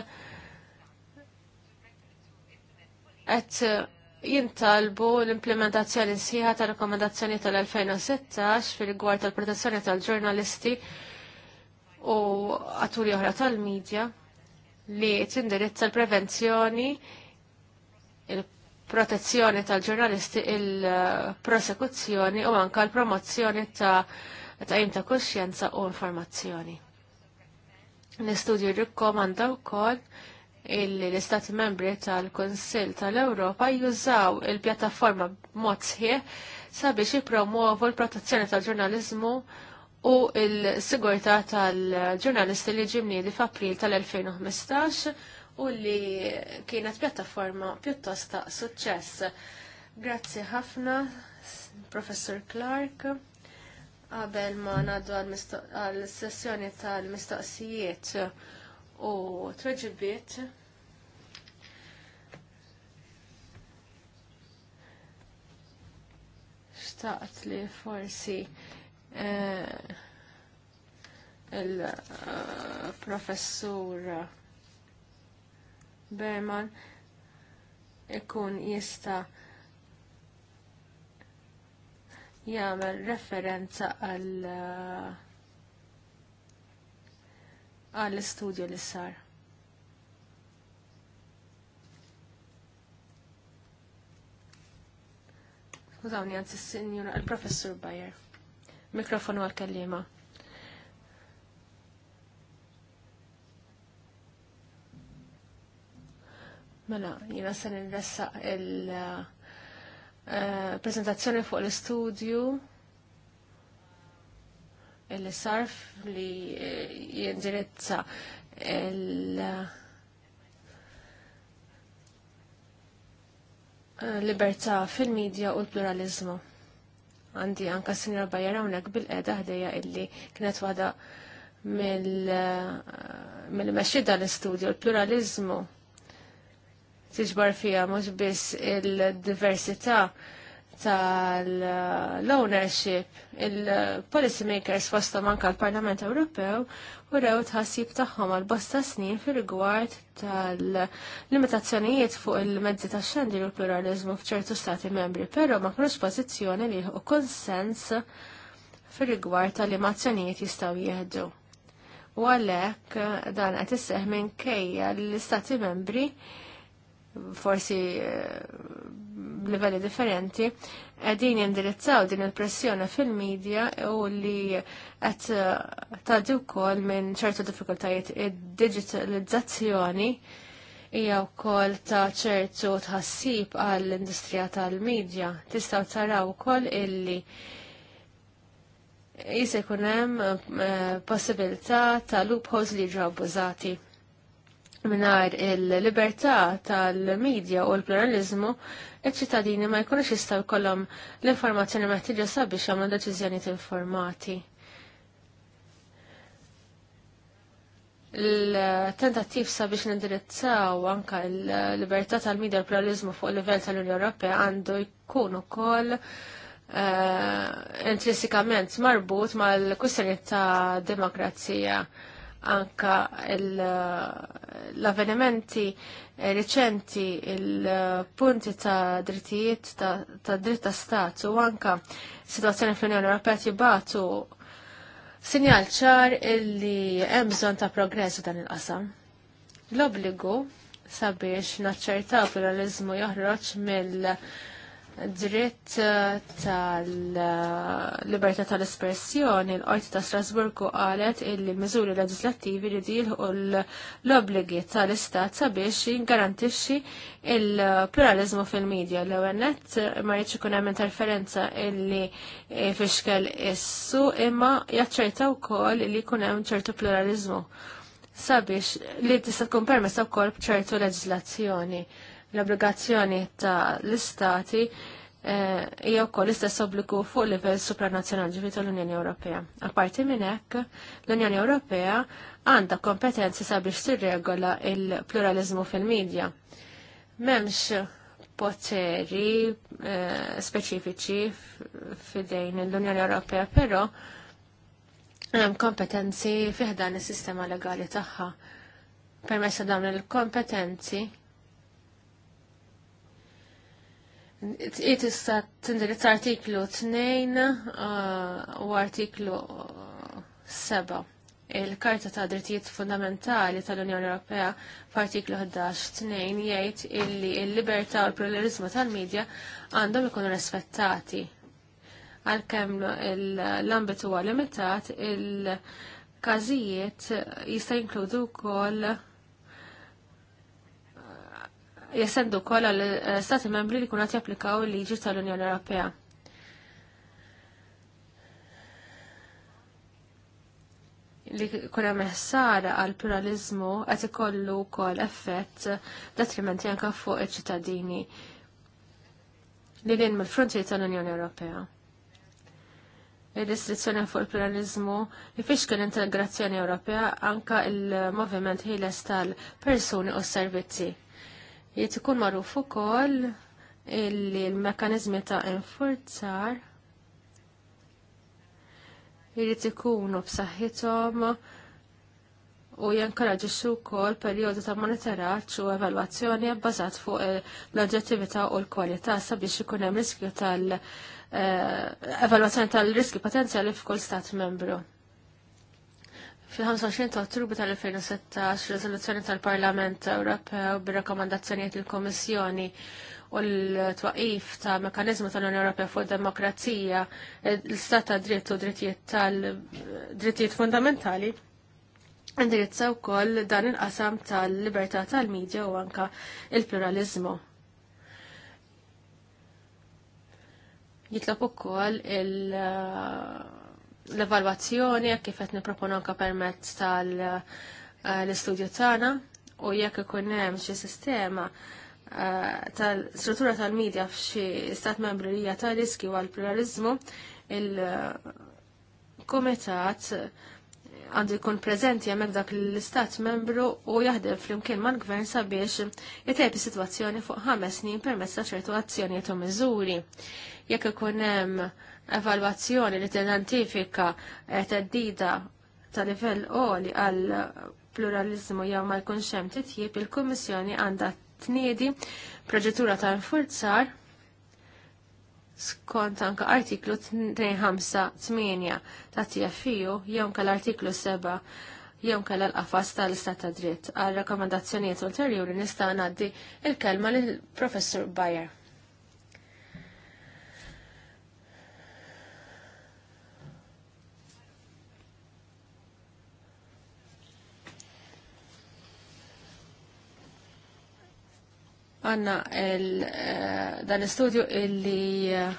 qed jintalbu l-implementazzjoni sieħa ta' rakomandazzjoni tal-2016 fil-gwar tal-protezzjoni tal-ġurnalisti u għaturi oħra tal-medja li tindirizza l-prevenzjoni, il-protezzjoni tal-ġurnalisti, il-prosekuzzjoni u anka l-promozzjoni ta' tajim ta' kuxjenza u informazzjoni. L-istudju rikkomanda wkoll illi l-Istati membri tal-Konsil tal-Europa jużaw il-pjattaforma b'mod sabiex jipromuovu l-protezzjoni tal-ġurnalizmu u il-sigurta tal-ġurnalisti li li f'April tal-2015 u li kienet pjattaforma pjuttost ta' suċċess. Grazzi ħafna, Professor Clark. għabel ma naddu għal-sessjoni tal-mistoqsijiet u tweġibiet, xtaqt li forsi Eh, il-professur eh, Berman ikun jista jagħmel referenza għal eh, għall istudju li sar. Skużawni għanzi s-sinjura, għal professur Bayer. Mikrofonu għal-kellima. Mela, jina se nirressa il-prezentazzjoni eh, fuq l-istudju il-sarf li eh, jindirizza il- eh, libertà fil-medja u l-pluralizmu għandi anka s-sinjor Bajjar hawnhekk bil edha ħdejja illi kienet wada eh, mill-mexxida l-istudju, l-pluralizmu tiġbar fija mhux biss il-diversità tal-ownership il-policy makers fosta anka l-Parlament Ewropew u rew tħassib tagħhom għal bosta snin fir-rigward tal-limitazzjonijiet fuq il-mezzi tax-xandir u l-pluralizmu f'ċertu stati membri, però ma kienux pożizzjoni li jieħu konsens fir-rigward tal-limazzjonijiet jistgħu jieħdu. U għalhekk dan qed isseħ kejja l-istati membri forsi eh, livelli differenti għedin jindirizzaw din il-pressjoni fil-medja u li għed eh, tadi wkoll minn ċertu diffikultajiet id-digitalizzazzjoni hija kol ta' ċertu tħassib għall-industrija tal-medja. Tistgħu taraw ukoll illi jisekunem jkun hemm eh, possibilità ta' loopholes li ġew abbużati minar il-libertà tal-medja u l-pluralizmu, il-ċittadini ma jkunux jistaw kollom l-informazzjoni meħtieġa sabiex għamlu deċiżjonijiet informati. l-tentattiv sabiex nindirizzaw anka l-libertà tal-medja u l-pluralizmu fuq il-livell tal-Unjoni Ewropea għandu jkun ukoll eh, intrinsikament marbut mal-kwistjoni ta' demokrazija anka l-avvenimenti riċenti il-punti ta' drittijiet ta' dritta stat u anka situazzjoni fl-Unjoni Ewropea tibatu sinjal ċar illi hemm bżonn ta' progress dan il-qasam. L-obbligu sabiex naċċertaw pluralizmu joħroġ mill- dritt eh, tal-libertà tal-espressjoni l-Qorti ta' Strasburgu qalet illi l-miżuri leġislattivi li u l-obligi tal-Istat sabiex jingarantixxi il-pluralizmu fil-medja. L-ewwel nett ma jridx ikun hemm interferenza illi fixkel issu imma jaċċerta wkoll li jkun hemm ċertu pluralizmu sabiex li tista' tkun permessa wkoll b'ċertu leġislazzjoni. leġislazzjoni l-obbligazzjoni ta' l-istati eh, hija wkoll l-istess obbligu fuq livell supranazzjonali ġifieri tal-Unjoni Ewropea. Apparti minn hekk, l-Unjoni Ewropea għandha kompetenzi sabiex tirregola il-pluralizmu fil-medja. M'hemmx poteri eh, speċifiċi fidejn l-Unjoni Ewropea, però hemm kompetenzi fiħdan is-sistema legali tagħha. Permessa dawn il-kompetenzi Tqiet issa tindirizz artiklu 2 uh, u artiklu 7 uh, il-Karta ta' Drittijiet Fundamentali tal-Unjoni Ewropea f'artiklu 11-2 jgħid illi l-libertà u l-pluralizmu tal-medja għandhom ikunu rispettati. Għalkemm l ambit huwa limitat, il-każijiet jista' jinkludu wkoll Jessendu kol għal eh, stati membri li kunat japplikaw il-liġi tal-Unjoni Ewropea. li kuna meħsara għal pluralizmu għati ikollu kol effett detrimenti anka fuq il ċittadini li l-in mill-frontier tal-Unjoni Ewropea. Il-restrizzjoni fuq il-pluralizmu jifixka l-integrazzjoni Ewropea anka il-moviment ħiles tal-persuni u s servizzi Jiet ikun magħruf ukoll illi l-mekkaniżmi ta' infurzar jrid ikunu b'saħħithom u jankoraġixxu wkoll perjodu ta' monitoraġġ u evalwazzjoni bbażat fuq eh, l-oġġettività u l-kwalità sabiex ikun hemm riskju tal- eh, evalwazzjoni tal-riski potenzjali f'kull stat membru. Fil-25 ta' ottubru tal-2016, rezoluzzjoni tal-Parlament Ewropew bir-rakkomandazzjonijiet il-Komissjoni u l-twaqif ta' mekanizmu tal-Unjoni Ewropea fuq demokrazija, l-istat ta' dritt u drittijiet tal-drittijiet fundamentali, indirizzaw wkoll dan il-qasam tal-libertà tal-medja u anka il-pluralizmu. Jitlob ukoll il- l-evalwazzjoni jekk kif qed niproponu permezz tal-istudju eh, tagħna u jekk ikun hemm xi sistema eh, tal-struttura tal-medja f'xi stat membri li hija ta' riski għal għall-pluralizmu il-kumitat għandu jkun preżenti hemmhekk dak l-istat membru u jaħdem flimkien mal-gvern sabiex jitejb is-sitwazzjoni fuq ħames snin permezz ta' ċertu azzjonijiet u miżuri. Jekk ikun hemm evalwazzjoni li t-identifika eh, teddida ta' livell oli għal pluralizmu jew ma jkunx hemm titjib il-Kummissjoni għandha tniedi proġettura ta' infurzar skont anka artiklu 258 ta' TFU jew l artiklu 7 jew l qafas tal-Istat ta' Dritt. Għal rakkomandazzjonijiet ulterjuri nista' ngħaddi il-kelma lill-Professur Bayer. għanna eh, dan istudju illi eh,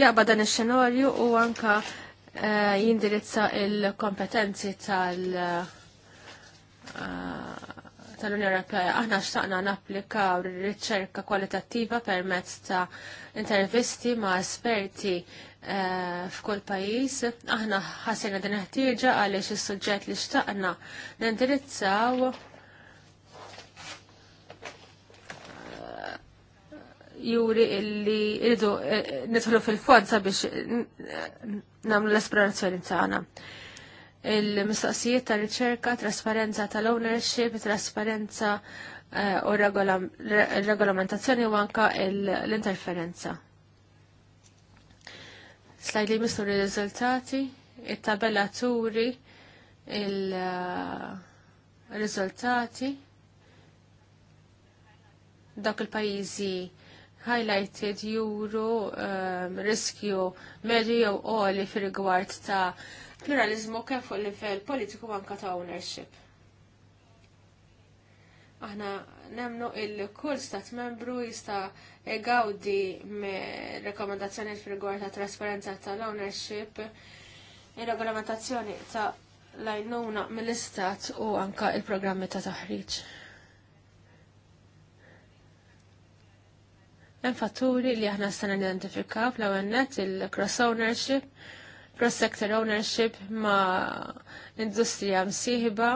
jaqba dan il-xenorju u anka eh, jindirizza il-kompetenzi tal- tal-Unjoni Ewropea. Aħna xtaqna napplikaw riċerka kwalitattiva permezz ta' intervisti ma' esperti f'kull pajjiż. Aħna ħassejna din ħtieġa għaliex is-suġġett li xtaqna nindirizzaw juri illi irridu eh, nidħlu fil-fond sabiex namlu l-esplorazzjoni tagħna. Il-mistoqsijiet ta' riċerka, trasparenza tal-ownership, trasparenza eh, u regolamentazzjoni u anka l-interferenza. Slajdi li mislu r-riżultati, it-tabella turi, il-riżultati, dak il-pajizi highlighted juru um, riskju medju jew qoli fir-rigward ta' pluralizmu kemm fuq livell politiku anka ta' ownership. Aħna nemnu il-kull stat membru jista' egawdi me rekomendazzjoni fir-rigward ta' trasparenza tal-ownership, ir-regolamentazzjoni ta' lajnuna mill-istat u anka il-programmi ta' taħriġ. Hemm fatturi li aħna sena nidentifikaw fl net il-cross ownership, cross sector ownership ma' industrija msieħba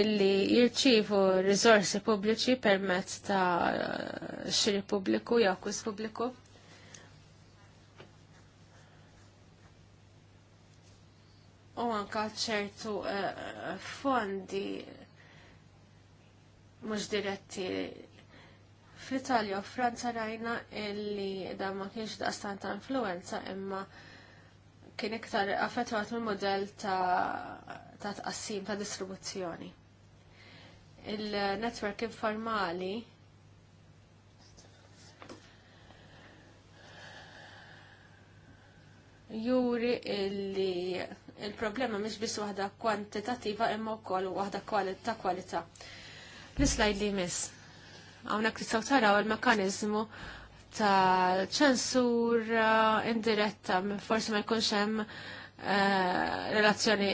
illi jirċivu risorsi pubbliċi permezz ta' xiri pubbliku jew akkwis pubbliku. U anka ċertu eh, fondi mhux diretti fl-Italja u Franza rajna illi da ma kienx da ta' influenza imma kien iktar affettwat mill modell ta' tqassim ta' distribuzzjoni. Il-netwerk informali juri illi il-problema mhix biss waħda kwantitattiva imma wkoll waħda ta' kwalità. L-islajd li miss. Hawnhekk tistgħu taraw il mekanizmu tal ċensura eh, indiretta, forsi ma jkunx hemm eh, relazzjoni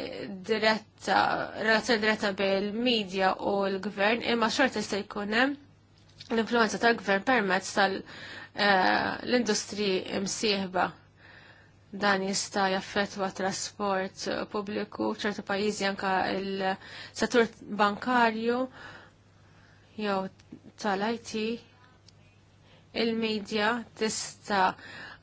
diretta, relazzjoni diretta bejn medja u l-gvern, imma xorta jista' jkun hemm l-influenza tal-gvern permezz tal-industri eh, msieħba dan jista jaffetwa trasport pubbliku, ċertu pajjiżi anka il-settur bankarju, jew tal-IT il-medja tista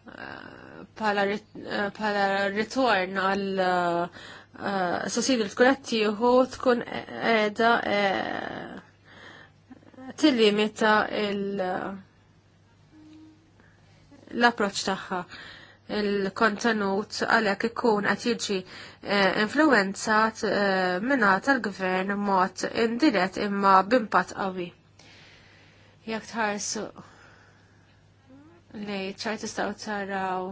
eh, eh, pala, ritorn għal eh, sosidju il kuretti uħu tkun edha tillimita l-approċ taħħa il-kontenut għalek ikun qed jiġi influenzat minna tal-gvern mod indirett imma b'impat qawwi. Jekk tħarsu li ċar tistgħu taraw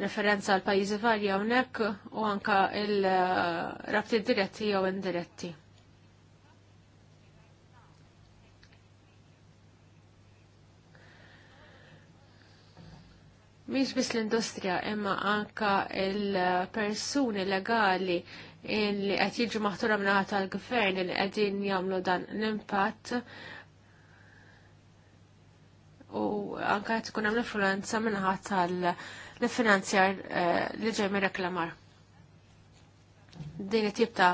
referenza għal pajizi varja hawnhekk u anka il-rabti diretti jew indiretti. Miex biss l-industrija imma anka il-persuni legali li qed jiġu maħtura minnaħa tal-gvern li qegħdin jagħmlu dan l-impatt u anke qed ikun hemm l-influenza minnaħa tal-finanzjar eh, li ġej reklamar Din it-tip ta'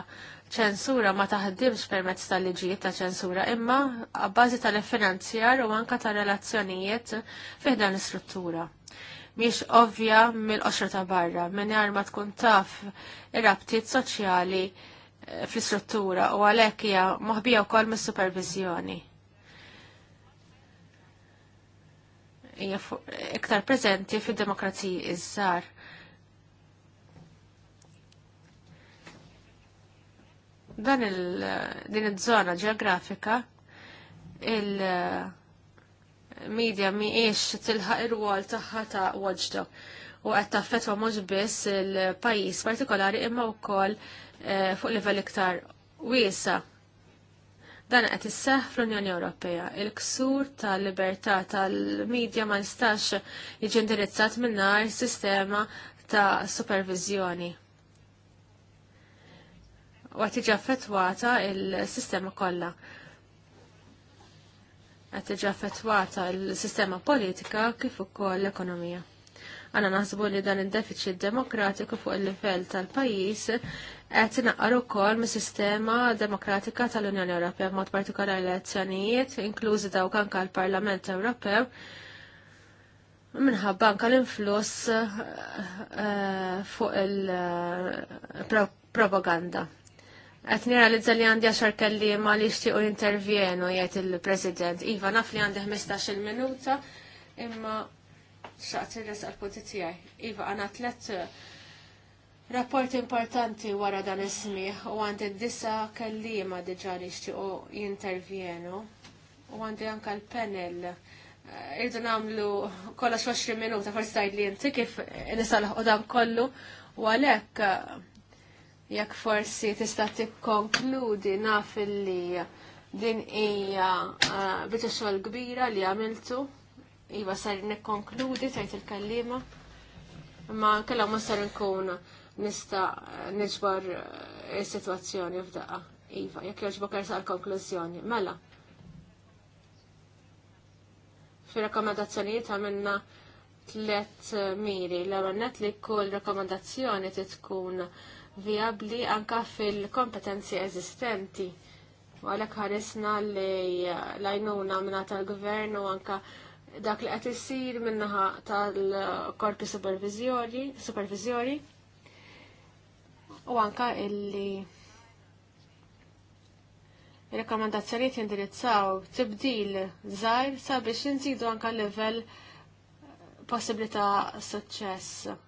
ċensura ma taħdimx permezz tal-liġijiet ta' ċensura imma għabbażi tal-finanzjar u anka ta' relazzjonijiet fiħdan l-istruttura miex ovvja mill-qoxra ta' barra, minn ma tkun taf ir-rabtiet soċjali eh, fl-istruttura u għalhekk hija moħbija wkoll mis-supervizjoni. Hija eh, iktar preżenti fid-demokrazija iż żgħar Dan il eh, din iż-żona ġeografika il- media medja miex tilħaq ir-rwol tagħha ta' watchdog u qed taffetwa mhux biss il-pajjiż partikolari imma wkoll eh, fuq livell iktar wiesa. Dan qed isseħħ fl-Unjoni Ewropea. Il-ksur tal-libertà tal-medja ma nistax jiġi indirizzat mingħajr sistema ta' supervizjoni. U qed tiġi affettwata il-sistema kollha qed tiġi affettwata l-sistema politika kif ukoll l-ekonomija. Għana naħsbu li dan id-deficit demokratiku fuq il-livell tal-pajjiż qed inaqqar ukoll mis-sistema demokratika tal-Unjoni Ewropea mod partikolari l-elezzjonijiet, inklużi dawk anke l-Parlament Ewropew, minħabba anke l-influss eh, eh, fuq il-propaganda. Eh, Qed niralizza li għandi għaxar kelliema li jixtiequ jintervjenu jgħid il-President. Iva, naf li għandi 15-il minuta, imma xaqt il-res għal-punti Iva, għana tlet eh, rapport importanti wara dan ismi u għandi disa kelliema diġà li jixtiequ jintervjenu u għandi anke l-panel eh, irdu namlu kolla 20 minuta forsi tajt li jinti kif nisalħu dam kollu u għalek jekk forsi tista' tikkonkludi naf li din hija eh, biċa xogħol kbira li għamiltu. Iva sar nikkonkludi tgħid il-kallima. Ma kella ma sar nkun nista' niġbar eh, is-sitwazzjoni f'daqqa. Iva, jekk jogħġbok sar konklużjoni. Mela. Fir-rakkomandazzjonijiet għamilna tliet eh, miri l-għamannet li kull rakkomandazzjoni titkun tkun viabli anka fil-kompetenzi eżistenti. U għalhekk ħaresna li lajnuna minna tal-gvern u anka dak li qed isir minnaħa tal-korpi supervizjoni u anka illi rekomendazzjoniet jindirizzaw tibdil żgħir sabiex inżidu anka livell possibilità suċċess.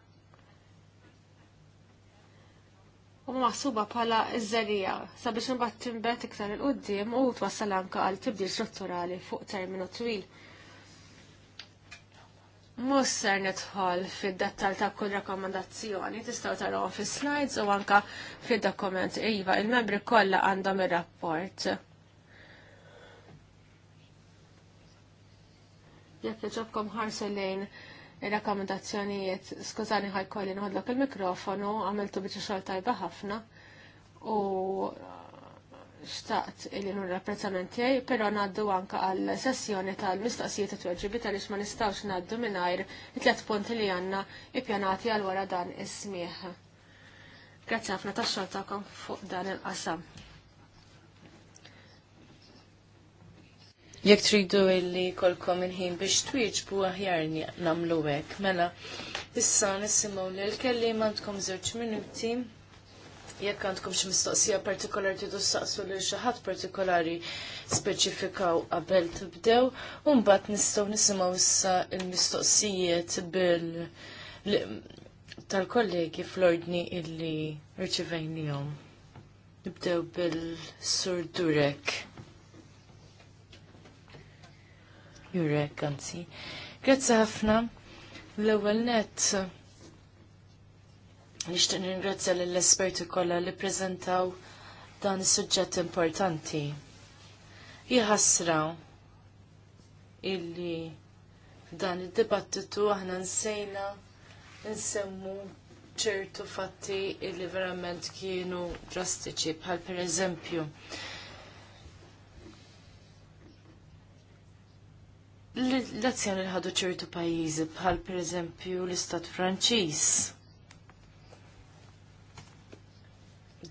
u maħsuba pala iż-żerija sabiex imbagħad timbet iktar il qudiem u twassal anke għal tibdil strutturali fuq terminu twil. Mhux ser nidħol fid-dettal ta' kull rakkomandazzjoni tistgħu tarahom fis-slides u anke fid-dokument iva il-membri kollha għandhom ir-rapport. Jekk iġobkom ħarsu lejn il-rakkomandazzjonijiet, skużani ħajkolli nħodlok il-mikrofonu, għamiltu biex xogħol tajba ħafna u uh, xtaqt illi nur rapprezzamentijaj, tiegħi, però ngħaddu anke għal sessjoni tal-mistaqsijiet t tweġibi għaliex ma nistgħux ngħaddu mingħajr it-tlet punti li għandna ippjanati għal wara dan is Grazie Grazzi ħafna tax-xogħol tagħkom fuq dan il-qasam. jekk tridu illi kolkom il biex twieġbu aħjar namlu hekk. Mela, issa nisimgħu li l-kellim għandkom żewġ minuti. Jekk għandkom xi mistoqsija partikolari tridu staqsu lil xi ħadd partikolari speċifikaw qabel tibdew, u mbagħad nistgħu nisimgħu issa l-mistoqsijiet bil tal-kollegi fl-ordni illi rċivejnijom. Nibdew bil-Sur Durek. Jurek, anzi. Grazzi ħafna. L-ewwel net nixtieq ningrazzja lill-esperti kollha li prezentaw dan is-suġġett importanti. Jħassra illi dan id-dibattitu aħna nsejna nsemmu ċertu fatti illi verament kienu drastiċi bħal per eżempju l-azzjoni li ħadu ċertu pajjiżi bħal pereżempju l-Istat Franċiż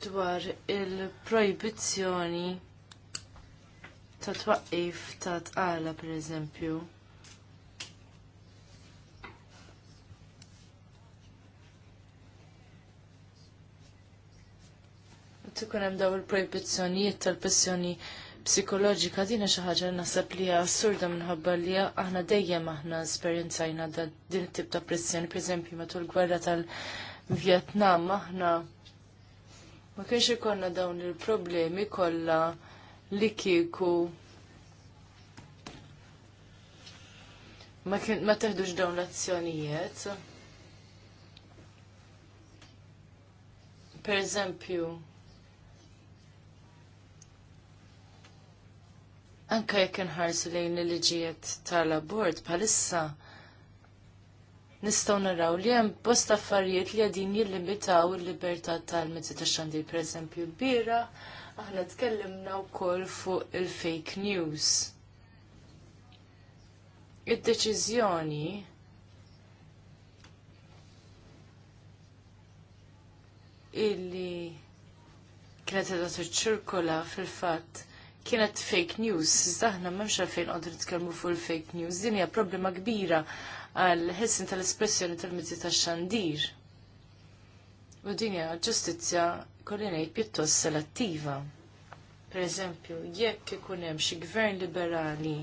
dwar il-projbizzjoni ta' twaqqif ta' tqala pereżempju. Tikun hemm daw il-projbizzjonijiet tal-pressjoni psikoloġika dina xi ħaġa naħseb li hija assurda minħabba li aħna dejjem aħna esperjenzajna din tip ta' pressjoni, pereżempju matul gwerra tal-Vjetnam aħna ma kienx ikollna dawn il-problemi kollha li kieku ma, ma teħdux dawn l-azzjonijiet. Per esempio, Anka jekk inħarsu lejn il-liġijiet tal-abort bħalissa nistgħu naraw li hemm bosta affarijiet li qegħdin jillimitaw il-libertà tal mizzi tax-xandir pereżempju l-bira aħna tkellimna wkoll fuq il-fake news. Id-deċiżjoni illi kienet qed tiċċirkola fil-fatt kienet fake news, iżda aħna m'hemmx għalfejn t nitkellmu fuq il-fake news, din hija problema kbira għal ħessin tal-espressjoni tal mizzi tax-xandir. U din hija ġustizzja kolli ngħid pjuttost selettiva. Pereżempju, jekk ikun hemm xi gvern liberali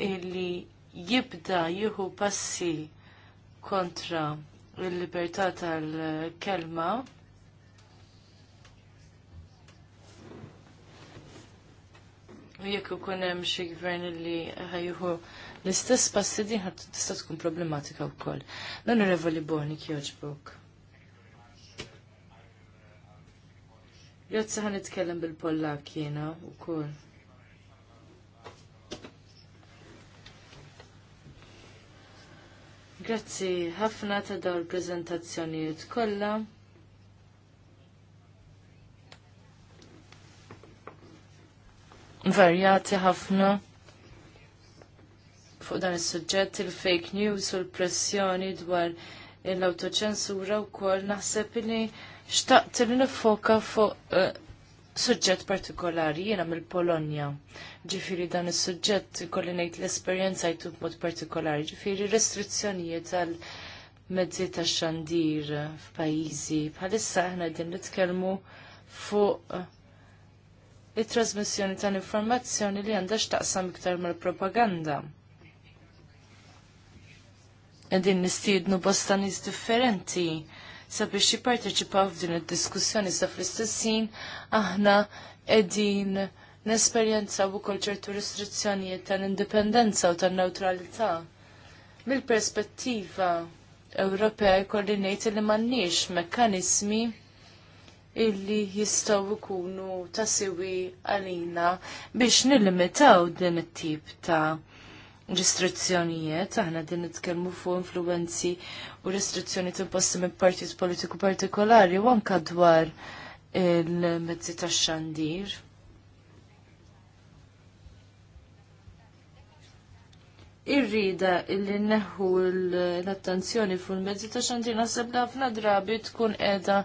illi jibda jieħu passi kontra l-libertà tal-kelma, U jekk ikun hemm xi gvern li ħajjuħu l-istess passi din ħadd tista' tkun problematika wkoll. L-Onorevoli Boni jogħġbok. Jozza ħan nitkellem bil-Pollak jiena wkoll. Grazzi ħafna ta' dawn il-preżentazzjonijiet kollha. varjati ħafna fuq dan is-suġġett il fake news u l-pressjoni dwar l-autoċensura u kol naħseb li xtaqt li nifoka fuq eh, suġġett partikolari jiena mill-Polonja. Ġifiri dan is-suġġett kolli ngħid l-esperjenza jtu b'mod partikolari, ġifiri restrizzjonijiet għal mezzi ta' xandir f'pajjiżi. Bħalissa aħna din nitkellmu fuq uh, it-trasmissjoni ta' informazzjoni li għandha x'taqsam iktar mal-propaganda. Qegħdin nistiednu bosta nies differenti sabiex jipparteċipaw f'din id-diskussjoni sa fl-istessin aħna qegħdin nesperjenza ukoll ċertu restrizzjonijiet tal-indipendenza u tan-neutralità. Mill-perspettiva Ewropea jkolli ngħid li m'għandniex mekkaniżmi illi jistaw ikunu ta' siwi għalina biex nilimitaw din it-tip ta' ristrizzjonijiet aħna din nitkellmu fuq influenzi u restrizzjoni imposti minn partit politiku partikolari u anka dwar il-mezzi ta' xandir. Irrida illi neħu l-attenzjoni fuq il-mezzi ta' xandir naħseb ħafna drabi tkun edha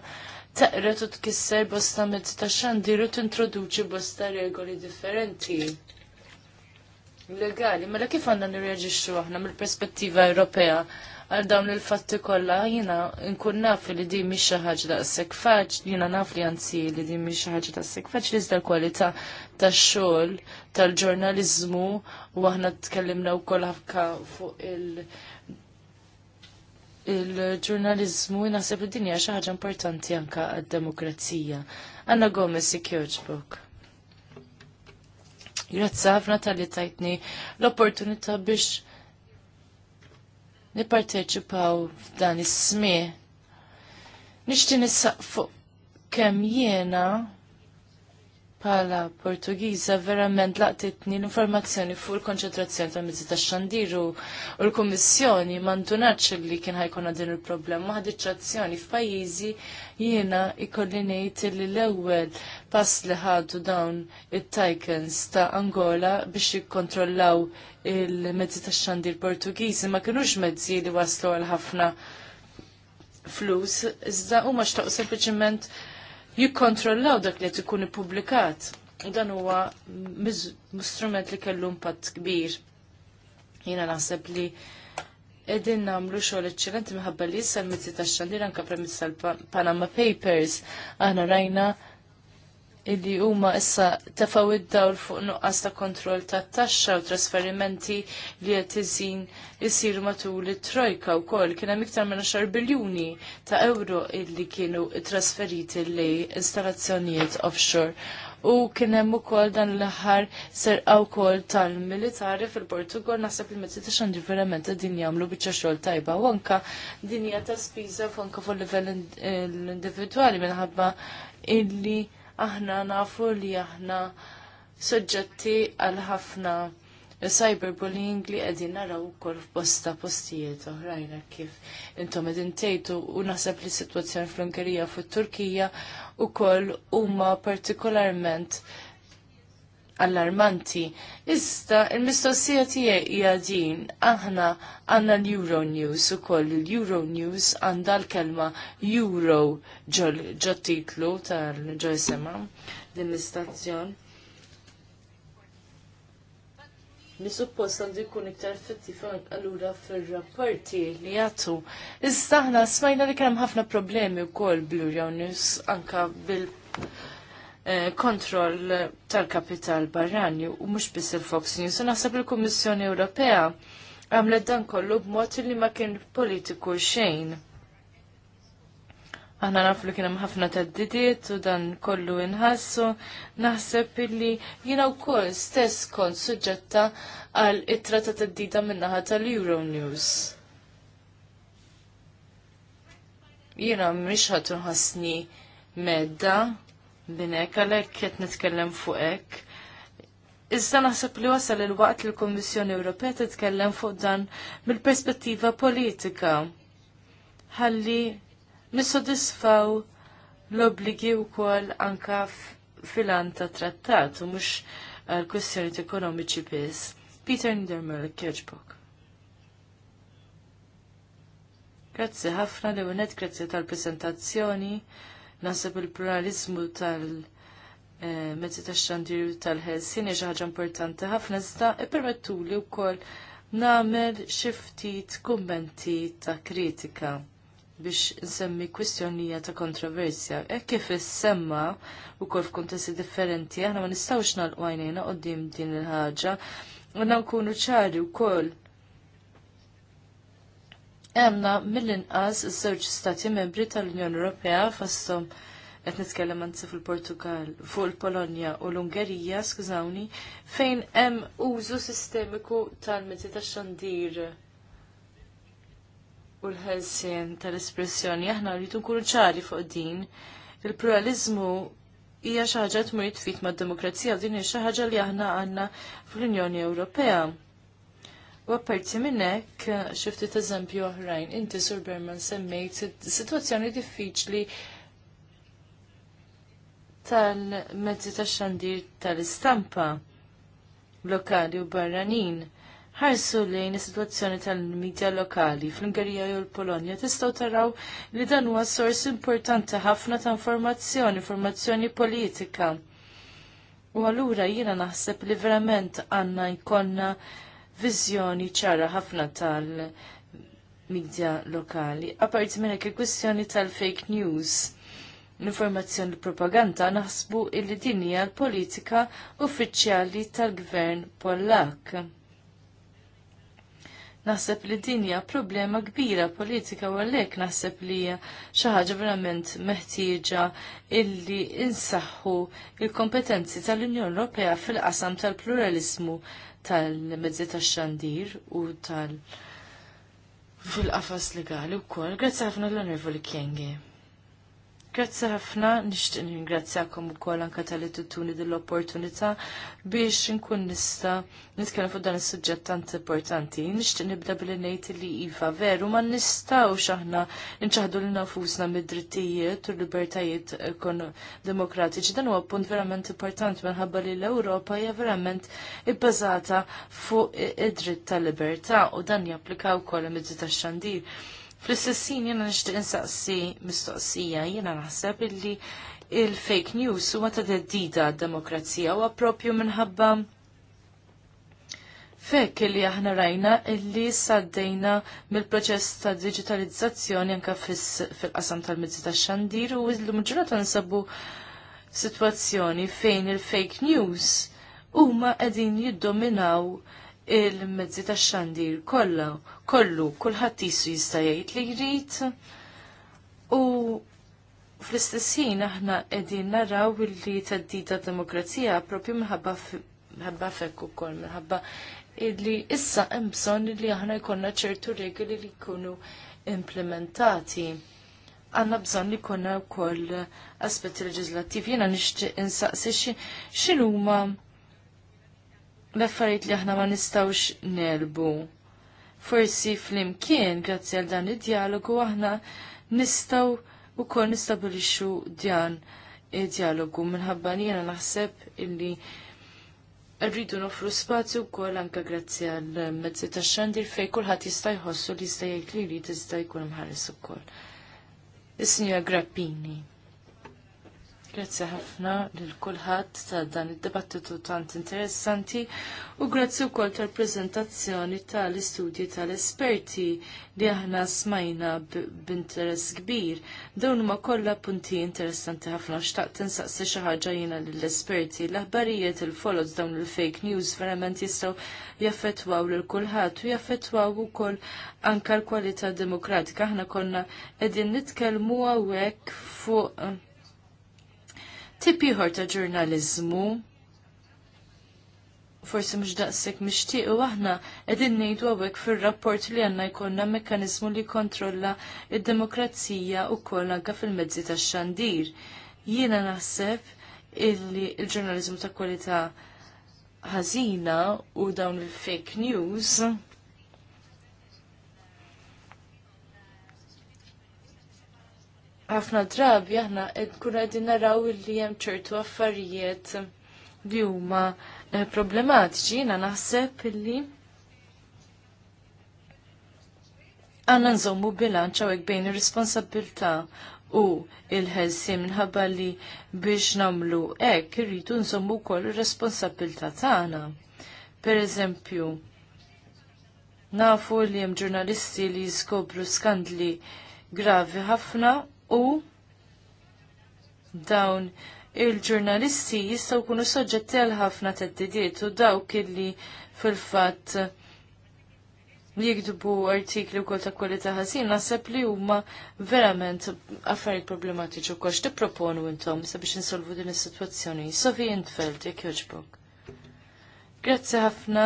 taqret u tkisser bosta mezz ta' xandiru tintroduċi bosta regoli differenti. Legali, mela kif għanna nirreġixxu aħna mill-perspettiva Ewropea għal dawn il-fatti kollha jiena nkun naf li di mhix xi ħaġa s-sekfaċ, jiena naf li għanzi li di mhix xi ħaġa s-sekfaċ li l-kwalità tax-xogħol tal-ġurnaliżmu u aħna tkellimna wkoll kolla fuq il- il-ġurnalizmu naħseb li dinja xi ħaġa importanti anke għad-demokrazija. Anna Gomez Sikjoġbok. Grazza ħafna tal-li tajtni l-opportunità biex nipparteċipaw f'dan is smi Nishti nissaq fuq kemm jiena Pala Portugiża verament laqtitni l-informazzjoni fuq il-konċentrazzjoni ta' mizzi ta' xandiru u l-Kummissjoni mandunaċ li kien ħajkonna din il problem ħadiċ azzjoni f'pajjiżi jiena ikolli ngħid li l-ewwel pass li ħadu dawn it tajkens ta' Angola biex jikkontrollaw il-mezzi ta' xandir Portugiżi ma kinux mezzi li waslu għal ħafna flus, iżda huma xtaqgħu sempliċement jikkontrollaw dak li tkun ippubblikat. U dan huwa strument li kellu impatt kbir. Jiena naħseb li edin namlu xogħol eċċellenti minħabba li issa l-mizzi tax-xandir anke premissi tal-Panama Papers aħna rajna illi huma issa tefaw id-dawl fuq nuqqas ta' kontroll ta' taxxa u trasferimenti li qed iżin isir matul it-trojka wkoll kien hemm iktar minn 10 biljuni ta' euro illi kienu trasferiti li installazzjonijiet offshore. U kien hemm ukoll dan l-aħħar serqa wkoll tal-militari fil-Portugal naħseb li mezzi ta' għandi verament din jagħmlu biċċa xogħol tajba u anke din hija ta' spiża anke fuq livell individwali minħabba illi aħna nafu li aħna soġġetti għal ħafna cyberbullying li għedin naraw ukoll bosta postijiet uħrajna kif intom qegħdin tejtu u naħseb li situazzjoni fl-Ungerija u fit-Turkija ukoll huma partikolarment allarmanti. ista il-mistoqsija tiegħi hija din aħna għandna l-Euro News ukoll l-Euro News għandha l-kelma Euro ġol titlu tal-ġo sema din l-istazzjon. Mi suppost għandu jkun iktar effettiv allura fil-rapporti li jgħatu. Iżda smajna li kemm ħafna problemi kol bl-Uranus anka bil Eh, kontroll tal-kapital barranju u mhux biss il-Fox News. U naħseb il-Kummissjoni Ewropea għamlet dan kollu b'mod li ma kien politiku xejn. Aħna nafu li kienem ħafna taddidiet u dan kollu inħassu, naħseb illi jina u kol stess kont suġġetta għal itra ta' taddida minnaħa tal-Euronews. Jina mriċ ħatun ħasni medda, minnek, għalek qed nitkellem fuq hekk. Iżda naħseb li wasal il-waqt li l-Kummissjoni Ewropea titkellem fuq dan mill-perspettiva politika. Ħalli nissodisfaw l-obligi wkoll anka filan ta' trattat u mhux l kwestjonijiet ekonomiċi biss. Peter Niedermüller Kirchbock. Grazzi ħafna li unet, grazzi tal-presentazzjoni. Nasab il-pluralizmu tal- mezzi ta' xandir tal-ħelsin ħaġa importanti ħafna iżda permettu li wkoll nagħmel xi ftit kummenti ta' kritika biex nsemmi kwistjonija ta' kontroversja. Hekk kif issemma wkoll f'kuntesti differenti aħna ma nistgħux nal għajnejna qudiem din il-ħaġa. Għanna nkunu ċari wkoll għandna mill-inqas iż-żewġ stati membri tal-Unjoni Ewropea fosthom qed nitkellem anzi fil-Portugal fuq il-Polonja u l-Ungerija, skużawni, fejn hemm użu sistemiku tal-mezzi tax-xandir u l-ħelsien tal-espressjoni aħna rridu nkunu ċari fuq din. Il-pluralizmu hija xi ħaġa tmur tfit mad-demokrazija u din hija xi ħaġa li aħna għandna fl-Unjoni Ewropea. U apparti minn hekk xi ftit eżempju oħrajn, inti Sur Berman semmejt sitwazzjoni diffiċli tal-mezzi tax-xandir tal-istampa lokali u barranin ħarsu lejn is-sitwazzjoni tal-medja lokali fl-Ungerija u l-Polonja tistgħu taraw li dan huwa sors importanti ħafna ta' informazzjoni, informazzjoni politika. U allura jiena naħseb li verament għandna jkollna viżjoni ċara ħafna tal-midja lokali. Aparti minn il-kwistjoni tal-fake news l-informazzjoni l-propaganda naħsbu il din hija l-politika uffiċjali tal-gvern Pollak. Naħseb li din hija problema kbira politika u għalhekk naħseb li xaħġa xi ħaġa verament meħtieġa illi insaħħu il-kompetenzi tal-Unjoni Ewropea fil-qasam tal pluralismu tal-mezzi tax-xandir u tal- fil-qafas legali u kol. Grazie ħafna l-onorevoli Kiengi. Grazzi ħafna, nixtieq ningrazzjakom ukoll anke tal tuttuni din l-opportunità biex inkun nista' nitkellem fuq dan is-suġġett tant importanti. Nixtieq nibda billi ngħid li iva veru ma nistgħux aħna nċaħdu lil nafusna mid-drittijiet u l-libertajiet demokratiċi. Dan huwa punt verament importanti minħabba li l-Ewropa hija verament ibbażata fuq id-dritt tal-libertà u dan japplika wkoll mezzi tax-xandir. Fl-istessin jena nishtiq insaqsi mistoqsija, jena naħseb illi il-fake news huma ta' deddida d-demokrazija huwa propju minħabba fek li aħna rajna illi saddejna mill-proċess ta' digitalizzazzjoni anka fil-qasam tal-mizzi ta' xandir u l-mġurata nsabu situazzjoni fejn il-fake news huma qegħdin jiddominaw il-mezzi ta' xandir kollha kollu kulħadd jissu jista' jgħid li jrid u fl-istess ħin aħna qegħdin naraw illi teddida demokrazija propju minħabba fekk ukoll minħabba li issa hemm bżonn li aħna jkollna ċertu regoli li jkunu implementati għanna bżon li jkollna wkoll aspetti leġislativi jena nixtieq insaqsi x'inhuma l-affarijiet li aħna ma nistawx nelbu. Forsi fl-imkien, grazzi għal dan id-dialogu, aħna nistaw u kol nistabilixu djan id-dialogu minħabba li jena naħseb illi rridu nofru spazju wkoll anke grazzi għal mezzi tax xandir fejn kulħadd jista' jħossu li jista' jgħid li jrid jkun mħares kol. is sinja Grappini. Grazzi ħafna lil kulħadd ta' dan id-dibattitu tant interessanti u grazzi wkoll tal-preżentazzjoni tal-istudji tal-esperti li aħna smajna b'interess kbir. Dawn huma kollha punti interessanti ħafna xtaqt tinsaqsi xi ħaġa jiena lill-esperti. L-aħbarijiet il-follows dawn il-fake news verament jistgħu jaffettwaw lil kulħadd u jaffettwaw ukoll anke l-kwalità demokratika. Aħna konna qegħdin nitkellmu hawnhekk fuq tipiħor ta' ġurnalizmu forsi mhux daqshekk mixtieq u aħna qegħdin ngħidu hawnhekk fir-rapport li għandna jkollna mekkaniżmu li jikkontrolla id-demokrazija wkoll anke fil-mezzi tax-xandir. Jiena naħseb illi l-ġurnaliżmu ta' kwalità ħażina u dawn il-fake news ħafna drabi aħna kuna qegħdin naraw li hemm ċertu affarijiet li huma eh, problematiċi jiena naħseb li għandna nżommu bilanċ hawnhekk bejn ir-responsabilità u il-ħelsi minħabba li biex nagħmlu hekk irridu nżommu wkoll ir-responsabilità tagħna. Pereżempju, nafu li hemm ġurnalisti li jiskopru skandli gravi ħafna u dawn il-ġurnalisti jistgħu jkunu soġġetti għal ħafna teddidiet u dawk illi fil-fatt jikdubu artikli wkoll ta' kwalità ħażin naħseb li huma verament affarijiet problematiċi wkoll proponu intom sabiex insolvu din is-sitwazzjoni. Sofi Intfeld, jekk jogħġbok. Grazzi ħafna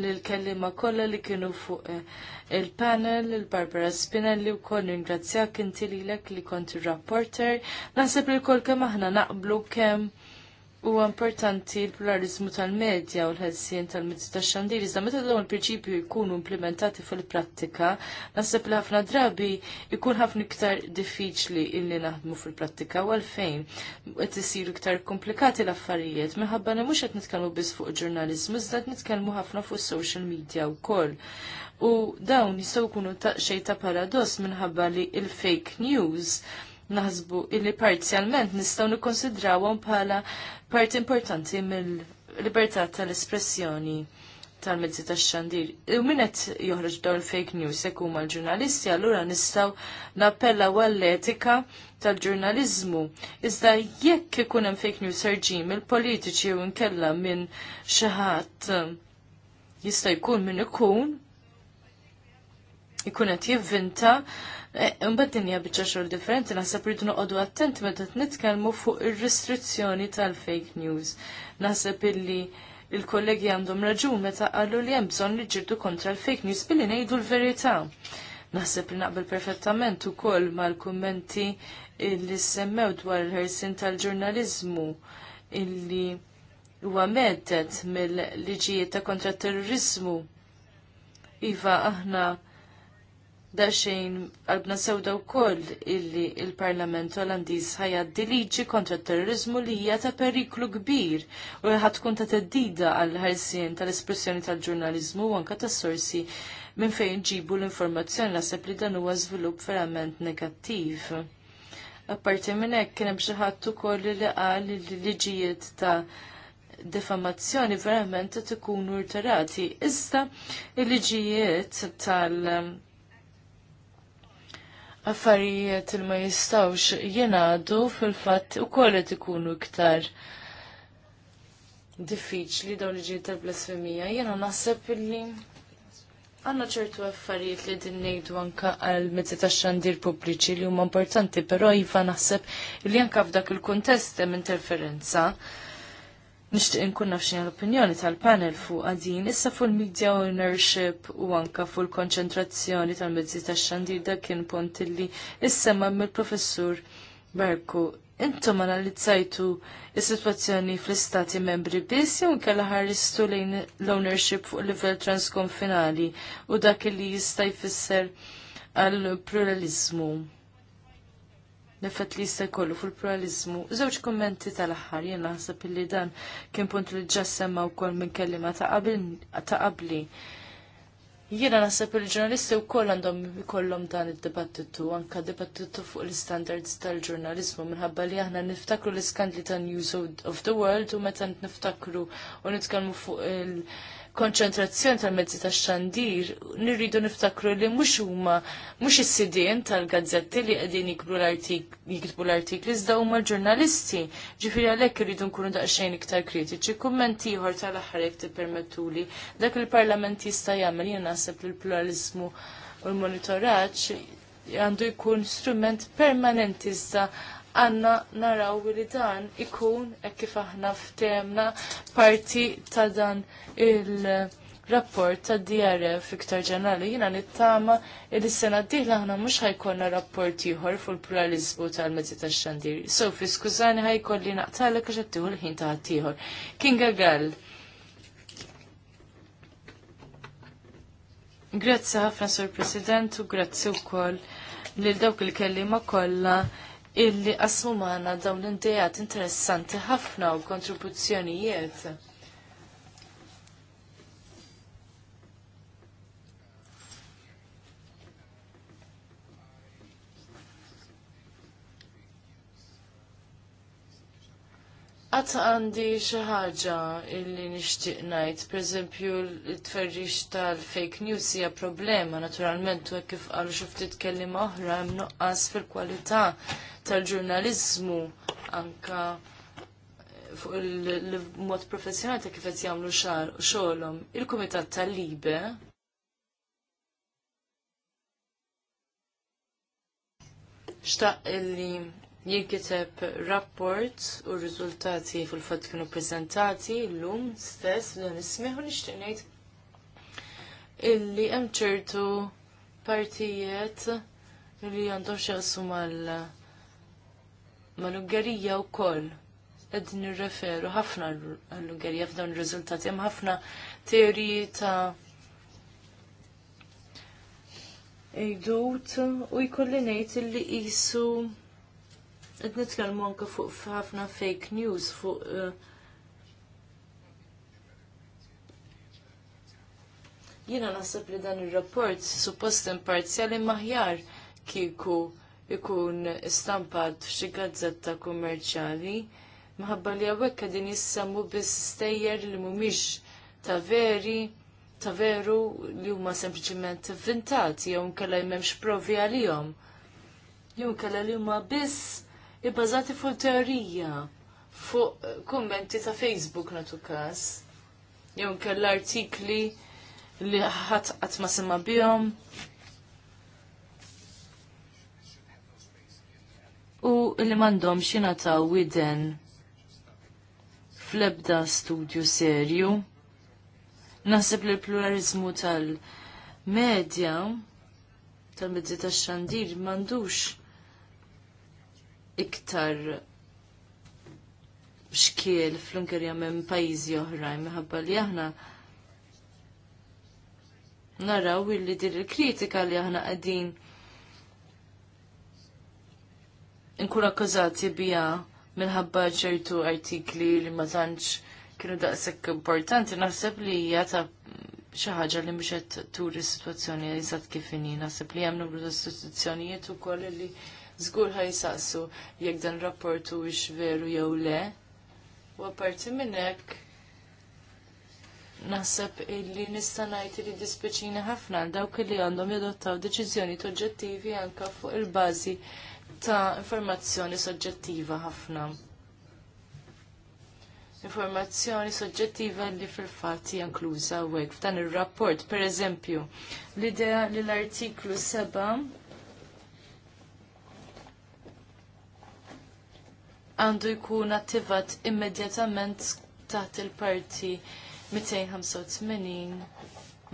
l-kellima kollha li kienu fuq eh, il-panel, il-Barbara Spinelli u koll ingrazzjak inti lilek li konti rapporter. Naħseb li kol kem aħna naqblu kemm U importanti l-pluralizmu tal-medja u l-ħelsien tal medja tal xandir, iżda meta dawn il-prinċipju jkunu implementati fil-prattika, naħseb li ħafna drabi jkun ħafna iktar diffiċli illi naħdmu fil-prattika u għalfejn qed isiru iktar komplikati l-affarijiet minħabba li mhux qed nitkellmu biss fuq ġurnaliżmu, iżda qed nitkellmu ħafna fuq social media wkoll. U dawn jistgħu jkunu ta' xejn ta' paradoss minħabba li il-fake news naħsbu illi parzjalment nistgħu nikkonsidrawhom bħala parti importanti mill-libertà tal-espressjoni tal-mezzi tax-xandir. U min qed joħroġ dawn fake news jekk huma l-ġurnalisti, allura nistgħu nappella għall-etika tal-ġurnaliżmu. Iżda jekk ikun hemm fake news ħarġin mill-politiċi u nkella minn xi ħadd jista' jkun minn ikun, ikun qed jivvinta, Eh, imbagħad dinja biċċa xogħol differenti naħseb rridu noqogħdu attent meta nitkellmu fuq ir-restrizzjoni tal-fake news. Naħseb illi il-kollegi għandhom raġun meta qalu li hemm bżonn ġirdu kontra l-fake news billi ngħidu l-verità. Naħseb li naqbel perfettament ukoll mal-kummenti li semmew dwar il-ħersin tal-ġurnaliżmu illi huwa meddet mill-liġijiet ta' kontra terrorizmu. Iva aħna daċxejn għalbna sewda wkoll illi il-Parlament Olandiż ħajad liġi kontra terrorizmu li hija ta' periklu kbir u ħat tkun ta' teddida għal ħarsien tal-espressjoni tal-ġurnalizmu u anke tas-sorsi minn fejn ġibu l-informazzjoni naħseb li dan huwa żvilupp verament negattiv. Apparti minn hekk kien hemm xi ħadd ukoll li qal li liġijiet ta' defamazzjoni verament qed ikunu rterati. Iżda il-liġijiet tal- affarijiet il ma jistawx jenadu fil-fatt u kollet ikunu iktar diffiċli dawn li ġiet tal-blasfemija. Jena naħseb li għanna ċertu affarijiet li din nejdu anka għal mezzi ta' xandir pubbliċi li huma importanti, però jiva naħseb li anka f'dak il-kontest hemm interferenza. Nishtiq nkun nafxin l-opinjoni tal-panel fuq għadin, issa fuq il-media ownership u anka fuq il-konċentrazzjoni tal-mezzi tax xandir da kien pont illi ma' mill-professur Berku. Intom analizzajtu il sitwazzjoni fl-istati membri biss jew inkella ħarristu lejn l-ownership fuq livell transkonfinali u dak li jista' jfisser għal pluralizmu l li jista' jkollu fil-pluralizmu. Żewġ kummenti tal-aħħar jien naħseb illi dan kien punt li ġa semma wkoll minn kelliema ta' qabli. Jiena naħseb il-ġurnalisti wkoll għandhom ikollhom dan id-dibattitu, anke dibattitu fuq l istandards tal-ġurnalizmu minħabba li aħna niftakru l-iskandli ta' News of the World u meta niftakru u nitkellmu fuq il- konċentrazzjoni tal-mezzi tax-xandir, nirridu niftakru li mhux huma mhux is-sidien tal-gazzetti li qegħdin jikbu l-artikli iżda huma l-ġurnalisti. Ġifieri għalhekk irridu nkunu daqsxejn iktar kritiċi. Kumment ieħor tal-aħħar jekk tippermettuli dak il-Parlament jista' jagħmel jien naħseb li l-pluralizmu u l-monitoraġġ għandu jkun strument permanenti iżda għanna naraw li dan ikun e kif aħna ftemna parti ta' dan il-rapport ta' DRF iktar ġenerali jina nittama il sena diħla ħana mux ħajkonna rapport jħor fuq il-pluralizmu tal-mezzi ta' xandir. Sofi, skużani ħajkolli naqtalek għax għattiħu l-ħin ta' għattiħor. Kinga Gall. Grazzi ħafna, Sur President, u grazzi u koll lil dawk il-kellima kollha illi Assumana dawn l-intejat interessanti ħafna u kontribuzzjonijiet Għat għandi xaħġa illi nishtiq najt, per eżempju, l-tferriġ tal-fake news hija problema, naturalment, u kif għallu xuftit kellim oħra, hemm nuqqas fil-kwalità tal-ġurnalizmu anka eh, fuq il-mod professjonali ta' kif qed jagħmlu xogħolhom. Il-Kumitat tal-Libe xtaq illi jinkiteb rapport u r-riżultati fil fat kienu prezentati l-lum stess dan ismiħ u nixtieq ngħid illi hemm ċertu partijiet li għandhom xaqsu mal mal-Ungerija wkoll qed nirreferu ħafna għall-Ungerija f'dawn ir-riżultati hemm ħafna teoriji ta' Ejdut u jkolli ngħid illi qisu Qed nitkellmu anke fuq ħafna fake news fuq eh, Jiena naħseb li dan ir-rapport suppost imparzjali maħjar kieku ikun stampat f'xi gazzetta kummerċjali minħabba li hawnhekk qegħdin jissemmu biss stejjer li mhumiex ta' veri ta' veru li huma sempliċiment inventati jew nkella m'hemmx provi għalihom. Jew nkella li huma biss ibbażati fuq teorija, fuq kummenti ta' Facebook natu kas, Jew kell artikli li ħadd qatt ma sema bihom. U li xina ta' widen fl-ebda studju serju. Naħseb li l-pluralizmu tal-medja tal-medzi tax-xandir m'għandux iktar xkiel fl ungerja minn pajjiżi oħrajn minħabba li aħna naraw illi dir il-kritika li aħna qegħdin inkun akkużati biha minħabba ċertu artikli li ma tantx kienu daqshekk importanti naħseb li hija ta' xi ħaġa li mhux qed turi s-sitwazzjoni eżatt kif inhi naħseb li hemm numru ta' istituzzjonijiet ukoll li Zgur ħajsaqsu jekk dan rapportu ix veru jew le. U apparti minn hekk naħseb illi nista' ngħid li dispeċina ħafna għal dawk li għandhom jadottaw deċizjoni oġġettivi anke fuq il-bażi ta' informazzjoni soġġettiva ħafna. Informazzjoni soġġettiva li fil-fatt hija u hekk f'dan ir-rapport, pereżempju, l-idea li l-artiklu 7 għandu jkun attivat immedjatament taħt il-parti 285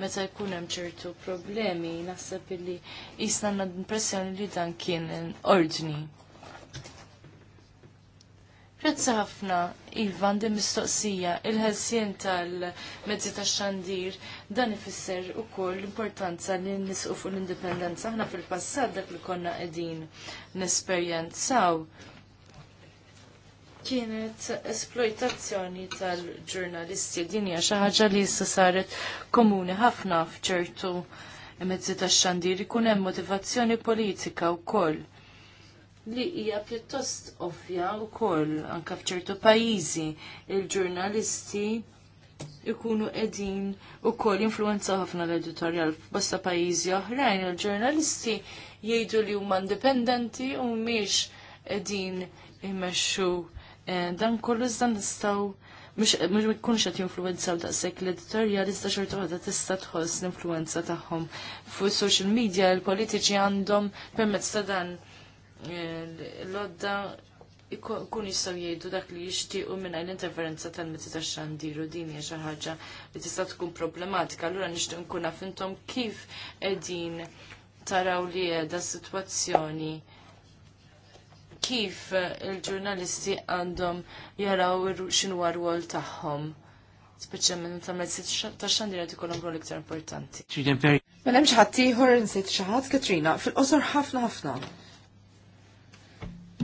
meta jkun hemm ċertu problemi naħseb illi jisna għandna l-impressjoni li dan kien ordni. Grazzi ħafna, Ivan, din mistoqsija, il-ħelsien tal-mezzi ta' xandir, dan ifisser ukoll l-importanza li nisqu fuq l-indipendenza. Aħna fil-passat dak li konna qegħdin nesperjenzaw kienet esploitazzjoni tal-ġurnalisti. Din hija xi ħaġa li issa saret komuni ħafna f'ċertu mezzi tax-xandir ikun hemm motivazzjoni politika wkoll li hija pjuttost ovvja wkoll anke f'ċertu pajjiżi il-ġurnalisti ikunu qegħdin ukoll influenza ħafna l-editorjal f'bosta pajjiżi oħrajn il-ġurnalisti jgħidu li huma indipendenti u mhix qegħdin imexxu. Eh, dan kollu iżda nistgħu mux ikkunx qed jinfluwenzaw daqshekk l-editorjal iżda xorta waħda tista' tħoss l-influenza tagħhom. Fuq social media l-politiċi għandhom permezz ta' dan eh, l-odda kun jistgħu jgħidu dak li jixtiequ minn l-interferenza tal-mezzi tax-xandiru din hija xi ħaġa li tista' tkun problematika. Allura nixtieq nkun nafintom kif qegħdin taraw li qiegħda sitwazzjoni kif eh, il-ġurnalisti għandhom jaraw xinu għarwol taħħom. Speċjalment ta' mezz ta' xandira tikollhom rol iktar importanti. Mela hemm xi ħadd ieħor xi ħadd Katrina fil-qosor ħafna ħafna.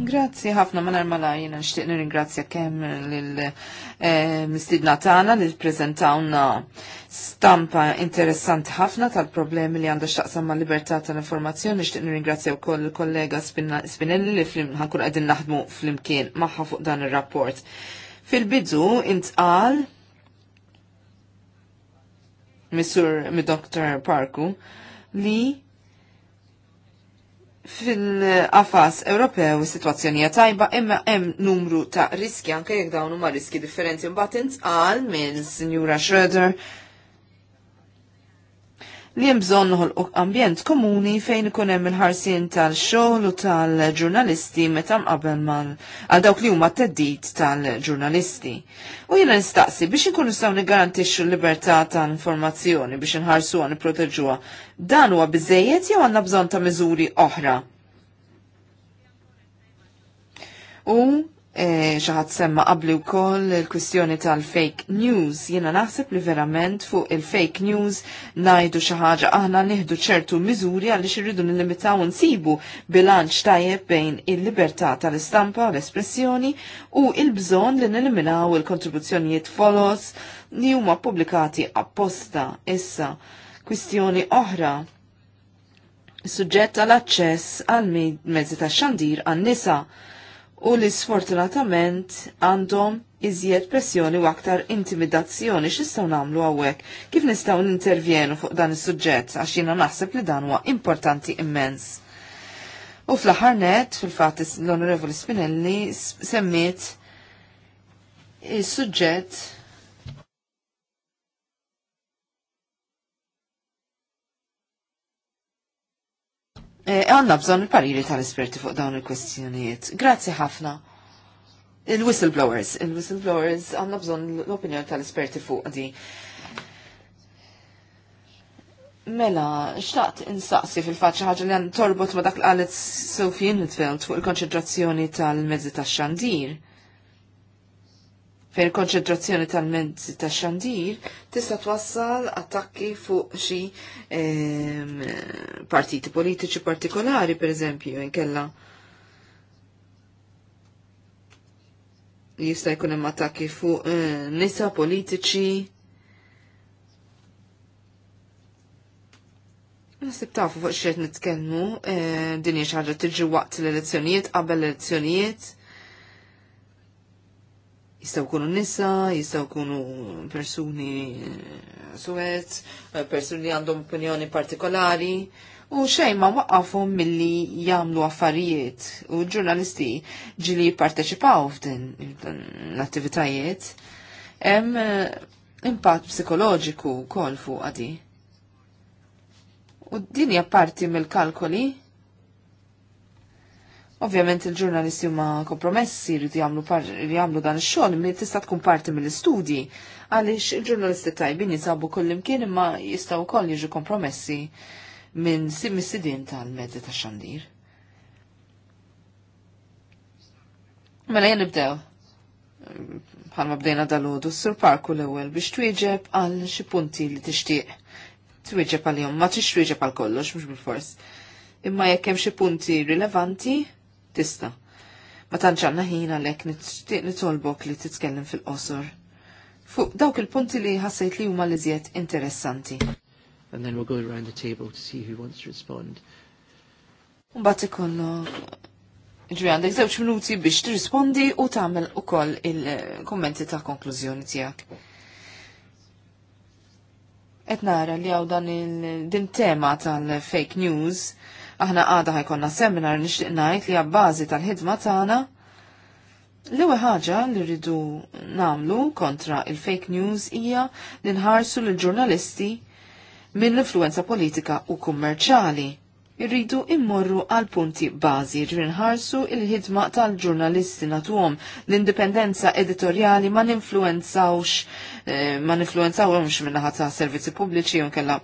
Grazzi ħafna ma narmala jena nxtieq nirringrazzja kemm lill-mistidna eh, tagħna li ppreżentawna stampa interessanti ħafna tal-problemi li għandha x'taqsam ma' libertà tal-informazzjoni nixtieq nirringrazzja wkoll il-kollega Spinelli li ħankun qegħdin naħdmu flimkien magħha fuq dan ir-rapport. Fil-bidu intqal Missur mid-Dr. Parku li fil-qafas Ewropew is tajba imma hemm numru ta' riski anke jekk dawn huma riski differenti mbagħad intqal minn Sinjura Schroeder li hemm bżonn noħolqu ambjent komuni fejn ikun hemm il-ħarsien tal-xogħol u tal-ġurnalisti meta mqabel mal għal dawk li huma t-teddid tal-ġurnalisti. U jiena nistaqsi biex inkun nistgħu niggarantixxu l-libertà tal-informazzjoni biex inħarsuha nipproteġuha. Dan huwa biżejjed jew għandna bżonn ta' miżuri oħra. U E, semma qabli wkoll il-kwistjoni tal-fake news. Jiena naħseb li verament fuq il-fake news najdu xi ħaġa aħna nieħdu ċertu miżuri għaliex nil nillimitaw nsibu bilanċ tajjeb bejn il-libertà tal-istampa u l-espressjoni u il-bżonn li niliminaw il-kontribuzzjonijiet folos li huma publikati apposta issa. Kwistjoni oħra suġġett għal aċċess għal mezzi tax-xandir għan-nisa u li sfortunatament għandhom iżjed pressjoni u aktar intimidazzjoni x'istgħu nagħmlu hawnhekk, kif nistgħu nintervjenu fuq dan is-suġġett għax jiena naħseb li dan huwa importanti immens. U fl-aħħar net, fil-fatt l-Onorevoli Spinelli semmiet is-suġġett Eh, għanna bżon il-pariri tal-esperti fuq dawn il-kwestjonijiet. Grazzi ħafna. Il-whistleblowers. Il-whistleblowers għanna bżon l-opinjoni tal-esperti fuq di. Mela, xtaqt insaqsi fil-faċċa ħaġa li għan torbot ma dak l-għalet Sophie Nutfeld fuq il-konċentrazzjoni tal-mezzi tax-xandir fejn konċentrazzjoni tal-mezzi ta' xandir tista' twassal attakki fuq xi ehm, partiti politiċi partikolari, pereżempju, inkella jista' jkun hemm attakki fuq eh, nisa politiċi. Nasib tafu fuq xejn nitkellmu, eh, din hija xi ħaġa tiġi waqt l-elezzjonijiet qabel l-elezzjonijiet Jistaw kunu nisa, jistaw kunu persuni eh, suwet, eh, persuni għandhom opinjoni partikolari, u xej ma waqqafu milli jamlu affarijiet u ġurnalisti ġili parteċipaw f'din l-attivitajiet. Hemm eh, impatt psikoloġiku kol fuq għadi. U din hija parti mill-kalkoli Ovvjament il-ġurnalisti huma kompromessi li jagħmlu dan ix-xogħol mi tista' tkun parti mill-istudji għaliex il-ġurnalisti tajbin jinsabu kullimkien imma jistgħu wkoll jiġu kompromessi minn mis-sidien tal-mezzi tax-xandir. Mela jien nibdew. Bħalma bdejna dal-ħodu s-sur parku l-ewel biex twieġeb għal xi punti li tixtieq. Twieġeb għal-jom, ma tix twieġeb għal kollox, mhux bil-fors imma jekk hemm xi punti rilevanti, tista. Ma tanċanna ħin għalek nitolbok li titkellem fil-qosor. Fuq dawk il-punti li ħassejt li huma liżjed interessanti. And then we'll go around the table to see who wants to respond. Mbagħad ikollok Ġri għandek żewġ minuti biex tirrispondi u tagħmel ukoll il-kummenti ta' konklużjoni tiegħek. Qed nara li hawn dan il-din tema tal-fake news Aħna għada ħajkonna seminar nixtieq ngħid li għabbażi tal-ħidma tagħna L-ewwel ħaġa li rridu nagħmlu kontra il-fake news hija li nħarsu lill ġurnalisti mill-influenza politika u kummerċali. Irridu immorru għal punti bażi ġri nħarsu il-ħidma tal-ġurnalisti natuhom l-indipendenza editorjali ma ninfluenzawx eh, ma ninfluenzawhomx minnaħa ta' servizzi pubbliċi u nkella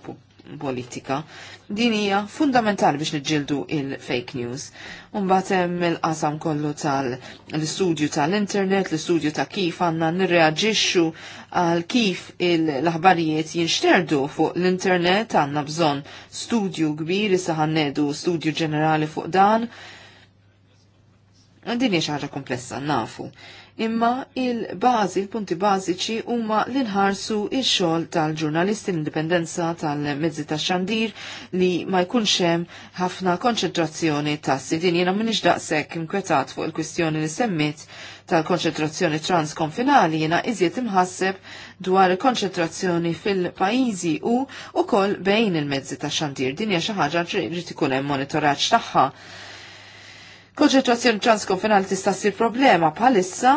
politika. Din hija fundamentali biex nġildu il-fake news. Umbagħad hemm il-qasam kollu tal-istudju tal-internet, l-istudju ta' kif għandna nirreaġixxu għal kif l-aħbarijiet jinxterdu fuq l-internet għandna bżonn studju kbir issa għannedu studju ġenerali fuq dan. Din hija xi ħaġa komplessa nafu imma il-bazi, il-punti bażiċi huma l-inħarsu il-xogħol tal-ġurnalisti l-indipendenza tal-mezzi ta' xandir li ma jkunx hemm ħafna konċentrazzjoni ta' sidin. Jiena m'iniex daqshekk inkwetat fuq il-kwistjoni li semmit tal-konċentrazzjoni transkonfinali jiena iżjed imħasseb dwar il-konċentrazzjoni fil-pajjiżi u ukoll bejn il-mezzi ta' xandir. Din hija xi ħaġa trid ikun hemm monitoraġġ tagħha Konċentrazzjoni transkonfinali tista' ssir problema bħalissa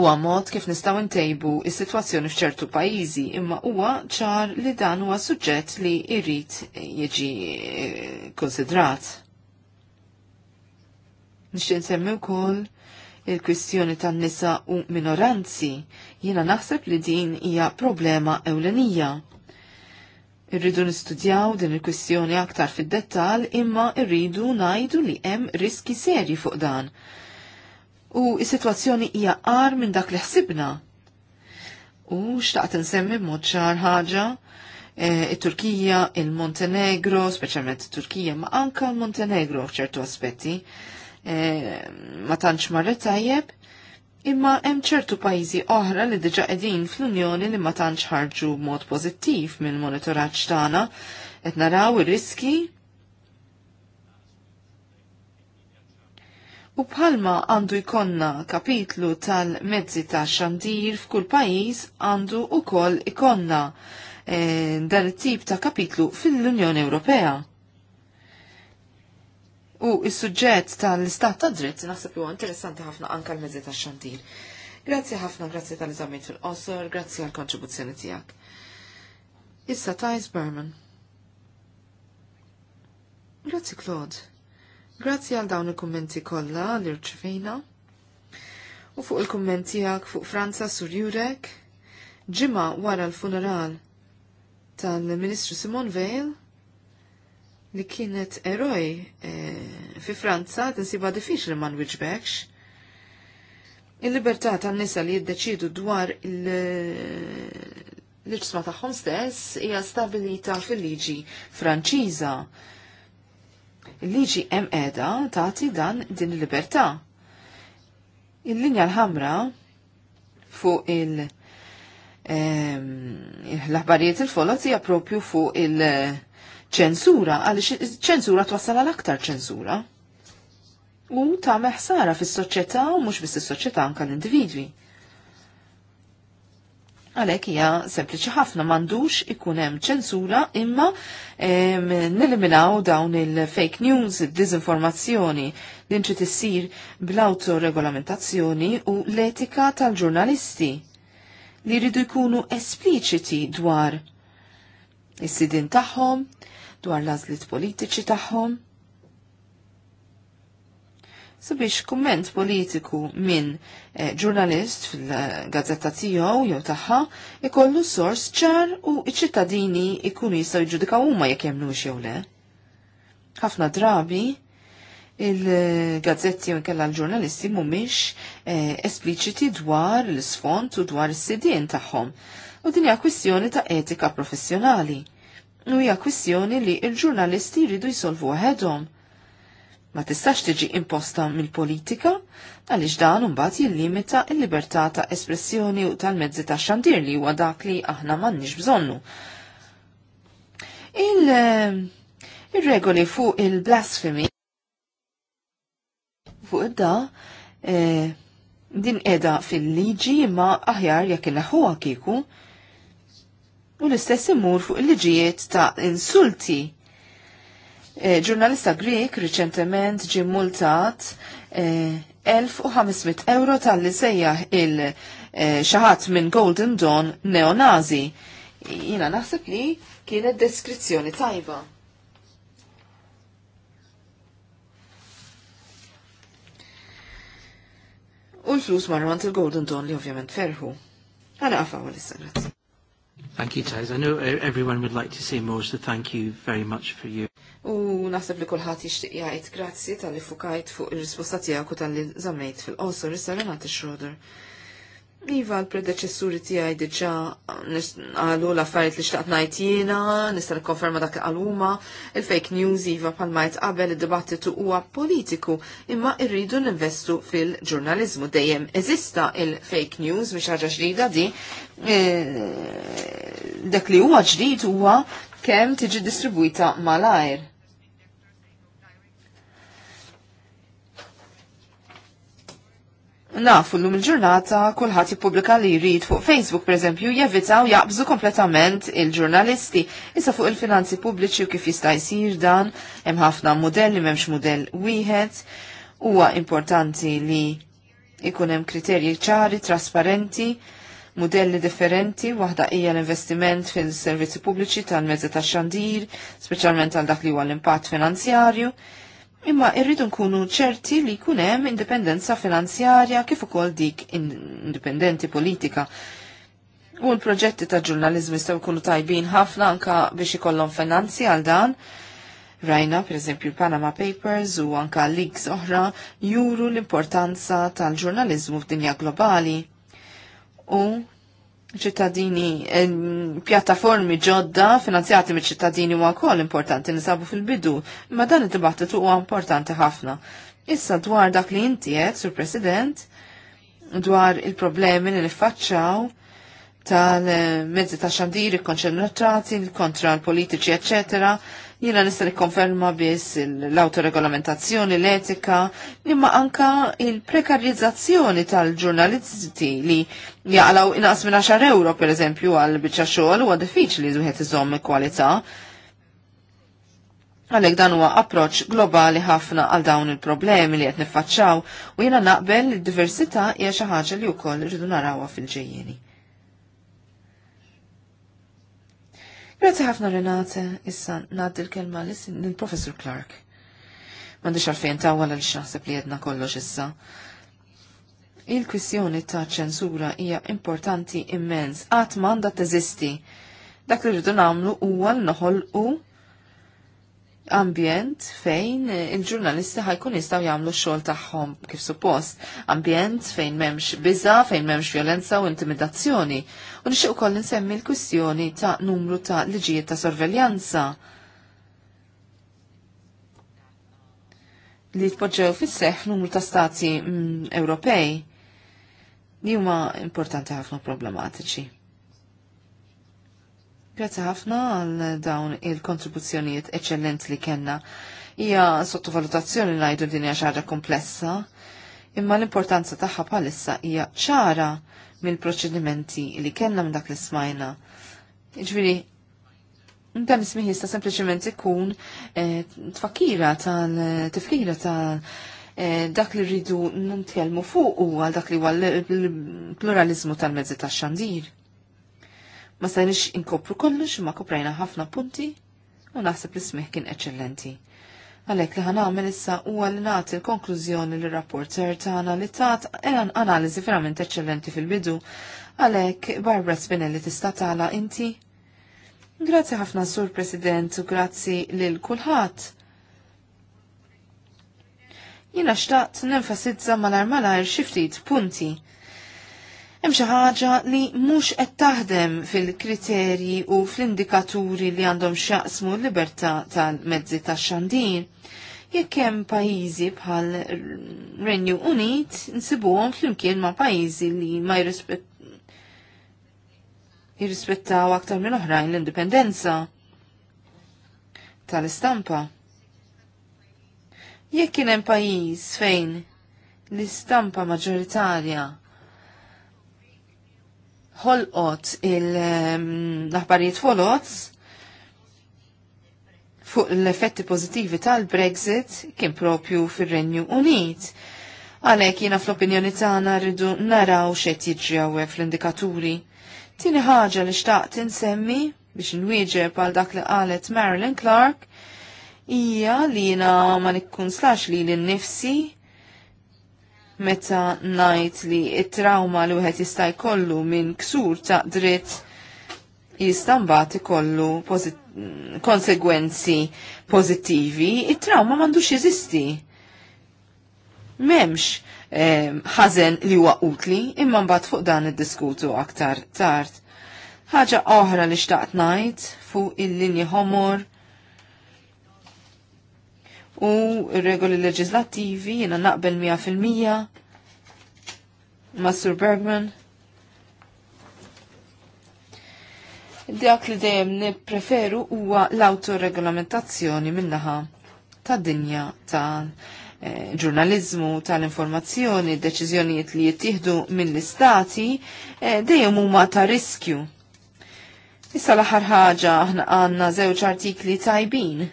huwa mod kif nistgħu ntejbu is-sitwazzjoni f'ċertu pajjiżi, imma huwa ċar li dan huwa suġġett li jrid jiġi eh, konsidrat. Nixtieq nsemmi wkoll il-kwistjoni tan-nisa u minoranzi, jiena naħseb li din hija problema ewlenija Irridu nistudjaw din il-kwistjoni aktar fid-dettal imma irridu najdu li hemm riski serji fuq dan. U s-sitwazzjoni hija qar minn dak li ħsibna. U xtaqt nsemmi b'mod ċar ħaġa eh, it-Turkija, e, il-Montenegro, speċjalment it-Turkija, ma anka l-Montenegro f'ċertu aspetti. E, ma tantx marret tajjeb Imma hemm ċertu pajjiżi oħra li diġa qegħdin fl-Unjoni li ma tantx ħarġu b'mod pożittiv mill-monitoraġġ tagħna qed naraw ir-riski U bħalma għandu jkonna kapitlu tal-mezzi ta' xandir f'kull pajis għandu u koll ikonna e, dan it-tip ta' kapitlu fil-Unjoni Ewropea. U il sujġet tal-istat ta' dritt naħseb huwa interessanti ħafna anka l-mezzi ta' xandir. Grazzi ħafna, grazzi tal izamiet fil-qosor, grazzi għal-kontribuzzjoni tiegħek. Issa Thijs Berman. Grazzi Claude. Grazzi għal dawn il-kummenti kollha li rċevejna. U fuq il kommenti tiegħek fuq Franza sur Jurek, ġimgħa wara l-funeral tal-Ministru Simon Veil, li kienet eroj e, fi Franza tinsiba diffiċli ma nwiġbekx. Il-libertà tan-nisa li jiddeċidu dwar l-ġisma tagħhom stess hija stabilita fil-liġi Franċiża. Il-liġi hemm qiegħda tagħti dan din il-libertà. Il-linja l-ħamra fuq il- ehm, l-aħbarijiet il-folot hija propju fuq il- ċensura, għaliex ċensura twassal għal aktar ċensura. U ta' meħsara fis-soċjetà u mhux biss soċjetà anke l-individwi. Għalek hija sempliċi ħafna mandux ikun hemm ċensura imma neliminaw dawn il-fake news, dizinformazzjoni din ċi issir bl-autoregolamentazzjoni u l-etika tal-ġurnalisti li jridu jkunu espliċiti dwar is-sidin tagħhom, dwar l-għażliet politiċi tagħhom. Sabiex kumment politiku minn eh, ġurnalist fil-gazzetta tiegħu jew tagħha ikollu sors ċar u ċ-ċittadini jkunu jistgħu jiġġudikaw huma jekk jemmnux jew le. Ħafna drabi il-gazzetti u kella l-ġurnalisti mumiex eh, espliciti espliċiti dwar l-sfont u dwar is-sidien tagħhom. U din hija kwistjoni ta' etika professjonali. U hija kwistjoni li l-ġurnalisti jridu jsolvu waħedhom. Ma tistax tiġi imposta mill-politika għaliex dan imbagħad jillimita l-libertà ta' espressjoni u tal-mezzi ta' xandir li huwa dak li aħna m'għandniex bżonnu. Eh, il-regoli il fuq il-blasfemi fuq id-da eh, din edha fil-liġi imma aħjar jekk inaħuha kieku u l-istess imur fuq il-liġijiet ta' insulti. Eh, ġurnalista Grek riċentement ġi multat 1500 eh, euro tal-li sejjaħ il-xaħat minn Golden Dawn neonazi. Jina naħseb li kienet deskrizzjoni tajba. u l-flus marrant il-Golden Dawn li ovvjament ferħu. Għana għafa għu l Thank you, Taz. I know e- everyone would like to say more, so thank you very much for you. U naħseb li kulħadd jixtieq jgħid grazzi tal-li fukajt fuq ir-risposta tiegħek u tal-li żammejt fil-qosor issa Renat Schroeder. Iva l-predeċessuri tijaj diġa għalu l-affarijiet li xtaqt najt jena, nistan konferma dak għaluma, il-fake news Iva palmajt qabel id-dibattitu huwa politiku, imma irridu ninvestu fil-ġurnalizmu dejjem. Eżista il-fake news, biex ħaġa ġdida di, e, dak li huwa ġdid huwa kemm tiġi distribuita malajr nafu l-lum il-ġurnata kullħat jippubblika li jrid fuq Facebook per eżempju jevitaw jaqbżu kompletament il-ġurnalisti. Issa fuq il-finanzi pubbliċi u kif jista' jsir dan hemm ħafna modelli m'hemmx mudell wieħed. Huwa importanti li ikun hemm kriterji ċari, trasparenti, modelli differenti, waħda hija l-investiment fil-servizzi pubbliċi tal-mezzi tax-xandir, speċjalment għal dak li huwa l-impatt finanzjarju imma irridu nkunu ċerti li jkun hemm indipendenza finanzjarja kif ukoll dik indipendenti politika. U l-proġetti ta' ġurnalizmu jistgħu jkunu tajbin ħafna anka biex ikollhom finanzi għal dan. Rajna, per eżempju, Panama Papers u anka leaks oħra juru l-importanza tal-ġurnalizmu f'dinja globali. U ċittadini pjattaformi ġodda finanzjati miċ ċittadini u wkoll importanti nisabu fil-bidu, imma dan id-dibattitu huwa importanti ħafna. Issa dwar dak li inti qed, Sur President, dwar il-problemi li faċċaw tal-mezzi ta' xandir ikkonċentrati kontra l-politiċi, eccetera, Jina nista' nikkonferma biss l-autoregolamentazzjoni, l-etika, imma anka il-prekarizzazzjoni tal-ġurnalisti li jaqlaw inqas minn 10 euro per eżempju għal biċċa xogħol huwa diffiċli wieħed iżomm kwalità. Għalek dan huwa approċ globali ħafna għal dawn il-problemi li qed niffaċċaw u jiena naqbel li d-diversità hija xi ħaġa li wkoll irridu narawha fil-ġejjieni. Grazzi ħafna Renate, issa naddi l-kelma l-Professor Clark. Mandi xarfejn ta' għala li xnaħseb li jedna kollox issa. Il-kwissjoni ta' ċensura hija importanti immens, għat manda teżisti. Dak li rridu namlu huwa għal noħol u ambjent fejn eh, il-ġurnalisti ħajkun jistaw jagħmlu x-xogħol tagħhom kif suppost, ambjent fejn m'hemmx biża, fejn m'hemmx violenza u intimidazzjoni. U nixtieq ukoll insemmi l-kwistjoni ta' numru ta' liġijiet ta' sorveljanza li tpoġġew fis-seħħ numru ta' stati mm, Ewropej li huma importanti ħafna problematiċi. Grazzi ħafna għal dawn il-kontribuzzjonijiet eċċellenti li kellna. Hija sottovalutazzjoni ngħidu din hija ħaġa komplessa, imma l-importanza tagħha palissa ija ċara mill-proċedimenti li kellna minn dak li smajna. Ġviri, dan ismiħi sta sempliciment ikun eh, tfakira tal-tifkira tal eh, dak li rridu nuntelmu fuq u għal dak li għal pluralizmu tal-mezzi tax xandir. Ma stajniex inkopru kollox ma koprajna ħafna punti u naħseb li smih kien eċċellenti. Għalek li ħan għamil issa u għal nagħti l-konklużjoni li rapporter tagħna li tat għan analiżi verament eċċellenti fil-bidu. Għalek Barbara Spinelli tista' tagħla inti. Grazzi ħafna Sur President u grazzi lil kulħadd jina xtaqt nenfasizza malar malar xiftit punti hemm xi ħaġa li mhux qed taħdem fil-kriterji u fl-indikaturi li għandhom x'jaqsmu l-libertà tal-mezzi tax-xandin. Jekk hemm pajjiżi bħal Renju Unit nsibuhom flimkien ma' pajjiżi li ma jirrispettaw aktar minn oħrajn l-indipendenza tal-istampa. Jekk kien hemm pajjiż fejn l-istampa maġġoritarja ħolqot il-aħbarijiet ehm, ħolqot fuq l-effetti pozittivi tal-Brexit kien propju fir-Renju Unit. Għalhekk jiena fl-opinjoni tagħna rridu naraw x'ed jiġri fl-indikaturi. Tieni ħaġa li xtaqt insemmi biex nwieġeb għal dak li qalet Marilyn Clark hija li jiena ma nikkunslax li l-nifsi meta najt li it-trauma li wieħed jista' jkollu minn ksur ta' dritt jistambat ikollu pozit konsegwenzi pozittivi, it-trauma m'għandux jeżisti. Memx ehm, ħażen eh, li huwa utli imma mbagħad fuq dan iddiskutu aktar tard. Ħaġa oħra li xtaqt ngħid fuq il-linji homor u regoli leġislattivi jina naqbel 100% ma' Sur Bergman. Dak li dejjem nippreferu huwa l-autoregolamentazzjoni minnaħa ta' dinja ta' eh, ġurnalizmu tal-informazzjoni, deċiżjonijiet li jittieħdu mill-istati eh, dejjem huma ta' riskju. Issa l-aħħar ħaġa aħna għandna żewġ artikli tajbin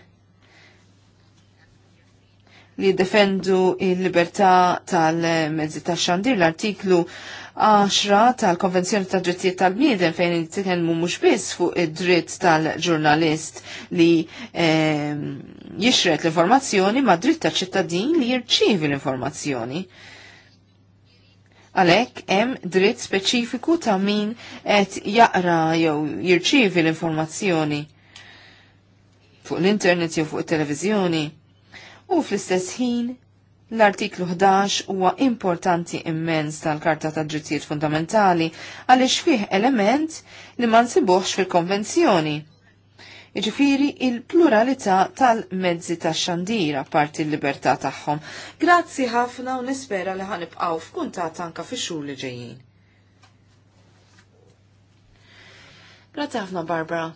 li defendu il-libertà tal-mezzi tax-xandir l-artiklu 10 tal-Konvenzjoni ta' Drittijiet tal-Bniedem fejn jitkellmu mhux biss fuq id-dritt tal-ġurnalist li ehm, jixret l-informazzjoni ma' dritt tal-ċittadin li jirċievi l-informazzjoni. Għalhekk hemm dritt speċifiku ta' min qed jaqra jew jirċievi l-informazzjoni fuq l-internet jew fuq it-televiżjoni U fl-istess ħin, l-artiklu 11 huwa importanti immens tal-Karta ta' Drittijiet Fundamentali għaliex fih element li ma nsibuħx fil-konvenzjoni. Iġifiri il-pluralità tal-mezzi ta' xandira parti l-libertà tagħhom. Grazzi ħafna u nispera li ħanibqgħu f'kuntat anka fix-xhur li ġejjin. Grazzi ħafna Barbara.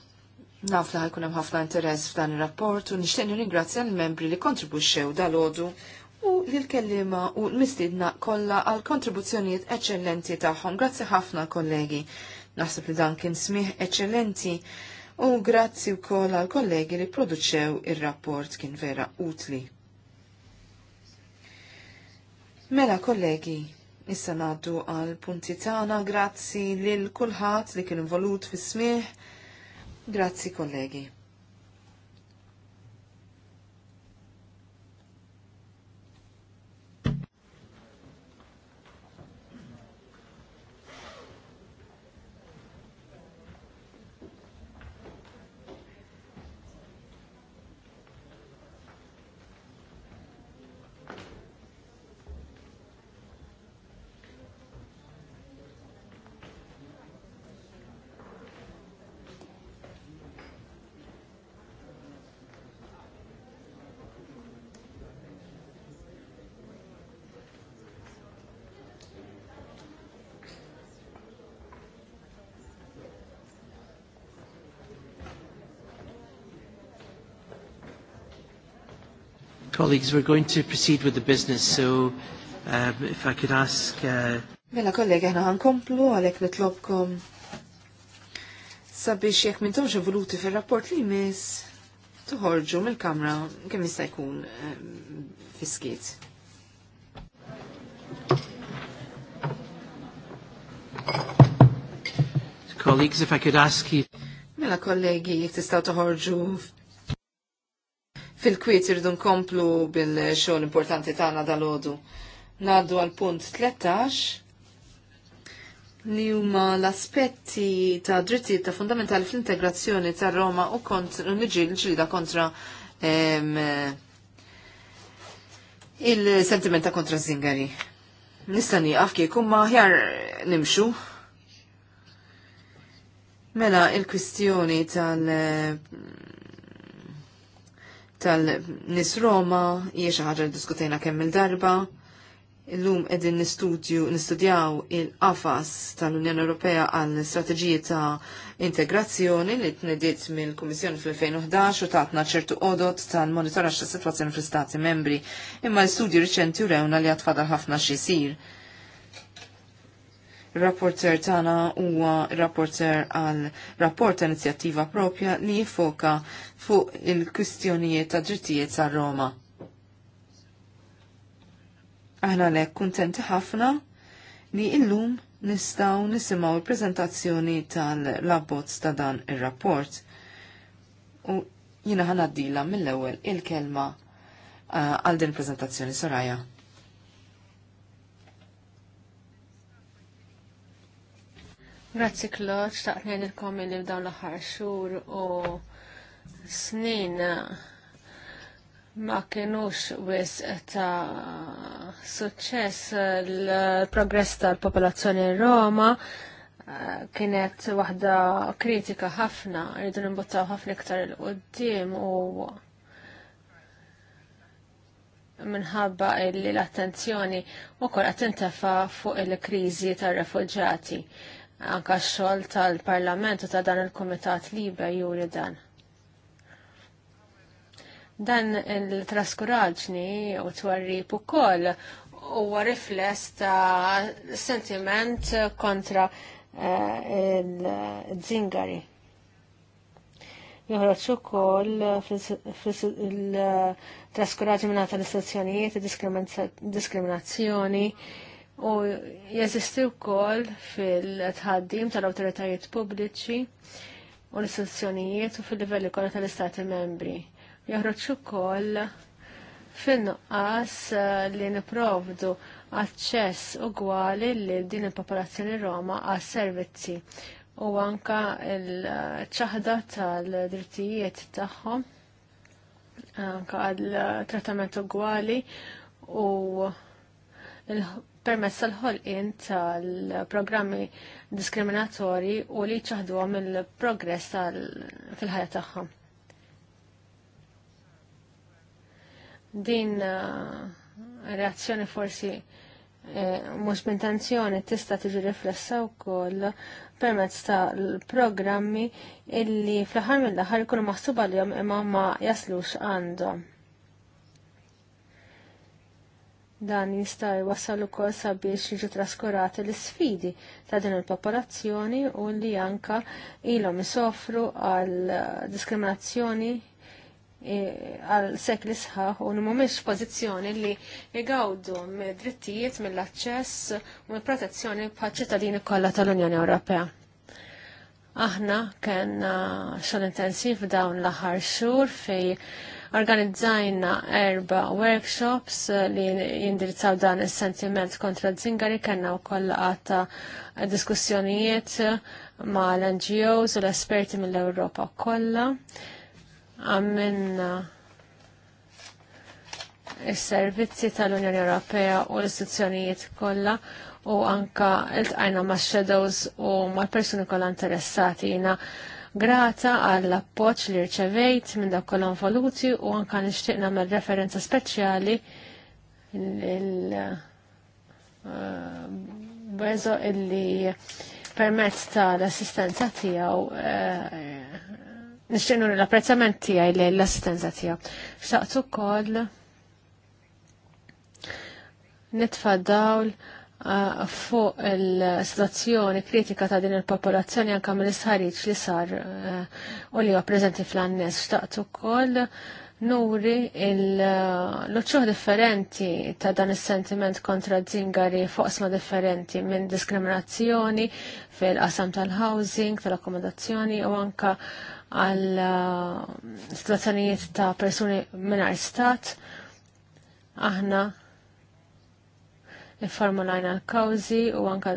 Naf li ħajkun hemm ħafna interess f'dan ir-rapport u nixtieq ringrazzja l-membri li kontribwixxew dal-għodu u li l-kellima u l-mistidna kollha għal kontribuzzjonijiet eċċellenti tagħhom. Grazzi ħafna kollegi. Naħseb li dan kien smih eċċellenti u grazzi wkoll għal kollegi li produċew ir-rapport kien vera utli. Mela kollegi, issa ngħaddu għal punti tagħna grazzi lil kulħadd li kien involut fis-smih Grazzi kollegi. Colleagues, we're going to proceed with the business, so um, if I could ask... Uh, mela kollega, ħana ħankomplu għalek nitlobkom sabiex jekk mintomx evoluti fil-rapport li mis tuħorġu mil kamra kem jista' jkun um, fiskiet. Colleagues, if I could ask you... Mela kollegi, jek tistaw tuħorġu fil-kwiet irridu nkomplu bil-xogħol importanti tagħna dal-għodu. Ngħaddu għal punt 13 li huma l-aspetti ta' drittijiet ta' fundamentali fl-integrazzjoni ta' Roma u kontra l-ġilda kontra il sentimenta kontra zingari. Nistani għafki kumma ħjar nimxu. Mela il-kwistjoni tal- tal-nis Roma, jiex ħagġa diskutejna kemm il-darba, Illum edin nistudju, nistudjaw il-qafas tal-Unjoni Ewropea għal strategiji ta' integrazzjoni li tnediet mill-Kummissjoni fl-2011 u tatna ċertu odot tal-monitoraġġ ta' situazzjoni fl-Stati membri. Imma l-studju riċenti urewna li għatfadal ħafna xisir. Rapporter tana huwa rapporter għal rapport inizjattiva propja li jifoka fuq il-kwistjonijiet ta' drittijiet sa' Roma. Aħna lek kuntenti ħafna li illum nistaw nisimaw il-prezentazzjoni tal-labbozz ta' dan il-rapport. U jina ħanaddila mill-ewel il-kelma uh, għal din prezentazzjoni Soraja. Grazzi Klot, xtaqt ngħidilkom li b'dawn l-aħħar xhur u snin ma kienux wis ta' suċċess l-progress tal-popolazzjoni Roma kienet waħda kritika ħafna, rridu nimbuttaw ħafna iktar il-qoddim u minħabba li l-attenzjoni u kol attenta fuq il-krizi tar refugġati anka xogħol tal-Parlament u ta' dan il-Kumitat Liber juri dan. Dan il-traskuraġni u twarrib ukoll huwa rifless ta' sentiment kontra eh, il-dzingari. Joħroġ ukoll il-traskuraġni minna tal-istazzjonijiet, diskriminazzjoni, u jeżisti wkoll fil-tħaddim tal-awtoritajiet pubbliċi u l-istituzzjonijiet u fil-livelli kollha tal-Istati membri. Joħroġ ukoll fil nuqqas eh, li niprovdu aċċess ugwali li din il-popolazzjoni Roma għas servizzi u anka l-ċaħda tal-drittijiet tagħhom eh, anka għal trattament ugwali u permessa l-ħolqien tal-programmi diskriminatori u li ċaħduhom il-progress fil-ħajja tagħhom. Din uh, reazzjoni forsi eh, mhux b'intenzjoni tista' tiġi riflessa wkoll permezz ta' l-programmi illi fl-aħħar mill-aħħar ikunu maħsuba l-jom imma ma jaslux għandhom. Dan jista' jwassal ukoll sabiex jiġu traskurati l isfidi ta' din il-popolazzjoni u li anka ilhom isofru għal diskriminazzjoni e, għal sekli sħaħ u mhumiex pożizzjoni li jgawdu mid-drittijiet mill-aċċess u mill-protezzjoni bħal ċittadini kollha tal-Unjoni Ewropea. Aħna kellna xogħol intensiv dawn l-aħħar xhur fej Organizzajna erba workshops eh, li jindirizzaw dan is-sentiment kontra d-zingari kellna wkoll għata diskussjonijiet eh, ma' l-NGOs u l-esperti mill-Ewropa kollha. Għamminna is-servizzi tal-Unjoni Ewropea u l-istituzzjonijiet kollha u anka iltqajna ma' shadows u ma' persuni kollha interessati jina grata għall appoġġ li rċevejt minn dak kollha involuti u anke nixtieq nagħmel referenza speċjali il eh, Bezo illi permezz tal-assistenza tiegħu eh, nixtieq nuri l-apprezzament tiegħi lejn l-assistenza tiegħu. Xtaqt ukoll nitfa' dawl Uh, fuq il-situazzjoni kritika ta' din il-popolazzjoni anka mill-isħariġ li sar uh, u li huwa preżenti fl-annes xtaqt ukoll nuri l-uċċuħ differenti ta' dan is-sentiment kontra zingari fuq sma differenti minn diskriminazzjoni fil-qasam tal-housing, tal-akkomodazzjoni u anka għal uh, situazzjonijiet ta' persuni minn stat aħna formulajna l-kawzi u anka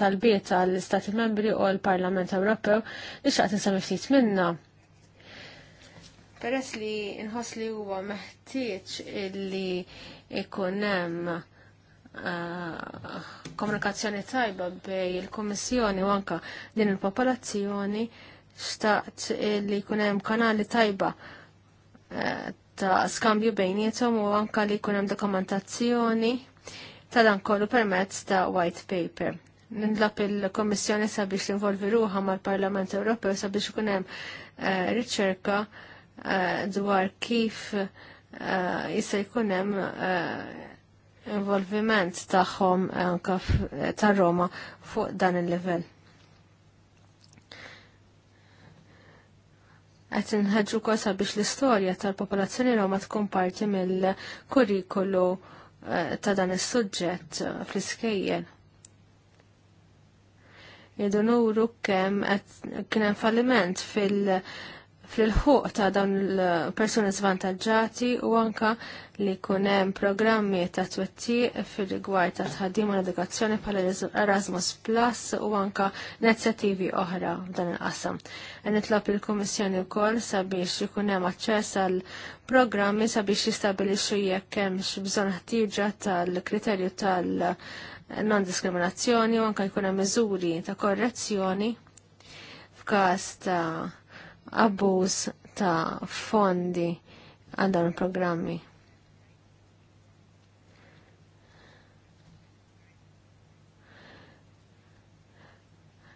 talbiet għall-Stati membri u l-Parlament Ewropew li xaqt nsemmi ftit minna. Peress li nħoss li huwa meħtieġ li ikun hemm ah, komunikazzjoni tajba bej il-Kommissjoni u anka din il-popolazzjoni xtaqt li jkun hemm kanali tajba eh, ta' skambju bejnietom u anka li jkun hemm dokumentazzjoni tal kollu permezz ta' white paper. Nindlap il-Kommissjoni sabiex involvi ruħa mal-Parlament Ewropew sabiex ikun hemm eh, riċerka eh, dwar kif jisaj eh, jista' jkun hemm involviment tagħhom anke ta' Roma fuq dan il-livell. Qed nħedġu kosa biex l-istorja tal-popolazzjoni Roma tkun parti mill-kurrikulu Eh, ta' dan is-suġġett eh, fl iskejjen Jedunuru nuru kemm kien hemm falliment fil- fil-ħuq ta' dawn il-persuni svantagġati u anka li kunem programmi ta' twetti fil-rigward ta' tħaddim u edukazzjoni pal Erasmus Plus u anka inizjattivi oħra dan il-qasam. Nitlob il-Kummissjoni wkoll sabiex ikunem aċċess għal programmi sabiex jistabilixxu jekk hemmx bżonn ħtieġa tal-kriterju tal-non-diskriminazzjoni u anka jkun hemm miżuri ta' korrezzjoni f'każ ta' abbuż ta' fondi għal dawn il-programmi.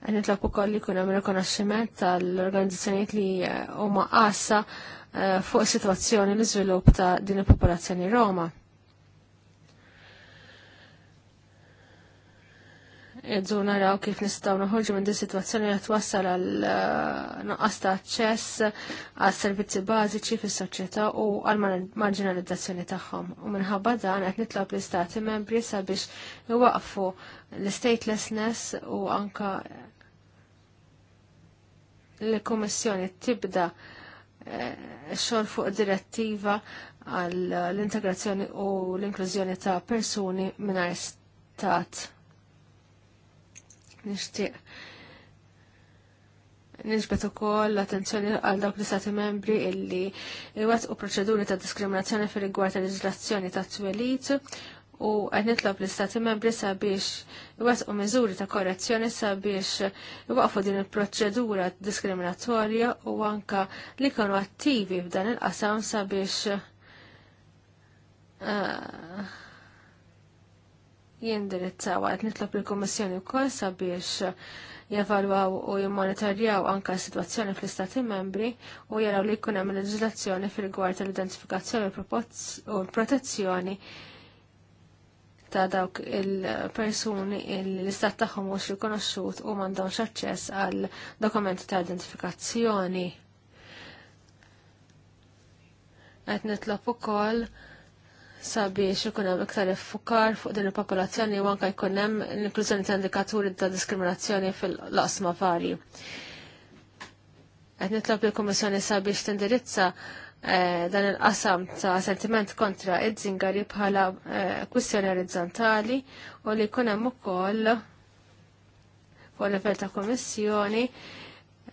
Għan nitlabu koll li kun għamil rikonoxximent tal-organizzazzjoniet li eh, huma qassa eh, fuq situazzjoni l-iżvilupp ta' din il-popolazzjoni Roma. idżu naraw kif nistaw noħorġu minn din situazzjoni li twassal għal eh, nuqqas ta' aċċess għal servizzi bażiċi fis-soċjetà u għal marginalizzazzjoni tagħhom. U minħabba dan qed nitlob l-istati membri sabiex iwaqfu l-statelessness u anka l-Kummissjoni tibda eh, xogħol fuq direttiva għall integrazzjoni u l-inklużjoni ta' persuni mingħajr stat Nixtieq nisbet ukoll l-attenzjoni għal dawk l-istati membri illi iwettqu proċeduri ta' diskriminazzjoni fir-rigward tal legislazzjoni ta' twelid u għed nitlob l-istati membri sabiex u miżuri ta' korrezzjoni sabiex iwaqfu din il-proċedura diskriminatorja u anka li konu attivi f'dan il-qasam sabiex uh, jindirizzaw għad nitlob il-Kommissjoni wkoll sabiex jevalwaw u jimmonitorjaw anka s-sitwazzjoni fl-Istati membri u jaraw li jkun hemm leġiżlazzjoni fil-gwar tal-identifikazzjoni u protezzjoni ta' dawk il-persuni l-istat tagħhom mhux rikonoxxut u m'għandhomx aċċess għal dokumenti ta' identifikazzjoni. Qed nitlob ukoll sabiex ikun hemm iktar iffukar fuq din il-popolazzjoni u anke jkun hemm l-inklużjoni ta' indikaturi ta' diskriminazzjoni fil laqsma varji. Qed nitlob il-Kummissjoni sabiex tindirizza eh, dan il-qasam ta' sentiment kontra id-żingari bħala eh, kwistjoni orizzontali u li jkun hemm ukoll fuq livell ta' Kummissjoni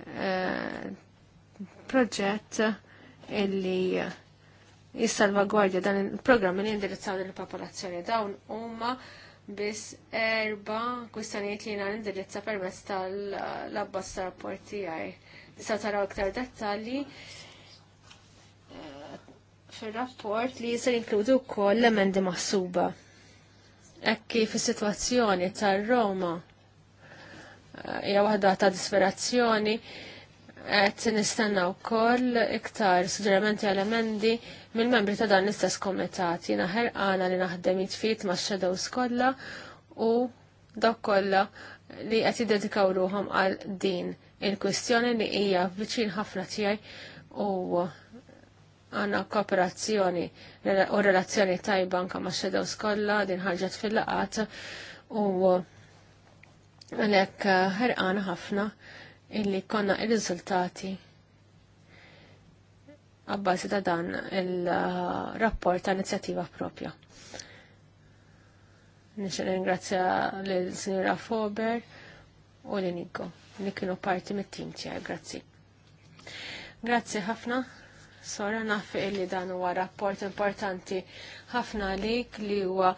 eh, proġett illi jissalvagwardja dan il program li indirizzaw lill-popolazzjoni dawn huma biss erba kwistjonijiet li jina indirizza permezz tal-abbas rapport tiegħi. Nistgħu taraw iktar dettalji eh, fil-rapport li jisir inkludu wkoll l-emendi maħsuba. Ekki fis-sitwazzjoni tar-Roma eh, hija waħda ta' disperazzjoni qed nistenna wkoll iktar suġġerimenti għal emendi mill-membri ta' dan l-istess komitat. Jiena ħerqana li naħdem jitfit ma' xedaw kollha u dak kollha li qed jiddedikaw ruhom għal din il-kwistjoni li hija viċin ħafna tiegħi u għanna kooperazzjoni u relazzjoni tajba anka ma' xedaw skolla din ħarġet fil-laqat u għalhekk ħerqana ħafna illi konna il-rizultati għabbażi ta' dan il-rapport ta' inizjattiva propja. Nixen ringrazzja l-Sinjora Fober u l-Inigo li kienu parti mit-tim tiegħek, grazzi. Grazzi ħafna Sora naf li dan huwa rapport importanti ħafna għalik li huwa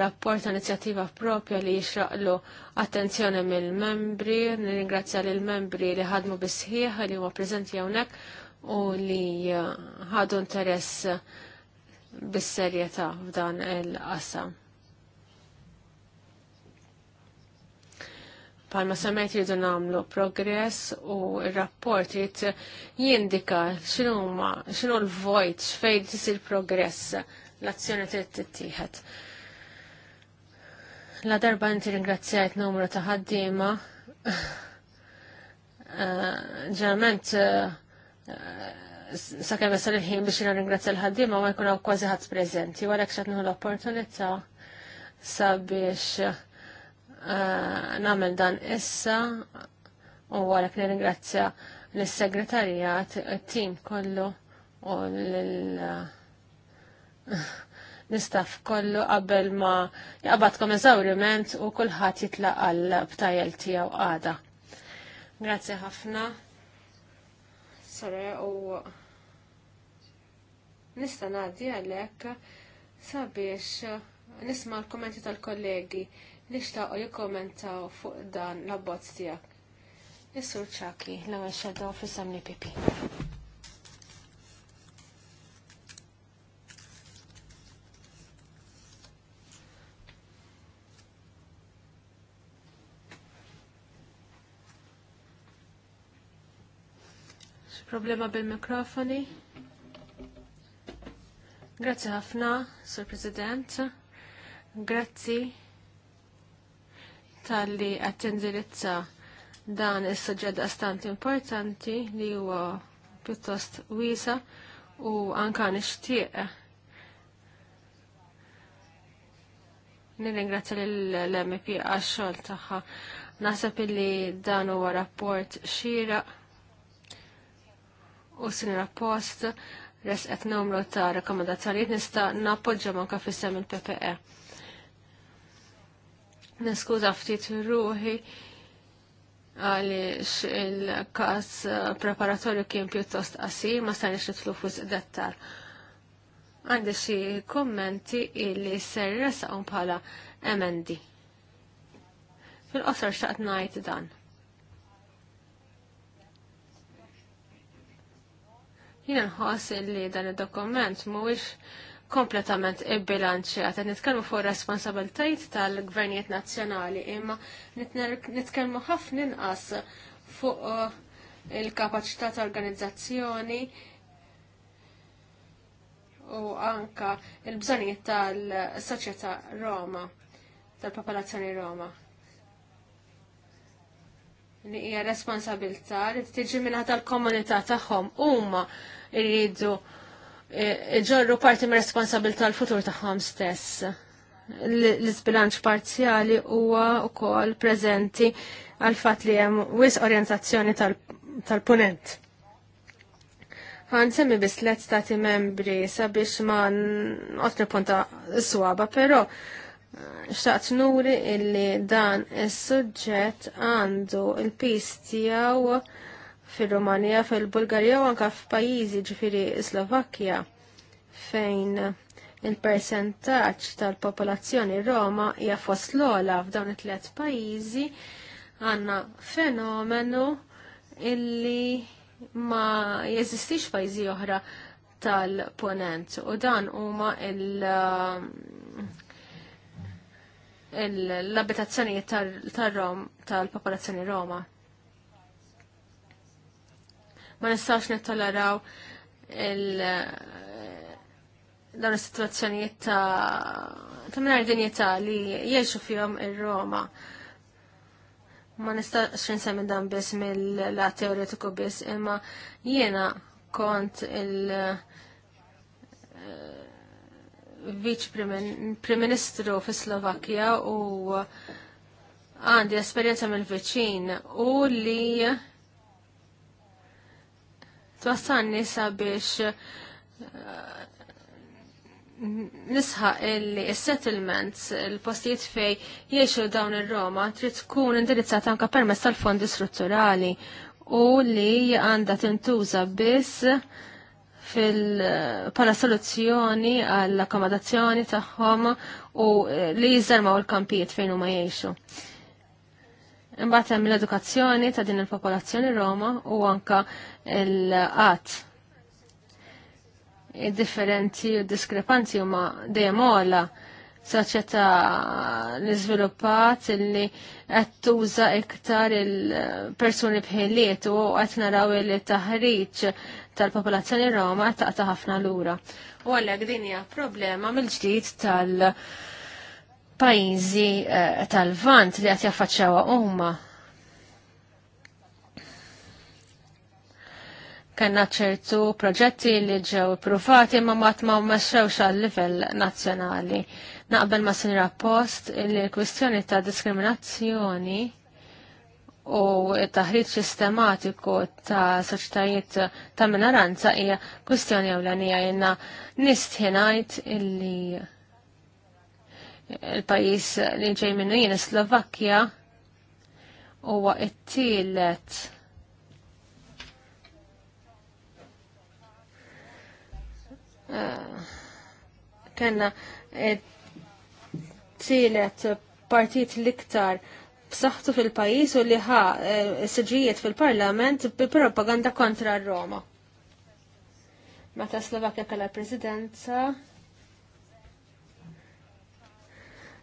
rapport inizjattiva propja li jixraqlu attenzjoni mill-membri, nirringrazzja lill membri li ħadmu bisħieħ li huwa preżenti hawnhekk u li eh, ħadu interess bis-serjetà f'dan il-qasam. Palma semmejt jridu namlu progress u il-rapport jrid jindika x'inhuma x'inhu l-vojt x'fejn jisir progress l-azzjoni trid tittieħed. La darba inti ringrazzjajt numru ta' ħaddiema. Eh, Ġerament eh, sakemm jasal il-ħin biex ringrazzja l-ħaddiema ma jkun hawn kważi ħadd preżenti, għalhekk x'qed l-opportunità sabiex Eh, namel dan issa u għalek nirringrazzja l-segretarjat, il-tim kollu u l-nistaff kollu qabel ma jaqbadkom eżawriment u kullħat jitlaq għal btajel tijaw għada. Grazzi ħafna. Sore u nista' ngħaddi għalhekk sabiex nisma' l-kommenti tal-kollegi li xtaqo jikkommentaw fuq dan l-abbozz tiegħek. Is-sur ċaki l-ewwel xedew fis-semni pipi. Problema bil-mikrofoni. Grazie ħafna, Sur President. Grazie tal-li qed tindirizza dan is-suġġett astant importanti li huwa pjuttost wisa u anka nixtieq nirringrazzja lill-MP għax-xogħol tagħha. Naħseb illi dan huwa rapport xira u sinra post res qed numru ta' rakkomandazzjonijiet nista' nappoġġa manka fis il-PPE. Neskuza ftit ruħi għaliex il-kas eh, preparatorju kien pjuttost qasir ma stanix nitlu fuq dettar. Għandi xi kommenti illi ser resaqhom bħala MND. Fil-qosor xaqt ngħid dan. Jiena nħoss illi dan id-dokument mhuwiex kompletament ibbilanċjat. Qed nitkellmu fuq responsabiltajt tal-gvernijiet nazzjonali imma nitkellmu ħafna inqas fuq uh, il-kapaċità ta' organizzazzjoni u anka il-bżonijiet tal-soċjetà Roma, tal-popolazzjoni Roma li hija responsabilità li tiġi minn tal-komunità tagħhom huma jridu ġorru parti mir responsabil tal futur tagħhom stess. L-isbilanċ parzjali huwa wkoll preżenti għal fatt li hemm wis orjentazzjoni tal-punent. Għan semmi biss let stati membri sabiex ma n punta s-swaba, pero eh, xtaqt nuri illi dan is-suġġett għandu il-pis tiegħu fil romania fil-Bulgarija u anka f'pajjiżi ġifiri Slovakkja fejn il-percentaġġ tal-popolazzjoni Roma hija fost l f'dawn it-tliet pajjiżi għandna fenomenu illi ma jeżistix pajjiżi oħra tal-ponent u dan huma l-abitazzjoni tal-Rom tal-popolazzjoni Roma ma nistax nittoleraw il- eh, dawn is-sitwazzjonijiet ta' ta' mingħajr dinjità li jgħixu fihom ir-Roma. Ma nistax nsemmi dan biss mill-la teoretiku biss, imma jiena kont il- eh, viċ prim ministru fi Slovakkja u għandi esperjenza mill-viċin u li twassan nisa biex eh, nisħaq illi settlements il-postijiet fej jiexu dawn ir-Roma trid tkun indirizzata anka permezz tal-fondi strutturali u li għandha tintuża biss fil-pala soluzzjoni għall-akkomodazzjoni tagħhom u li jiżarmaw il-kampijiet fejn huma jgħixu. Imbagħad hemm l-edukazzjoni ta' din il-popolazzjoni Roma u anka l-qatt differenti u diskrepanzi huma dejjem ogħla soċjetà li iżviluppat li qed tuża iktar il-persuni bħiliet u qed naraw il-taħriġ tal-popolazzjoni Roma qed taqta' ħafna lura. U għalhekk din hija problema mill-ġdid tal- pajjiżi eh, tal-vant li qed jaffaċċawha huma. Kanna ċertu proġetti li ġew provati ma mat ma mexxewx għal livell nazzjonali. Naqbel ma sinra post li l-kwistjoni ta' diskriminazzjoni u taħriġ sistematiku ta' soċtajiet ta' minoranza hija kwistjoni ewlenija jenna nistħinajt illi il-pajis li ġej minnu jien Slovakkja huwa it-tielet eh, kena tielet partit liktar b'saħħtu fil-pajis u li ħa eh, s-sġijiet fil-parlament bi propaganda kontra Roma. Meta Slovakkja kalla presidenza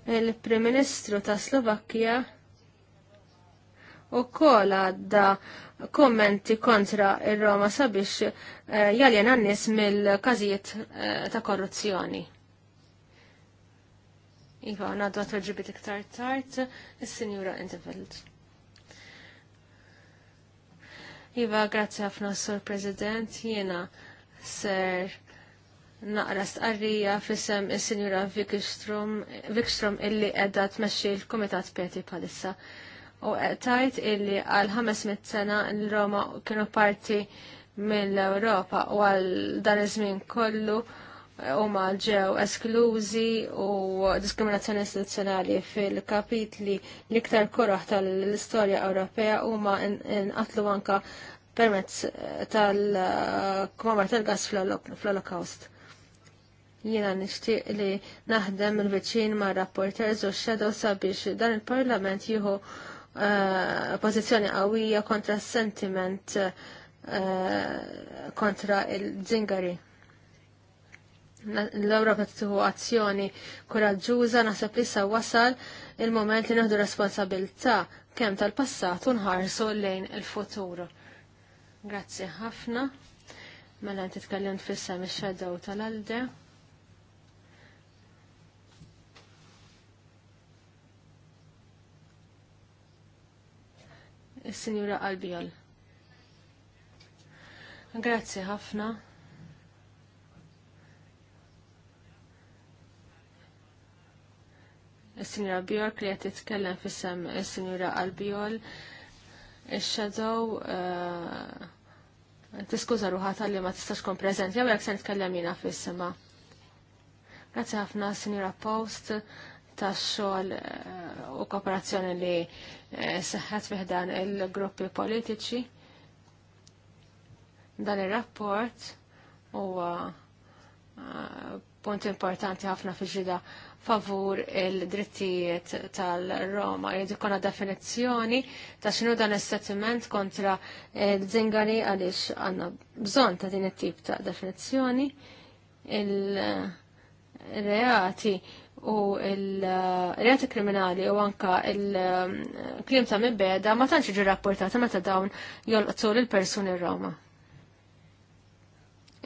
il-Prim Ministru ta' slovakkija u kol għadda kommenti kontra il-Roma sabiex uh, jaljen għannis mill-kazijiet eh, ta' korruzzjoni. Iva, għaddu għat ġibit iktar tart, il-Sinjura Interveld. Iva, grazzi għafna, Sur President, jena ser naqra stqarrija fissem il-Sinjura Vikstrom illi edda tmexxi l-Kumitat Peti palissa. U tajt illi għal 500 sena l-Roma kienu parti mill-Europa u għal dan iż-żmien kollu huma ġew esklużi u diskriminazzjoni istituzzjonali fil-kapitli l-iktar korraħ tal-istorja Ewropea huma inqatlu anka permezz tal-kmamar tal-gas fl-Holocaust. Jiena nixtieq li naħdem il-veċin ma' rapporters u shadow sabiex dan il-Parlament jieħu pozizjoni eh, pożizzjoni qawwija kontra sentiment eh, kontra il dżingari L-Ewropa tieħu azzjoni koraġġuża naħseb li sa wasal il-moment li naħdu responsabilità kemm tal-passat u nħarsu lejn il-futur. Grazzi ħafna. Mela titkellimt fissa mis-shadow tal-alde. il-Sinjura Albiol. Grazie ħafna. il-Sinjura Bjork li t titkellem fissem il-Sinjura eh, Albiol. Il-Shadow eh, eh, t-skuza ruħata li ma tistax kon prezenti, għamil sen tkellem jina fissema. Grazie ħafna Sinjura Post ta' xogħol u kooperazzjoni li Eh, seħħet fiħdan il-gruppi politiċi. Dan ir-rapport huwa eh, punt importanti ħafna fiġida ġida favur il-drittijiet tal-Roma. Jiddu ikona definizzjoni ta' xinu dan is-settiment kontra l-żingari eh, għaliex għandna bżonn ta' din it-tip ta' definizzjoni. Il-reati il reati u il-reati uh, kriminali u anka il-klim um, ta' mibbeda ma tanċi ġi rapportata meta dawn jolqtu l-persuni Roma.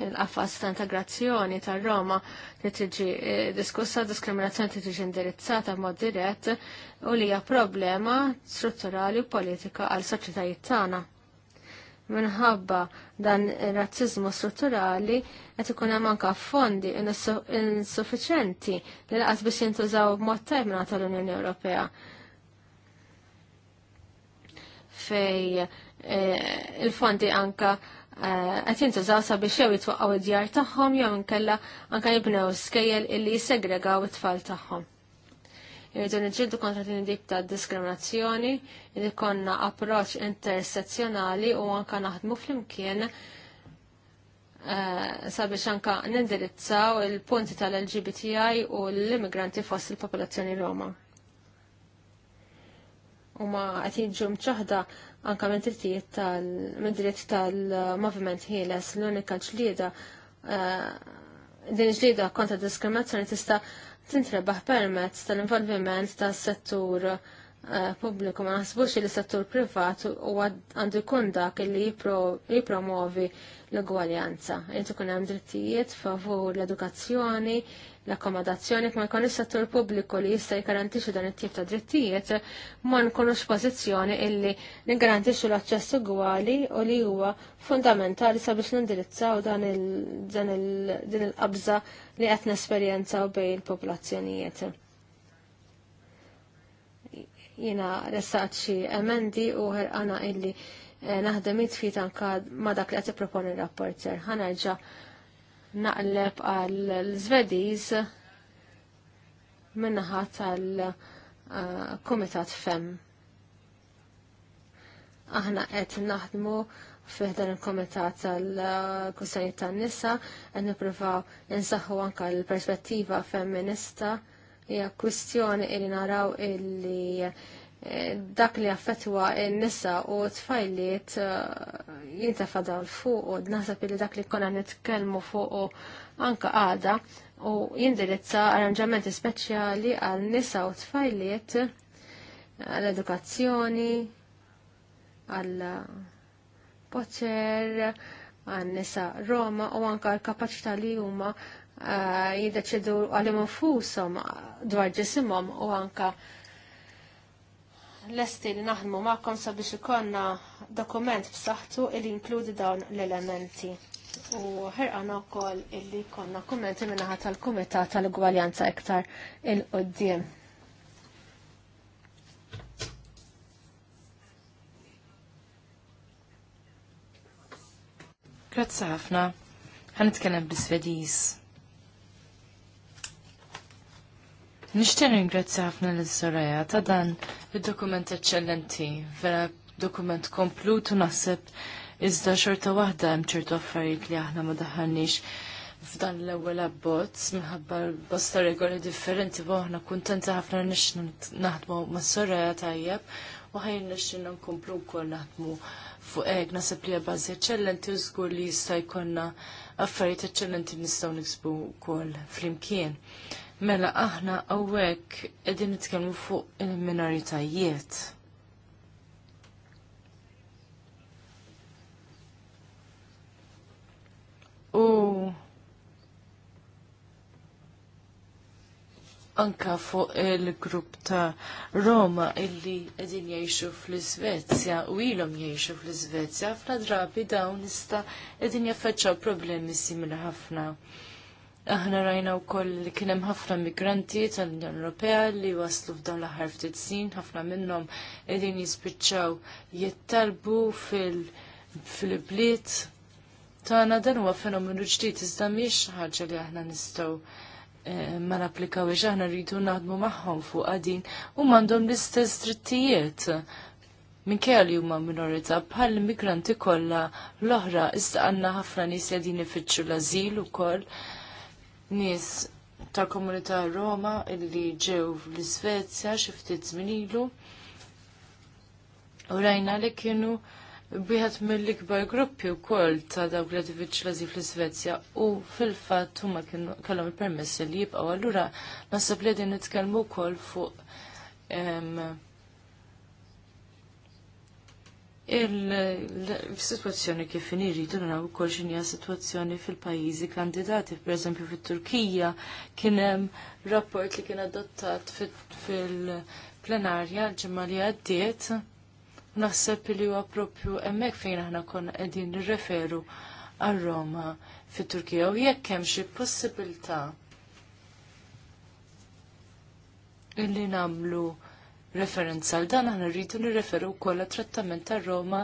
Il-qafas ta' integrazzjoni ta' Roma li tiġi eh, diskussa diskriminazzjoni li tiġi indirizzata mod dirett u li hija problema strutturali u politika għal soċjetajiet tagħna minħabba dan ir-razzizmu strutturali qed ikun hemm anke fondi insuffiċenti li laqas biex jintużaw b'mod tajb tal l-Unjoni Ewropea. Fej eh, il-fondi anka eh, qed jintużaw sabiex jew jitwaqgħu id-djar tagħhom jew inkella anke jibnew skejjel illi jisegregaw it-tfal tagħhom. Irridu nġildu kontra din dik ta' diskriminazzjoni, li konna approċ intersezzjonali u anka naħdmu flimkien eh, sabiex anka nindirizzaw il-punti tal-LGBTI u l-immigranti fost il-popolazzjoni Roma. U ma għatin ġum ċaħda anka minn tal movement ħieles l-unika ġlida eh, din ġlida kontra diskriminazzjoni tista' tintrebaħ permezz tal-involviment tas settur eh, pubbliku ma naħsbux li settur privat u għandu jkun dak li jipromovi l-ugwaljanza. Inti kun hemm drittijiet favur l-edukazzjoni, l-akkomodazzjoni ma jkun is-settur pubbliku li jista' jgarantixxi dan it-tip ta' drittijiet ma nkunux pożizzjoni illi niggarantixxu l-aċċess ugwali u li huwa fundamentali sabiex nindirizzaw dan din il-qabża li qed nesperjenzaw bejn il-popolazzjonijiet Jiena ressaqt xi emendi u ħerqana illi eh, naħdem it-tfit anka ma dak li qed proponi rapporter. Ħanerġa' naqleb għal l zvediż minnaħa tal-Kumitat uh, FEM. Aħna qed naħdmu fih dan il-Kumitat tal-Kustanijiet uh, tan-Nisa qed nippruvaw insaħħu anke l-perspettiva femminista hija kwistjoni li naraw illi dak li affettwa n-nisa u t tfajliet eh, jintafa l fuq u naħseb li dak li konna nitkellmu fuq u anka għada u jindirizza arranġamenti speċjali għal nisa u tfajliet għal edukazzjoni għal poċer għal nisa Roma u anka għal kapacità li huma eh, jiddeċidu għal infushom dwar ġisimhom u anka uh, l-esti li naħdmu ma'kom sabiex ikonna dokument b'saħħtu li jinkludi dawn l-elementi. U ħerqana wkoll illi konna kummenti minnaħa tal-Kumitat tal-Gwaljanza iktar il-qoddim. Grazzi ħafna. Ħanitkellem bl-Svediż. Nixtieq ringrazzja ħafna lil Soraya ta' dan id-dokument eċċellenti, vera dokument komplut u naħseb iżda xorta waħda hemm ċertu affarijiet li aħna ma daħħalniex f'dan l-ewwel abbozz minħabba bosta regoli differenti boħna kuntenti ħafna nix naħdmu ma' soraja tajjeb u ħajn nix nkomplu wkoll naħdmu fuq hekk nasib li bażi eċċellenti u żgur li jista' jkollna affarijiet eċċellenti nistgħu niksbu wkoll flimkien. Mela aħna għawek edin nitkellmu fuq il-minoritajiet. U anka fuq il-grupp ta' Roma illi edin jiexu fl-Svezja u ilhom jiexu fl-Svezja fl drabi dawn nista' edin jaffaċċaw problemi simili ħafna. Aħna rajna wkoll li kien hemm ħafna migranti tal-Unjoni Ewropea li waslu f'dawn l-aħħar ftit snin, ħafna minnhom qegħdin jispiċċaw jittalbu fil-bliet tagħna dan huwa fenomenu ġdid iżda mhix ħaġa li aħna nistgħu eh, ma napplikawiex aħna rridu naħdmu magħhom fuq qadin u m'għandhom l-istess drittijiet minkejja li huma minorità bħal immigranti kollha l-oħra iżda għandna ħafna nies qegħdin ifittxu l-ażil ukoll Nis tal-komunità Roma illi ġew l-Svezja xi ftit żmien ilu. U rajna li kienu Biħat mill-ikbar gruppi u koll ta' dawk li t-fiċlazi fl-Svezja u fil-fat huma kellhom il-permess li jibqgħu allura naħseb li din nitkellmu wkoll fuq il-situazzjoni kif nirridu naraw u x'inhi situazzjoni fil-pajjiżi kandidati, pereżempju fil turkija kien hemm rapport li kien adottat fil-plenarja ġimgħa li għaddiet. Naħseb li huwa propju hemmhekk fejn aħna konna qegħdin nirreferu għal Roma fit-Turkija u jekk hemm xi possibilità illi nagħmlu referenza għal dan aħna rridu nirreferu wkoll trattament tar Roma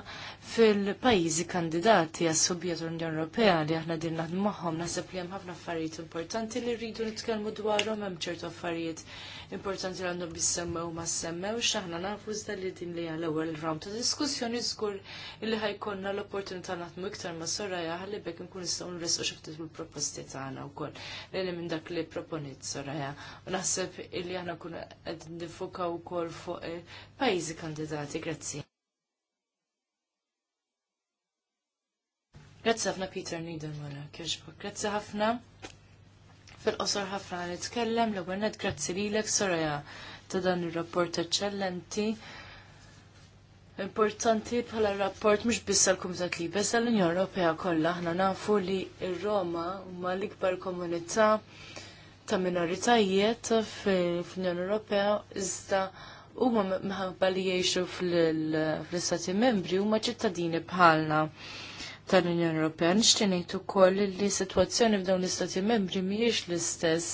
fil-pajjiżi kandidati għas subjet l-Unjoni Ewropea li aħna din naħdmu magħhom naħseb li hemm ħafna affarijiet importanti li rridu nitkellmu dwarhom hemm ċertu affarijiet importanti li għandhom bissemmew ma semmew xaħna nafu zda li din li għal ewwel round ta' diskussjoni żgur li ħajkonna l-opportunità naħdmu iktar ma' Soraya ħalli bekk nkun nistgħu nresqu xi ftit mill-proposti tagħna wkoll li minn dak li proponit Soraya. U naħseb illi aħna kun qed nifukaw ukoll fuq eh, pajjiżi kandidati. Grazzi. Grazzi ħafna Peter Niedermuller, kieġbok. Grazzi ħafna fil-qosor ħafna għan itkellem l għennet grazzi li l soraja ta' dan il-rapport eccellenti. Importanti bħala rapport mux bissa l-Kumitat li bessa l-Unjon Ewropea kollha aħna nafu li r-Roma huma l-ikbar komunità ta' minoritajiet fl-Unjon Ewropea iżda huma minħabba li jgħixu fl-Istati Membri huma ċittadini bħalna tal-Unjoni Ewropea. Nixtieq ngħid ukoll li sitwazzjoni f'dawn l-Istati Membri mhijiex l-istess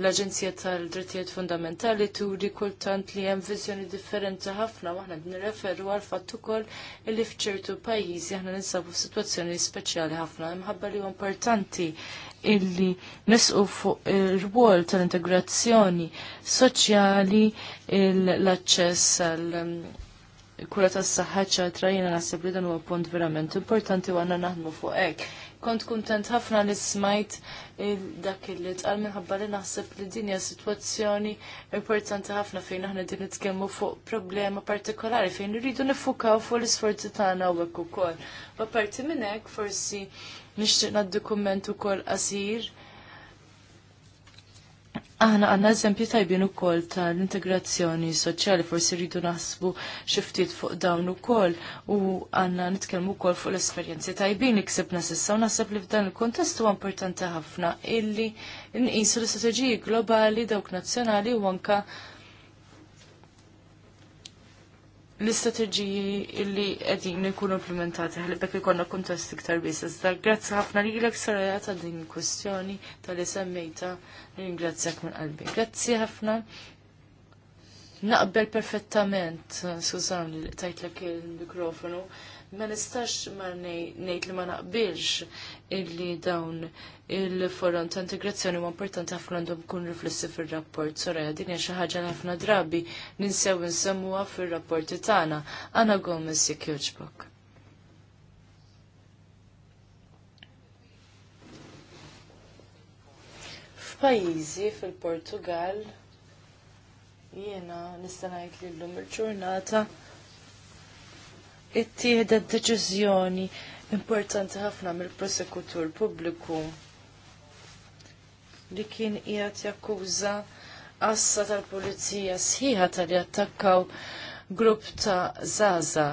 l-Aġenzija tal-Drittijiet Fundamentali turi kultant li hemm viżjoni differenti ħafna waħna nirreferu għal fatt ukoll li f'ċertu pajjiżi aħna ninsabu f'sitwazzjoni speċjali ħafna imħabba li importanti illi nisqu fuq ir-rwol tal-integrazzjoni soċjali l-aċċess għal kura tas saħħa ċatra jina naħseb li dan huwa punt verament importanti għanna naħdmu fuq hekk. Kont kuntent ħafna li smajt dak li tqal minħabba li naħseb li din hija sitwazzjoni importanti ħafna fejn aħna din nitkellmu fuq problema partikolari fejn irridu nifukaw fuq l-isforzi tagħna u hekk ukoll. Ma parti minn hekk forsi nixtieq dokument ukoll qasir Aħna għanna eżempju tajbin ukoll tal-integrazzjoni soċjali forsi rridu naħsbu xiftit fuq dawn ukoll u għanna nitkellmu ukoll fuq l-esperjenzi tajbin iksib sissa u naħseb li f'dan il-kontest huwa importanti ħafna illi nqisu l-istrateġiji globali dawk nazzjonali u anka l-istrateġiji li qegħdin ikunu implementati ħalli bekk ikonna kuntest iktar biss. Grazzi ħafna lilek sarajja ta' din il-kwestjoni tal-li semmejta ringrazzjak minn qalbi. Grazzi ħafna. Naqbel perfettament, Susan, li tajtlek il-mikrofonu. Ma nistax ma ngħid li ma naqbilx illi dawn il-forum ta' integrazzjoni ma' importanti ħafna għandhom kun riflessi fil-rapport. Soraya, din hija xi ħaġa li ħafna drabi ninsew insemmuha fir-rapporti tagħna. Anna Gomez jogħġbok. F'pajjiżi fil-Portugal jiena nista' ngħid li il-ġurnata ittieħdet deċiżjoni importanti ħafna mill-prosekutur pubbliku li kien qiegħed jakkuża assa tal-pulizija sħiħa tal attakkaw grupp ta' Zaza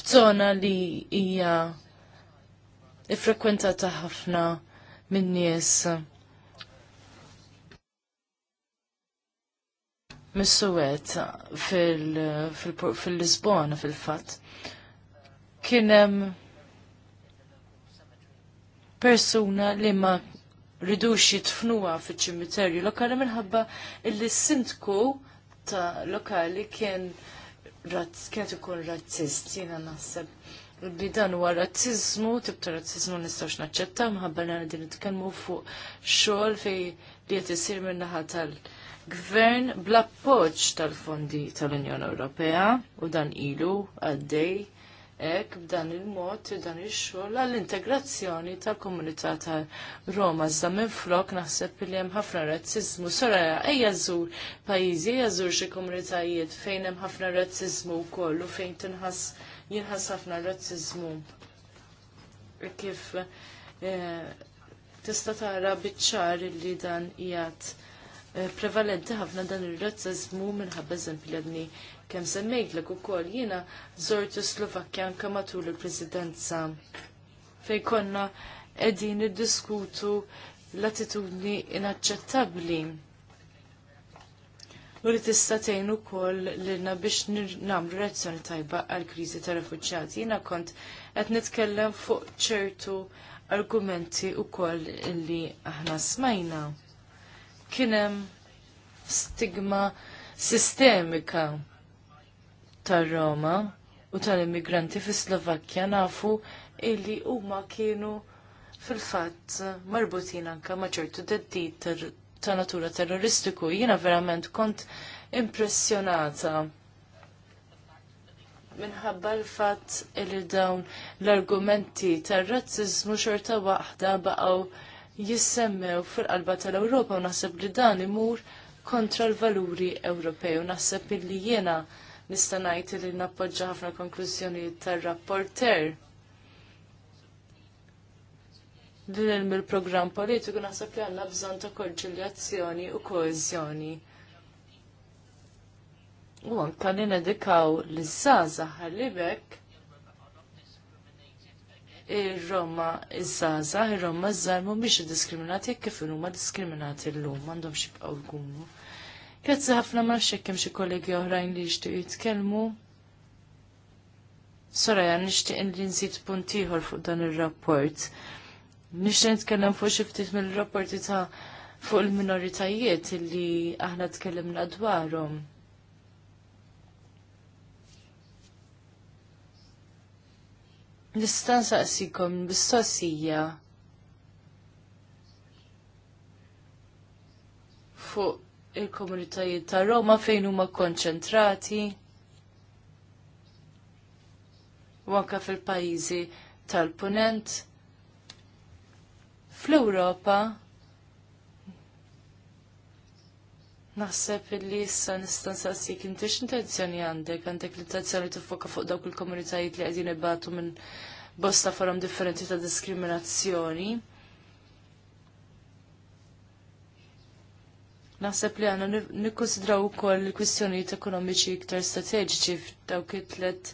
f'żona li hija ifrekwentata ħafna min nies mis-Suwed fil-Lisbona fil-fatt. fil lisbona fil fil lisbona fil fatt kienem persuna li ma ridux jitfnuwa fiċ-ċimiterju lokali minħabba illi sintku ta' lokali kien kienet ikun razzist, jina naħseb. Li dan huwa razzizmu, tip ta' razzizmu nistax naċċetta, mħabba li din nitkellmu fuq xogħol fej li qed isir minnaħa naħa tal-gvern bl-appoġġ tal-fondi tal-Unjoni Ewropea u dan ilu għaddej ek b'dan il-mod, dan il-xol, għall-integrazzjoni tal-komunità ta' Roma. iżda minflok flok naħseb li hemm ħafna razzizmu. Soraya, ejja żur pajjiżi, ejja żur xi komunitajiet fejn hemm ħafna razzizmu wkoll u fejn tinħass jinħass ħafna razzizmu. Kif eh, tista' tara biċ-ċar li dan qiegħed eh, prevalenti ħafna dan ir-razzizmu minħabba eżempju li kemm semmejtlek ukoll jiena żort is-Slovakkja anke matul il-Presidenza fejn konna qegħdin diskutu l-attitudni inaċċettabbli. U li tista' tgħin ukoll lilna biex nagħmlu reazzjoni tajba għall-kriżi tar-refuġjati. Jiena kont qed nitkellem fuq ċertu argumenti ukoll li aħna smajna. Kien hemm stigma sistemika tar-Roma u tal-immigranti fi Slovakkja nafu illi huma kienu fil-fatt marbutin anka ma' ċertu deddit ta' natura terroristiku. Jiena verament kont impressjonata minħabba l-fatt li dawn l-argumenti tar-razzizmu xorta waħda baqgħu jissemmew fil-qalba tal-Ewropa u naħseb li dan imur kontra l-valuri Ewropej u naħseb illi jiena nista' ngħid li nappoġġa ħafna konklużjoni tar-rapporter din il-program politiku naħseb li għanna bżon ta' konċiljazzjoni u koezjoni. U anka li nedikaw l-żaza ħallibek ir-Roma iż-żaza, ir-Roma iż-żar mhumiex iddiskriminati kif huma diskriminati llum m'għandhomx jibqgħu l-gumu. Grazzi ħafna ma xekkem xi kollegi oħrajn li jixtiequ jitkellmu. Soraya, nixtieq li nżid punt ieħor fuq dan ir-rapport. Nixtieq nitkellem fuq xi ftit mill-rapporti ta' fuq il-minoritajiet li aħna tkellimna dwarhom. Nistan saqsikom bistoqsija fuq il-komunitajiet ta' Roma fejn huma konċentrati u anke fil-pajjiżi tal-Punent. Fl-Ewropa naħseb illi issa nista' nsaqsik intix intenzjoni għandek, għandek l-intenzjoni tiffoka fuq dawk il-komunitajiet li qegħdin ibatu minn bosta forom differenti ta' diskriminazzjoni. Naħseb li għanna nikkonsidraw ukoll kwistjonijiet ekonomiċi iktar strateġiċi f'dawk it-tlet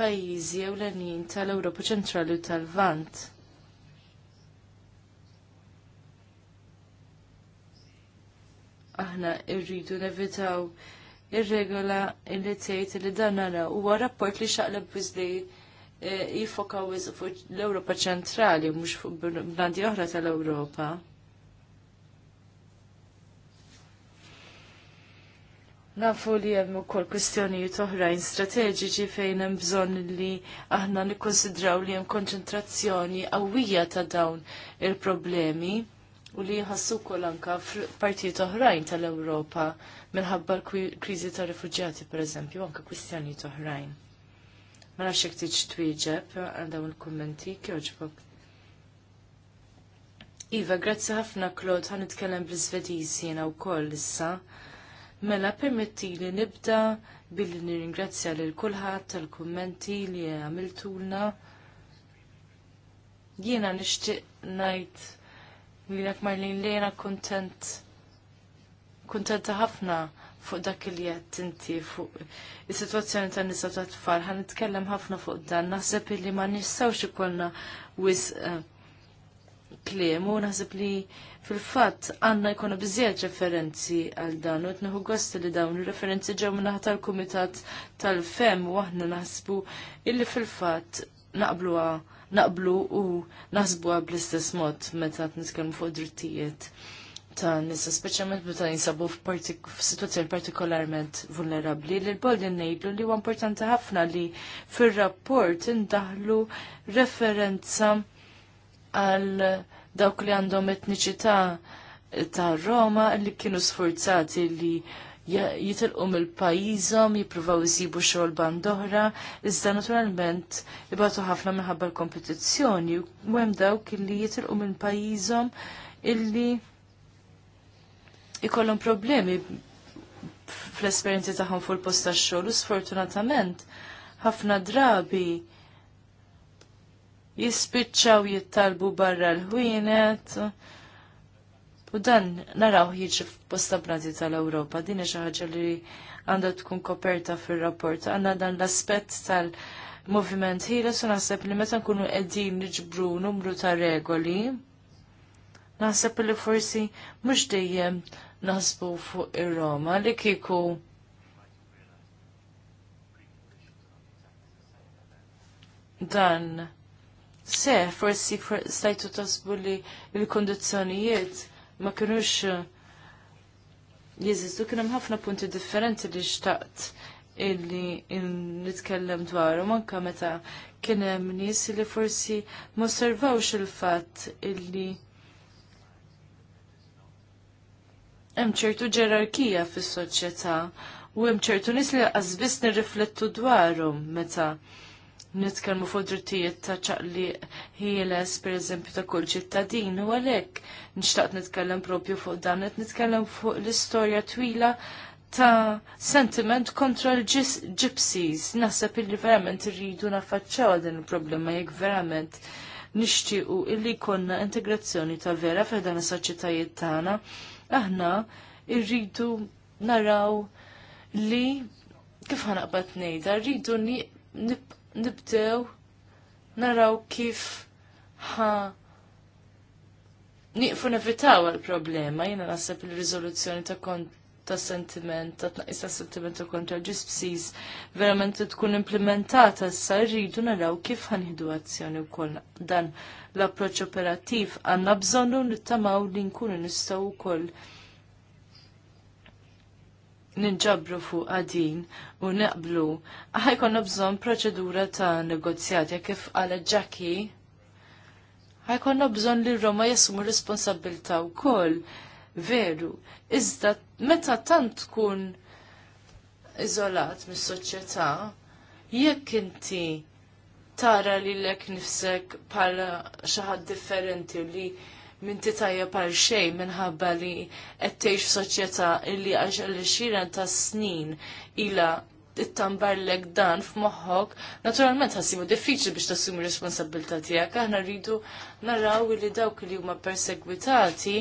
pajjiżi ewlenin tal-Ewropa ċentrali u tal-Vant. Aħna rridu nevitaw ir-regola li tgħid li dan nara huwa rapport li xaqleb biżli jifokaw fuq l-Ewropa ċentrali mhux fuq blandi oħra tal-Ewropa. Nafu li hemm ukoll kwistjonijiet oħrajn strateġiċi fejn hemm bżonn li aħna nikkonsidraw li hemm konċentrazzjoni qawwija ta' dawn il-problemi u li jħassu wkoll anke f'partijiet oħrajn tal-Ewropa minħabba l-kriżi tar rifuġjati pereżempju anke kwistjonijiet oħrajn. Ma nafx hekk tiġ twieġeb għal dawn il-kummenti kjoġbok. Iva, grazzi ħafna Klod, ħan nitkellem bl-Svediż jiena wkoll issa. Mela permetti li nibda billi nirringrazzja lil kulħadd tal-kummenti li għamiltulna. Jiena nixtieq ngħid li jek Marlin li jena kontent kontenta ħafna fuq dak li jett inti fuq il-situazzjoni ta' nisa ta' tfal ħan nitkellem ħafna fuq dan naħseb li ma nistawx ikollna wis uh, kliem u naħseb li fil-fatt għanna jkunu biżjed referenzi għal dan u tneħu gost li dawn il-referenzi ġew minn tal-Kumitat tal-Fem u aħna naħsbu illi fil-fatt naqbluha naqblu u naħsbuha bl-istess mod meta nitkellmu fuq drittijiet ta' nisa, speċjalment meta jinsabu f'sitwazzjoni partikolarment vulnerabbli, li l-bolli ngħidlu li huwa importanti ħafna li fir-rapport indaħlu referenza għal dawk li għandhom etniċità ta' Roma li kienu sforzati li jitilqu mill-pajizom, jipruvaw jisibu xogħol bandoħra, iżda naturalment ibatu ħafna minħabba l-kompetizzjoni, u hemm dawk li jitilqu mill pajjiżhom illi ikollhom problemi fl-esperjenzi tagħhom fuq il-post tax-xogħol u sfortunatament ħafna drabi jispiċċaw jittalbu barra l-ħwienet. U dan naraw jiġi f'posta bnadi tal-Ewropa, din xi ħaġa li għandha tkun koperta fir-rapport. Għandna dan l-aspett tal-moviment ħieles u naħseb li meta nkunu qegħdin niġbru numru ta' regoli, naħseb li forsi mhux dejjem naħsbu fuq ir-Roma li kieku dan se forsi stajtu tasbu li l-kondizjonijiet ma kienux eh, jeżistu kien hemm ħafna punti differenti li xtaqt illi nitkellem dwaru manka meta kien hemm nies li forsi ma osservawx il-fatt illi hemm ċertu ġerarkija fis-soċjetà u hemm ċertu nies li qasbis nirriflettu dwarhom meta nitkellmu fuq drittijiet ta' ċaqli ħieles pereżempju ta' kull ċittadin u għalhekk nixtaqt nitkellem propju fuq dan qed nitkellem fuq l-istorja twila ta' sentiment kontra l-gypsies. Naħseb illi verament irridu nafaċċaw din il-problema jekk verament nixtiequ illi jkollna integrazzjoni ta' vera f'dan is-soċjetajiet tagħna. Aħna rridu naraw li kif ħanaqbad ngħidha rridu nibqa' nibdew naraw kif ħa niqfu nevitaw għal-problema, jina nasab il-rizoluzzjoni ta' kont ta' sentiment, ta' tnaqis ta' sentiment ta' kontra ġisbsis, verament tkun implementata issa rridu naraw kif ħanħidu azzjoni wkoll dan l-approċċ operattiv għandna bżonnu nittamaw li nkunu nistgħu wkoll ninġabru fuq għadin u naqblu, ħajkonna bżon proċedura ta' negozjati kif għala ġaki, ħajkonna bżon li Roma jassumu responsabilta u koll, veru, iżda meta tant tkun izolat mis soċjetà jekk inti tara li lek nifsek pala xaħat differenti li minn titajja par xej minħabba li għettejx f'soċjetà illi għax l-xiren ta' snin ila it-tambarlek dan f'moħħok, naturalment ħassimu diffiċli biex tassumi responsabilta tiegħek, aħna rridu naraw li dawk li huma persegwitati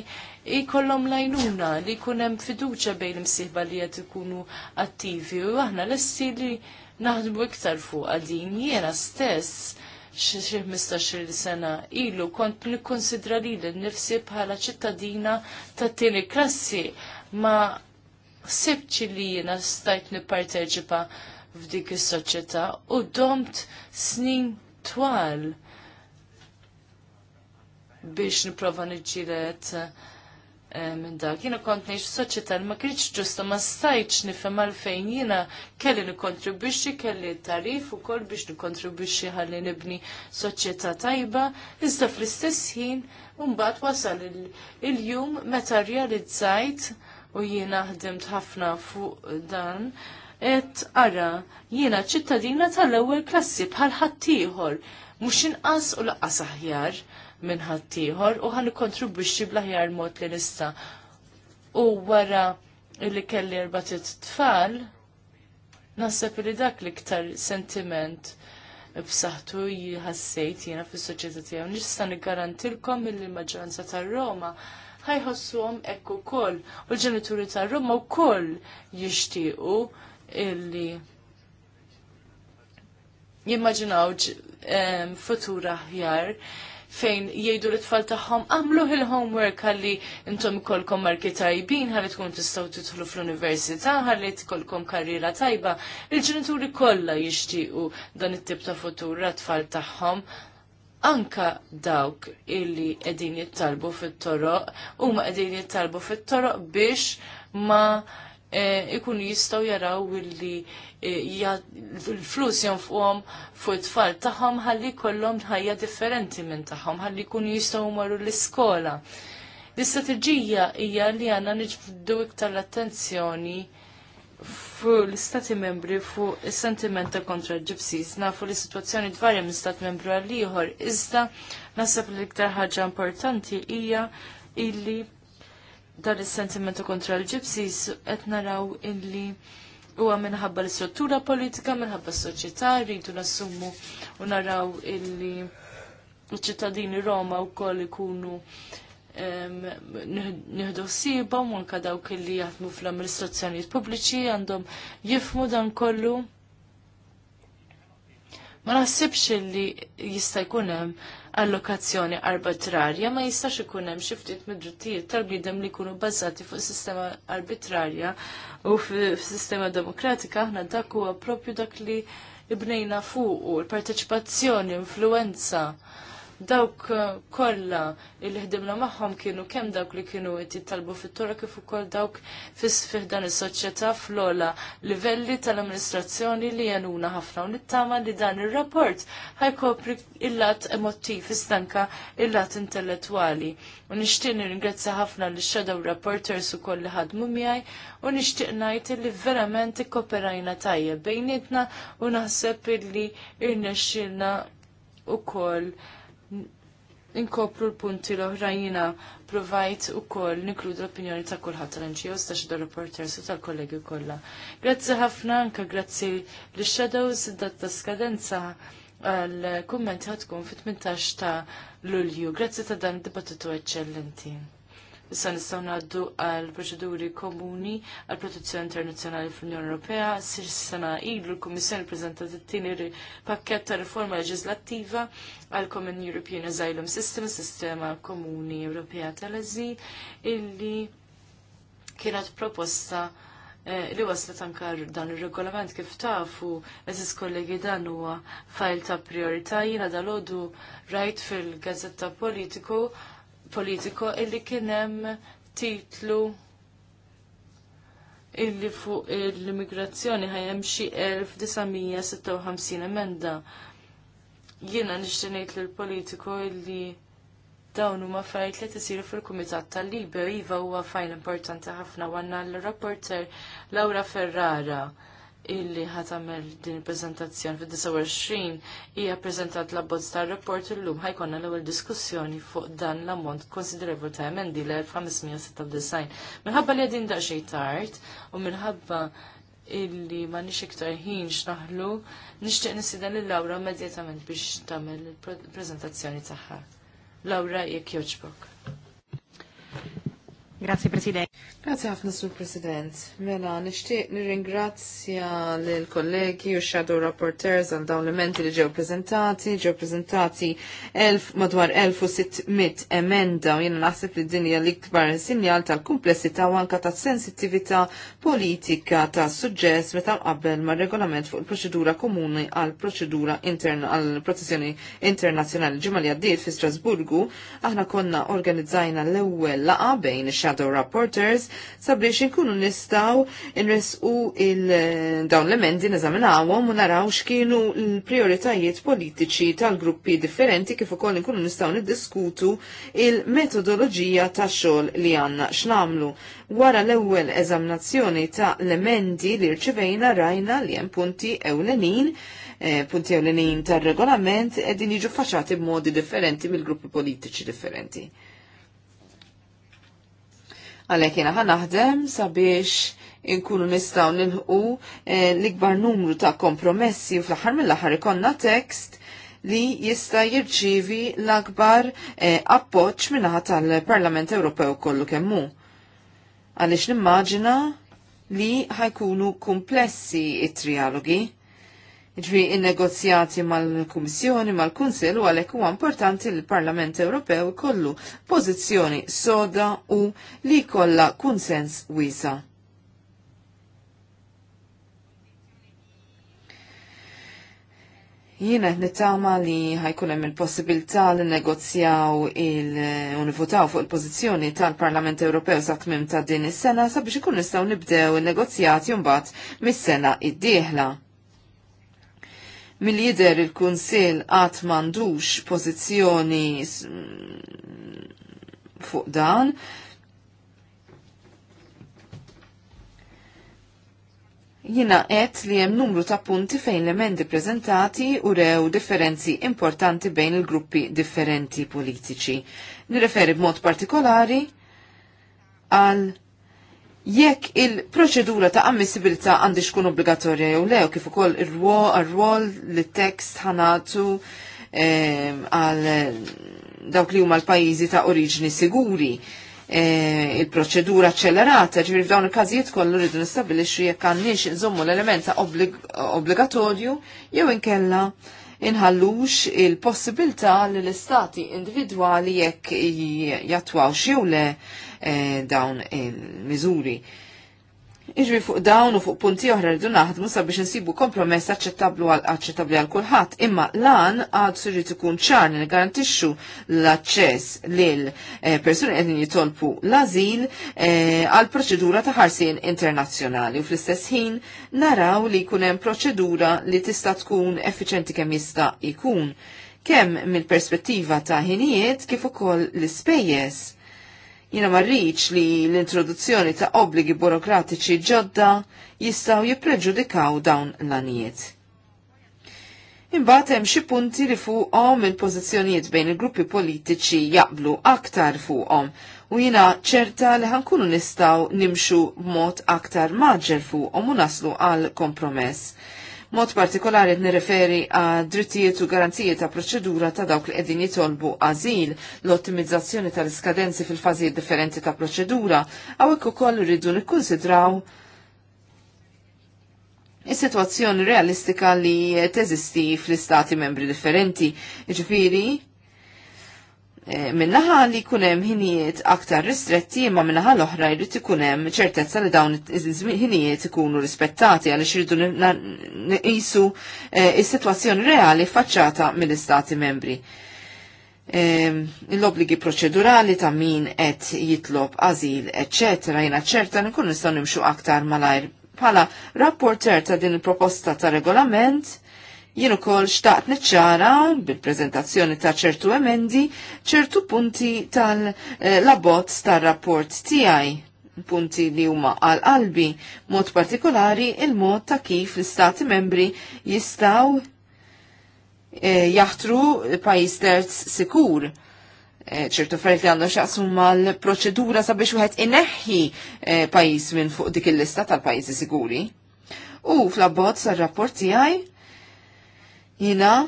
ikollhom lajnuna li jkun hemm fiduċja bejn imsieħba li qed ikunu attivi u aħna essi li naħdmu iktar fuq din jena stess xi 15-il sena ilu kont nikkonsidra lili nifsi bħala ċittadina ta' tieni klassi ma sebċi li jiena stajt nipparteċipa f'dik is-soċjetà u domt snin twal biex niprofa niġġilet Eh, minn dak. Jina kont nejx soċieta ma kienx ġusta ma stajċ nifem għalfejn jina kelli nikontribwixxi, kelli tarif ukoll biex nikontribwixxi ħalli nibni soċjetà tajba, iżda fl-istess ħin mbagħad wasal il-jum meta realizzajt u jina ħdimt ħafna fuq dan et ara jiena ċittadina tal-ewwel klassi bħal ħaddieħor mhux inqas u laqqas aħjar minn ħaddieħor u ħan kontribwixxi bl-aħjar mod li nista. U wara li kelli erbatit tfal, naħseb li dak l-iktar sentiment b'saħħtu jħassejt jiena fis-soċjetà tiegħu. Nista' niggarantilkom l maġġoranza tar-Roma ħajħossuhom hekk ukoll u l-ġenituri tar-Roma wkoll jixtiequ illi jimmaġinaw ehm, futur aħjar fejn jgħidu l-tfal tagħhom għamlu il-homework għalli intom ikolkom marki tajbin, ħalli tkun tistgħu tidħlu fl-università, ħalli tkolkom karriera tajba. Il-ġenituri kollha jixtiequ dan it-tip ta' futur l tfal tagħhom anka dawk illi edin jittalbu fit-toroq u ma edin jittalbu fit-toroq biex ma Eh, ikunu jistaw jaraw illi eh, l-flus jonfuqom fuq it-tfal tagħhom ħalli kollom ħajja differenti minn tagħhom ħalli jkunu jistgħu jmorru l-iskola. l istatġija hija li għandna niġbdu iktar l-attenzjoni fuq l-istati membri fuq is-sentiment ta' kontra ġipsis nafu l situazzjoni dvarja minn stat membru għal ieħor iżda naħseb li iktar ħaġa importanti hija illi dan is-sentimentu kontra l-ġipsis qed naraw illi huwa minħabba l-istruttura politika, minħabba s-soċjetà, rridu nassummu u naraw illi l-ċittadini Roma wkoll ikunu nieħdu ħsiebhom u anke dawk illi jaħdmu fl amministrazzjoniet pubbliċi għandhom jifmu dan kollu. Ma naħsibx illi jista' jkun hemm allokazzjoni arbitrarja ma jistax ikun hemm xi ftit mid-drittijiet tal-bniedem li jkunu bbażati fuq sistema arbitrarja u f'sistema demokratika aħna dak huwa propju dak li bnejna fuq u l-parteċipazzjoni, influenza dawk uh, kollha li ħdimna magħhom kienu kemm dawk li kienu qed jittalbu fit-tora kif ukoll dawk fis dan is-soċjetà fl-ola livelli tal-amministrazzjoni li jenuna ħafna u nittama li dan ir-rapport ħajkopri il-lat emottiv istanka il-lat intellettwali. U nixtieq nirringrazzja ħafna li shadow reporters ukoll li ħadmu miegħi u nixtieq ngħid li verament ikkoperajna tajjeb bejnietna u naħseb illi irnexxilna ukoll inkopru l-punti l oħrajina provajt u koll nikludu l-opinjoni ta' kullħat tal-NGOs ta' xedo reporters u tal-kollegi kollha. Grazzi ħafna anka grazzi li shadows dat ta' skadenza għal-kummenti ħatkun fit-18 ta' Lulju. Grazzi ta' dan dibattitu eccellenti. Sa nistgħu ngħaddu għal proċeduri komuni għal protezzjoni internazzjonali fl-Unjoni Ewropea. Sir sena ilu l-Kummissjoni preżentat it-tieni pakkett ta' riforma leġislattiva għal Common European Asylum System, sistema komuni Ewropea tal-Ażil, illi kienet proposta eh, li waslet ankar dan ir-regolament kif tafu, eżis kollegi dan huwa fajl ta' prioritajina dal dalodu rajt fil-Gazzetta Politiku politiko illi kienem titlu illi fuq l-immigrazzjoni ħajem xi 1956 emenda. Jiena nixtieq ngħid lill-politiku illi dawn huma fajt li tisiru fil-Kumitat tal-Libe iva huwa fajn importanti ħafna għandna l-rapporter Laura Ferrara illi ħatamel din il-prezentazzjoni fid-29 hija prezentat l-abbozz tar-rapport illum ħajkonna l-ewwel diskussjoni fuq dan l-ammont konsiderevol ta' emendi l-1596. Minħabba li qegħdin daqsxejn tard u minħabba illi ma nix iktar ħin xnaħlu, nixtieq nisida lil Lawra immedjatament biex tagħmel il prezentazzjoni tagħha. Lawra jekk jogħġbok. Grazie President. Grazie ħafna Sur President. Mela, nixtieq nirringrazzja lill kollegi u shadow rapporteurs għal dawn l emendi li ġew preżentati, ġew preżentati madwar 1600 emenda u jiena naħseb li dinja l iktbar sinjal tal-kumplessità u anka ta' sensittività politika ta' suġġess meta qabel mar regolament fuq il-proċedura komuni għal proċedura interna għal protezzjoni internazzjonali ġimgħa li għaddiet fi Strasburgu, aħna konna organizzajna l-ewwel laqa bejn ix shadow rapporters sabiex inkunu nistaw inresqu il-dawn l-emendi neżaminawhom u naraw x'kienu l-prioritajiet politiċi tal-gruppi differenti kif ukoll inkunu nistaw niddiskutu il-metodoloġija tax-xogħol li għandna x'namlu. Wara l-ewwel eżaminazzjoni ta' l-emendi li rċivejna rajna li hemm punti ewlenin eh, punti ewlenin tar regolament edin jiġu faċati b'modi differenti mill-gruppi politiċi differenti. Għalhekk għan naħdem sabiex inkunu nistgħu nilħu eh, l-ikbar numru ta' kompromessi u fl-aħħar mill-aħħar ikonna tekst li jista' jirċivi l-akbar eh, appoġġ minnaħat tal-Parlament Ewropew kollu kemm hu. Għaliex nimmaġina li ħajkunu komplessi it-trialogi ġvi il-negozjati mal-Kummissjoni, mal-Kunsil u għalek huwa importanti li l-Parlament Ewropew kollu pożizzjoni soda u li kolla konsens wisa. Jiena nittama li ħajkun hemm il-possibilità li negozjaw il-univutaw fuq il-pożizzjoni tal-Parlament Ewropew sa tmim ta' din is-sena sabiex ikun nistgħu nibdew in-negozjati mbagħad mis-sena id-dieħla. Mill-lider il-Kunsil għat mandux pozizjoni fuq dan. Jina qed li hemm numru ta' punti fejn l-emendi prezentati u rew differenzi importanti bejn il-gruppi differenti politiċi. Nirreferi b'mod partikolari għal jekk il-proċedura ta' ammissibilità għandi xkun obbligatorja jew le, kif ukoll ir-rwol li tekst ħanatu għal dawk li huma l-pajjiżi ta' oriġni siguri. E, il-proċedura ċelerata, ġifir f'dawn il-każijiet kollu rridu nistabilixxu jekk għandniex nżommu l-element ta' obbligatorju jew inkella inħallux il-possibilità li l-istati individwali jekk jatwaw xiewle eh, dawn il-miżuri. Iġri fuq dawn u fuq punti oħra rridu naħdmu sabiex insibu kompromess aċċettablu aċċettabbli għal kulħadd, imma lan għad surrid ikun ċar li garantixxu l-aċċess lil eh, persuni qegħdin jitolbu l-ażil eh, għal proċedura ta' ħarsien internazzjonali u fl-istess ħin naraw li jkun hemm proċedura li tista' tkun effiċenti kemm jista' jkun kemm mill-perspettiva ta' ħinijiet kif ukoll l-ispejjeż Jina marriċ li l-introduzzjoni ta' obbligi burokratiċi ġodda jistaw jippreġudikaw dawn l-anijiet. Imbagħad hemm xi punti li fuqhom il-pożizzjonijiet bejn il-gruppi politiċi jaqblu aktar fuqhom u jina ċerta li ħankunu nistgħu nimxu b'mod aktar maġġer fuqhom u naslu għal kompromess. Mod partikolari nirreferi a drittijiet u garanzijiet ta' proċedura ta' dawk li qegħdin jitolbu għażil l-ottimizzazzjoni tal-iskadenzi fil-fażijiet differenti ta' proċedura, hawnhekk ukoll irridu nikkunsidraw is-sitwazzjoni realistika li teżisti fl-istati membri differenti. Ġifieri, Eh, minnaħa li kunem ħinijiet aktar ristretti imma minnaħa l-oħra jrid ikunem ċertezza li dawn ħinijiet ikunu rispettati għal irridu nqisu eh, is-sitwazzjoni reali faċċata mill-istati membri. L-obligi proċedurali ta' min qed jitlob għażil, eċċetera, jiena ċerta nkun nistgħu nimxu aktar malajr. Bħala rapporter ta' din il-proposta ta' regolament, Jien ukoll xtaqt niċċara bil-preżentazzjoni ta' ċertu emendi ċertu punti tal-abbozz eh, tar-rapport tiegħi punti li huma għal qalbi, mod partikolari il-mod ta' kif l-istati membri jistaw e, jaħtru pajis terz sikur eh, ċertu affarijiet li għandhom xaqsum mal-proċedura sabiex wieħed ineħħi pajjiż minn fuq dik il-lista tal-pajjiżi siguri. U fl-abbozz tar-rapport tiegħi Jina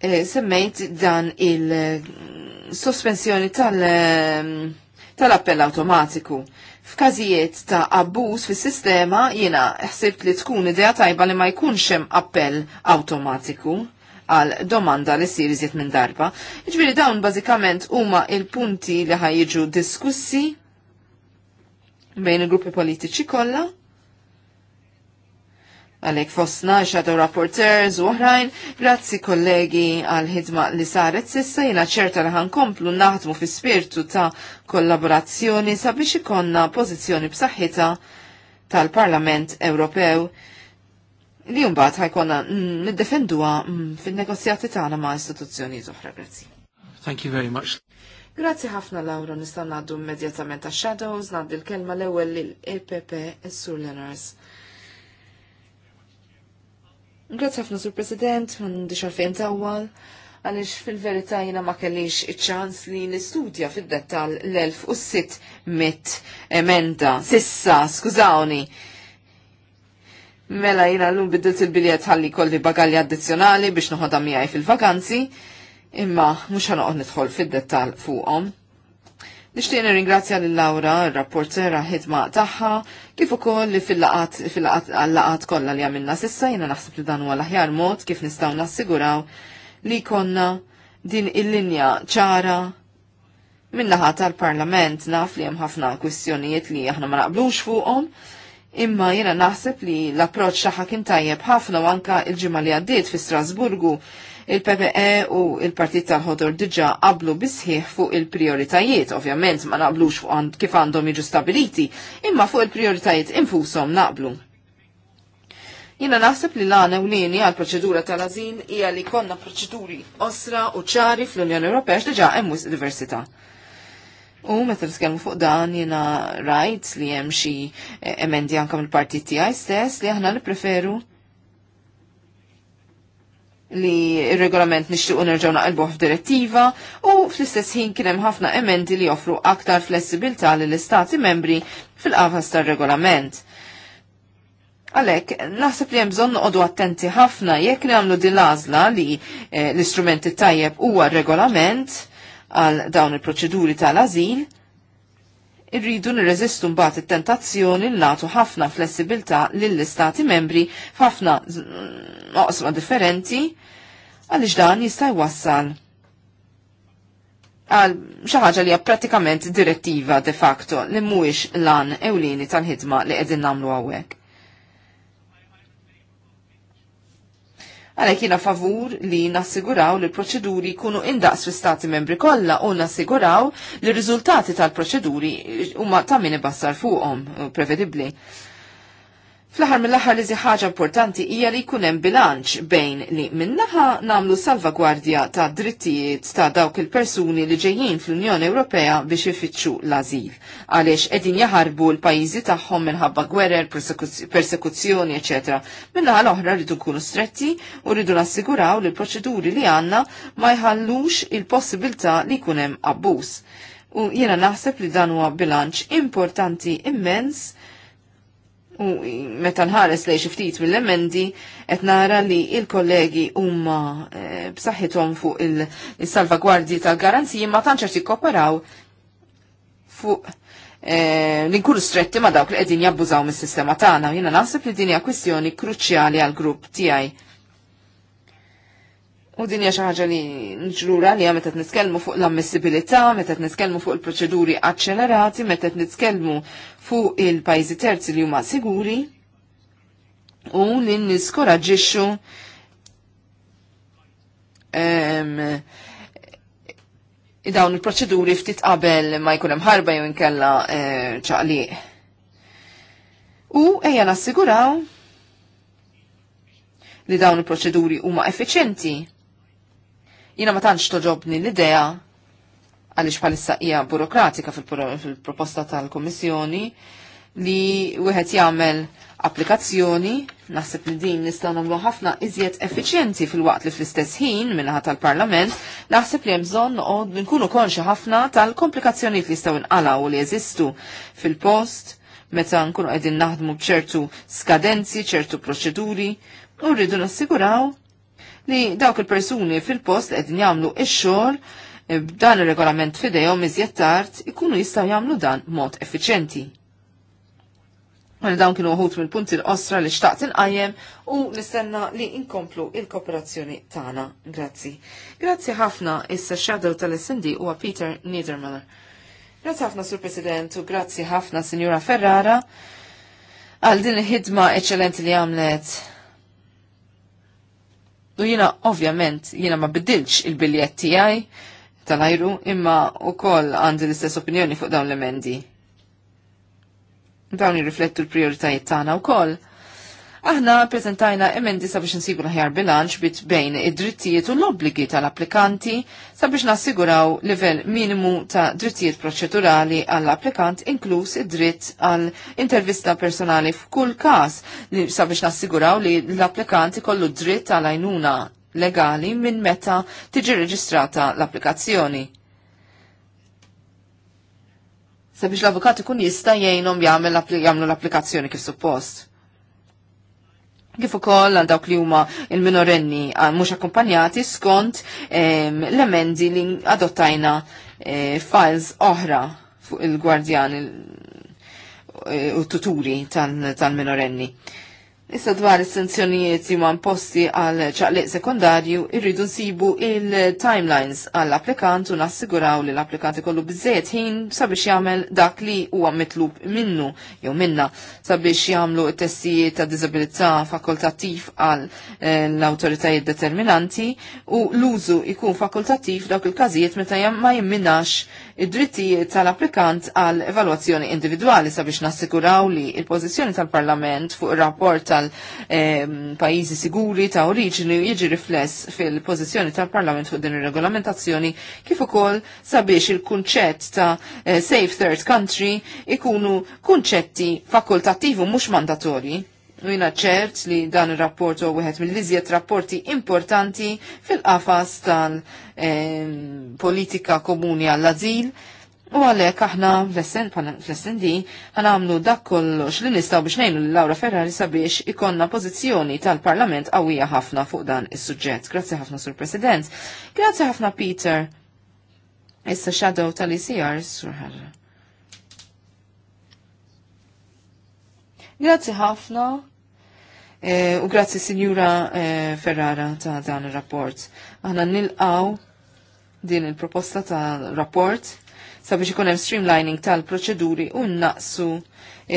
e, semmejt dan il-sospensjoni eh, tal- eh, tal-appell automatiku. F'każijiet ta' abbuż fis-sistema jiena ħsibt li tkun idea tajba li ma jkunx hemm appell awtomatiku għal domanda li sir iżjed minn darba. Ġviri dawn bażikament huma il-punti li ħajġu diskussi bejn il-gruppi politiċi kollha għalek fosna xadu rapporters u oħrajn, grazzi kollegi għal ħidma li saret sissa jina ċerta li ħankomplu naħdmu fi spirtu ta' kollaborazzjoni sabiex ikonna pozizjoni b'saħħita tal-Parlament Ewropew li jumbat ħajkonna niddefendua fin-negozjati tagħna ma' istituzzjoni oħra. Grazzi. Thank you very much. Grazzi ħafna Laura nistgħu ngħaddu immedjatament għax-shadows ngħaddi l-kelma l-ewwel lill EPP is-Sur Leonards. Grazzi ħafna sur President, m'għandi xalfejn tawwal, għaliex fil-verità jiena ma kellix iċ-ċans li nistudja fid-dettall l-1600 emenda. Sissa, skużawni. Mela jiena llum biddilt il-biljet ħalli kolli bagalli addizzjonali biex noħodha miegħi fil-vakanzi, imma mhux ħanoqgħod nidħol fid-dettall fuqhom. Nixtieq nirringrazzja lil Laura, r-rapportera ħidma tagħha, kif ukoll li fil-laqat fil-laqat kollha li għamilna sissa jiena naħseb li dan huwa l-aħjar mod kif nistgħu nassiguraw li konna din il-linja ċara minnaħa tal-parlament naf li hemm ħafna kwistjonijiet li aħna ma naqblux fuqhom, imma jiena naħseb li l-approċċ tagħha kien tajjeb ħafna u anka l-ġimgħa li għaddiet fi Strasburgu il-PPE u il-Partit tal-ħodor diġa qablu bisħiħ fuq il-prioritajiet, ovvjament ma naqblux fuq kif għandhom jiġu stabiliti, imma fuq il-prioritajiet infushom naqblu. Jina naħseb li l-għana u nini għal proċedura tal azin hija li konna proċeduri osra u ċari fl-Unjoni Ewropea x'diġa hemm diversità. U meta nitkellmu fuq dan jiena rajt li hemm xi emendi anke mill-partit tiegħi stess li aħna nippreferu li il-regolament nixtiequ nerġgħu naqilbuh f'direttiva u fl-istess ħin kien hemm ħafna emendi li joffru aktar flessibilità lill istati membri fil-qafas tar-regolament. Għalek, naħseb li hemm bżonn noqogħdu attenti ħafna jekk li għamlu din l-għażla li eh, l-istrumenti tajjeb huwa regolament għal dawn il-proċeduri tal-azil, irridu nirreżistu mbagħad it-tentazzjoni li nagħtu ħafna flessibilità lill-istati membri f'ħafna oqsma differenti għaliex dan jista' jwassal għal xi ħaġa li hija pratikament direttiva de facto li mhuwiex lan ewlieni tal-ħidma li qegħdin nagħmlu hawnhekk. għalhekk jiena favur li nassiguraw li l-proċeduri jkunu indaqs fl-Stati membri kollha u nassiguraw li r-riżultati tal-proċeduri huma ta' min ibassar fuqhom eh, prevedibbli. Fl-aħħar mill-aħħar li ħaġa importanti hija li jkun hemm bilanċ bejn li minnaħa nagħmlu salvagwardja ta' drittijiet ta' dawk il-persuni li ġejjin fl-Unjoni Ewropea biex ifittxu l-azil, għaliex qegħdin jaħarbu l-pajjiżi tagħhom minħabba gwerer, persekuzzjoni, ecc. Minnaħa l-oħra rridu nkunu stretti u rridu nassiguraw li l-proċeduri li għandna ma jħallux il-possibilità li jkun hemm abbuż. U jiena naħseb li dan huwa bilanċ importanti immens u meta nħares lej xiftit mill-emendi qed nara li il-kollegi huma eh, b'saħħithom fuq il-salvagwardji tal-garanziji ma tantx qed jikkoperaw fuq eh, li nkunu stretti ma dawk li qegħdin jabbużaw mis-sistema tagħna u jiena naħseb li din hija kwistjoni kruċjali għall-grupp tiegħi U din hija xi ħaġa li nġrura li meta nitkellmu fuq l-ammissibilità, meta nitkellmu fuq il-proċeduri accelerati, meta nitkellmu fuq il-pajjiżi terzi li huma siguri u li niskoraġixxu ehm, dawn il-proċeduri ftit qabel ma jkun hemm ħarba jew inkella eh, ċaqliq. U ejja nassiguraw li dawn il-proċeduri huma effiċenti Jina ma tantx toġobni l-idea għaliex bħalissa hija burokratika fil-proposta tal-Kummissjoni li wieħed jagħmel applikazzjoni, naħseb li din nistgħu nagħmlu ħafna iżjed effiċjenti fil-waqt li fl-istess ħin minnaħa tal-Parlament, naħseb li hemm bżonn noqgħod nkunu konxi ħafna tal-komplikazzjonijiet li jistgħu u li jeżistu fil-post meta nkunu qegħdin naħdmu b'ċertu skadenzi, ċertu proċeduri, u rridu nassiguraw li dawk il-persuni fil-post qegħdin jagħmlu ix-xogħol eh, b'dan ir-regolament fidejhom iżjed tard ikunu jistgħu jagħmlu dan mod effiċenti. Għan dawn kienu għut mill-punti l ostra li xtaqt inqajjem u nistenna li inkomplu il-kooperazzjoni tagħna. Grazzi. Grazzi ħafna issa shadow tal-SND huwa Peter Niedermiller. Grazzi ħafna Sur President u grazzi ħafna Sinjura Ferrara għal din il-ħidma eċċellenti li għamlet U jina ovvjament jina ma bidilx il-biljet tiegħi tal-ajru imma koll għandi l-istess opinjoni fuq dawn l-emendi. Dawn jirriflettu l-prioritajiet tagħna wkoll Aħna prezentajna emendi sabiex nsibu l-ħjar bilanċ bit bejn id-drittijiet u l-obbligi tal-applikanti sabiex nassiguraw livell minimu ta' drittijiet proċedurali għall-applikant inkluż id-dritt għall intervista personali f'kull każ sabiex nassiguraw li l-applikant ikollu dritt għal għajnuna legali minn meta tiġi reġistrata l-applikazzjoni sabiex l-avukat ikun jista' jgħinhom jagħmel jagħmlu l-applikazzjoni kif suppost kif ukoll għal dawk li huma il-minorenni mhux akkumpanjati skont l-emendi li adottajna e, files oħra fuq il-gwardjan e, u tuturi tal-minorenni. Tal Issa dwar is-sanzjonijiet li huma imposti għal ċaqliq sekundarju, irridu nsibu il-timelines għall applikant u nassiguraw li l-applikant ikollu biżejjed ħin sabiex jagħmel dak li huwa mitlub minnu jew minna sabiex jagħmlu t-testijiet ta' diżabilità fakultattiv għal eh, l-awtoritajiet determinanti u l-użu jkun fakultattiv dawk il-każijiet meta ma jimminax id-drittijiet tal-applikant għal evalwazzjoni individwali sabiex nassikuraw li il-pożizzjoni tal-Parlament fuq ir-rapport tal-pajjiżi ehm, eh, siguri ta' oriġini jiġi rifless fil-pożizzjoni tal-Parlament fuq din ir-regolamentazzjoni kif ukoll sabiex il-kunċett ta' eh, safe third country ikunu kunċetti fakultattivi mhux mandatorji U ċert li dan il-rapport u għuħet mill rapporti importanti fil-qafas tal-politika komuni għall-azil U għalek aħna fl di għanamlu dak kollox li nistaw biex nejnu l-Laura Ferrari sabiex ikonna pozizjoni tal-Parlament għawija ħafna fuq dan is suġġett Grazzi ħafna, Sur President. Grazzi ħafna, Peter. Issa shadow tal-ICR, surħar. Grazie Grazzi ħafna. Eh, u grazzi Sinjura eh, Ferrara ta' dan il-rapport. Aħna nilqaw din il-proposta ta' rapport sabiex ikun hemm streamlining tal-proċeduri u naqsu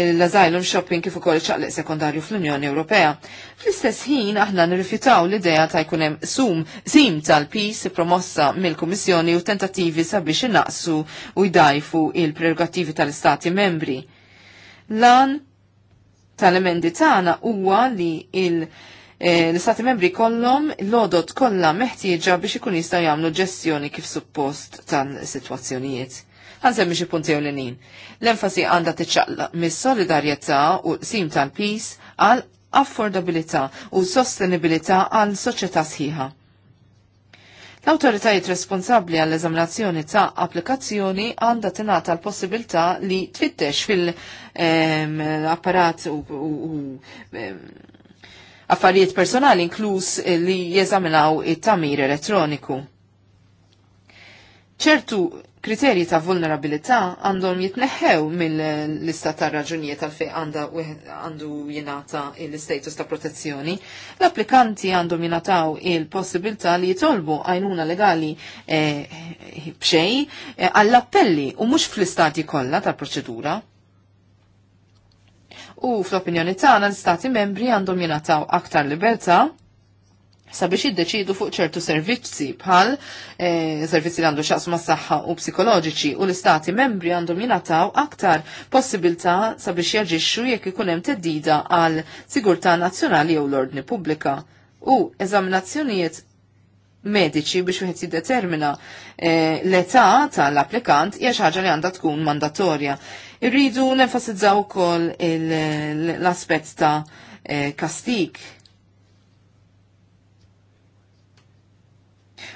l-asylum shopping kif ukoll ċaqliq sekondarju fl-Unjoni Ewropea. Fl-istess ħin aħna nirrifjutaw l-idea ta' jkun hemm sum sim tal-pis promossa mill-Kummissjoni u tentattivi sabiex innaqsu u jdajfu il-prerogattivi tal-Istati membri. Lan tal-emendi tagħna huwa li il- eh, l-istati membri kollom l-odot kollha meħtieġa biex ikun jistgħu jagħmlu ġestjoni kif suppost tal-sitwazzjonijiet. Għanżemmi xi punti ewlenin. L-enfasi għandha tiċċaqlaq mis-solidarjetà u sim tal peace għal affordabilità u sostenibilità għal soċjetà sħiħa. L-autoritajiet responsabli għall-eżaminazzjoni ta' applikazzjoni għandha tingħata l-possibilità li tfittex fil-apparat ehm, u, ehm, affarijiet personali inkluż eh, li jeżaminaw it-tamir elettroniku. ċertu kriterji ta' vulnerabilità għandhom jitneħħew mill-lista ta' raġunijiet għal fej għandu jenata il-status ta' protezzjoni. L-applikanti għandhom jenataw il-possibilità li jitolbu għajnuna legali eh, bxej eh, għall-appelli u mux fl-istati kollha tal-proċedura. U fl-opinjoni tagħna l-istati membri għandhom jenataw aktar libertà sabiex jiddeċidu fuq ċertu servizzi bħal eh, servizzi li għandu xaqsu ma' saħħa u psikoloġiċi u l-istati membri għandhom jinataw aktar possibilità sabiex jaġixxu jekk ikun hemm teddida għal sigurtà nazzjonali jew l-ordni pubblika u eżaminazzjonijiet mediċi biex wieħed jiddetermina eh, l-età tal-applikant hija xi ħaġa li għandha tkun mandatorja. Irridu nenfasizzaw ukoll l-aspett ta' eh, kastik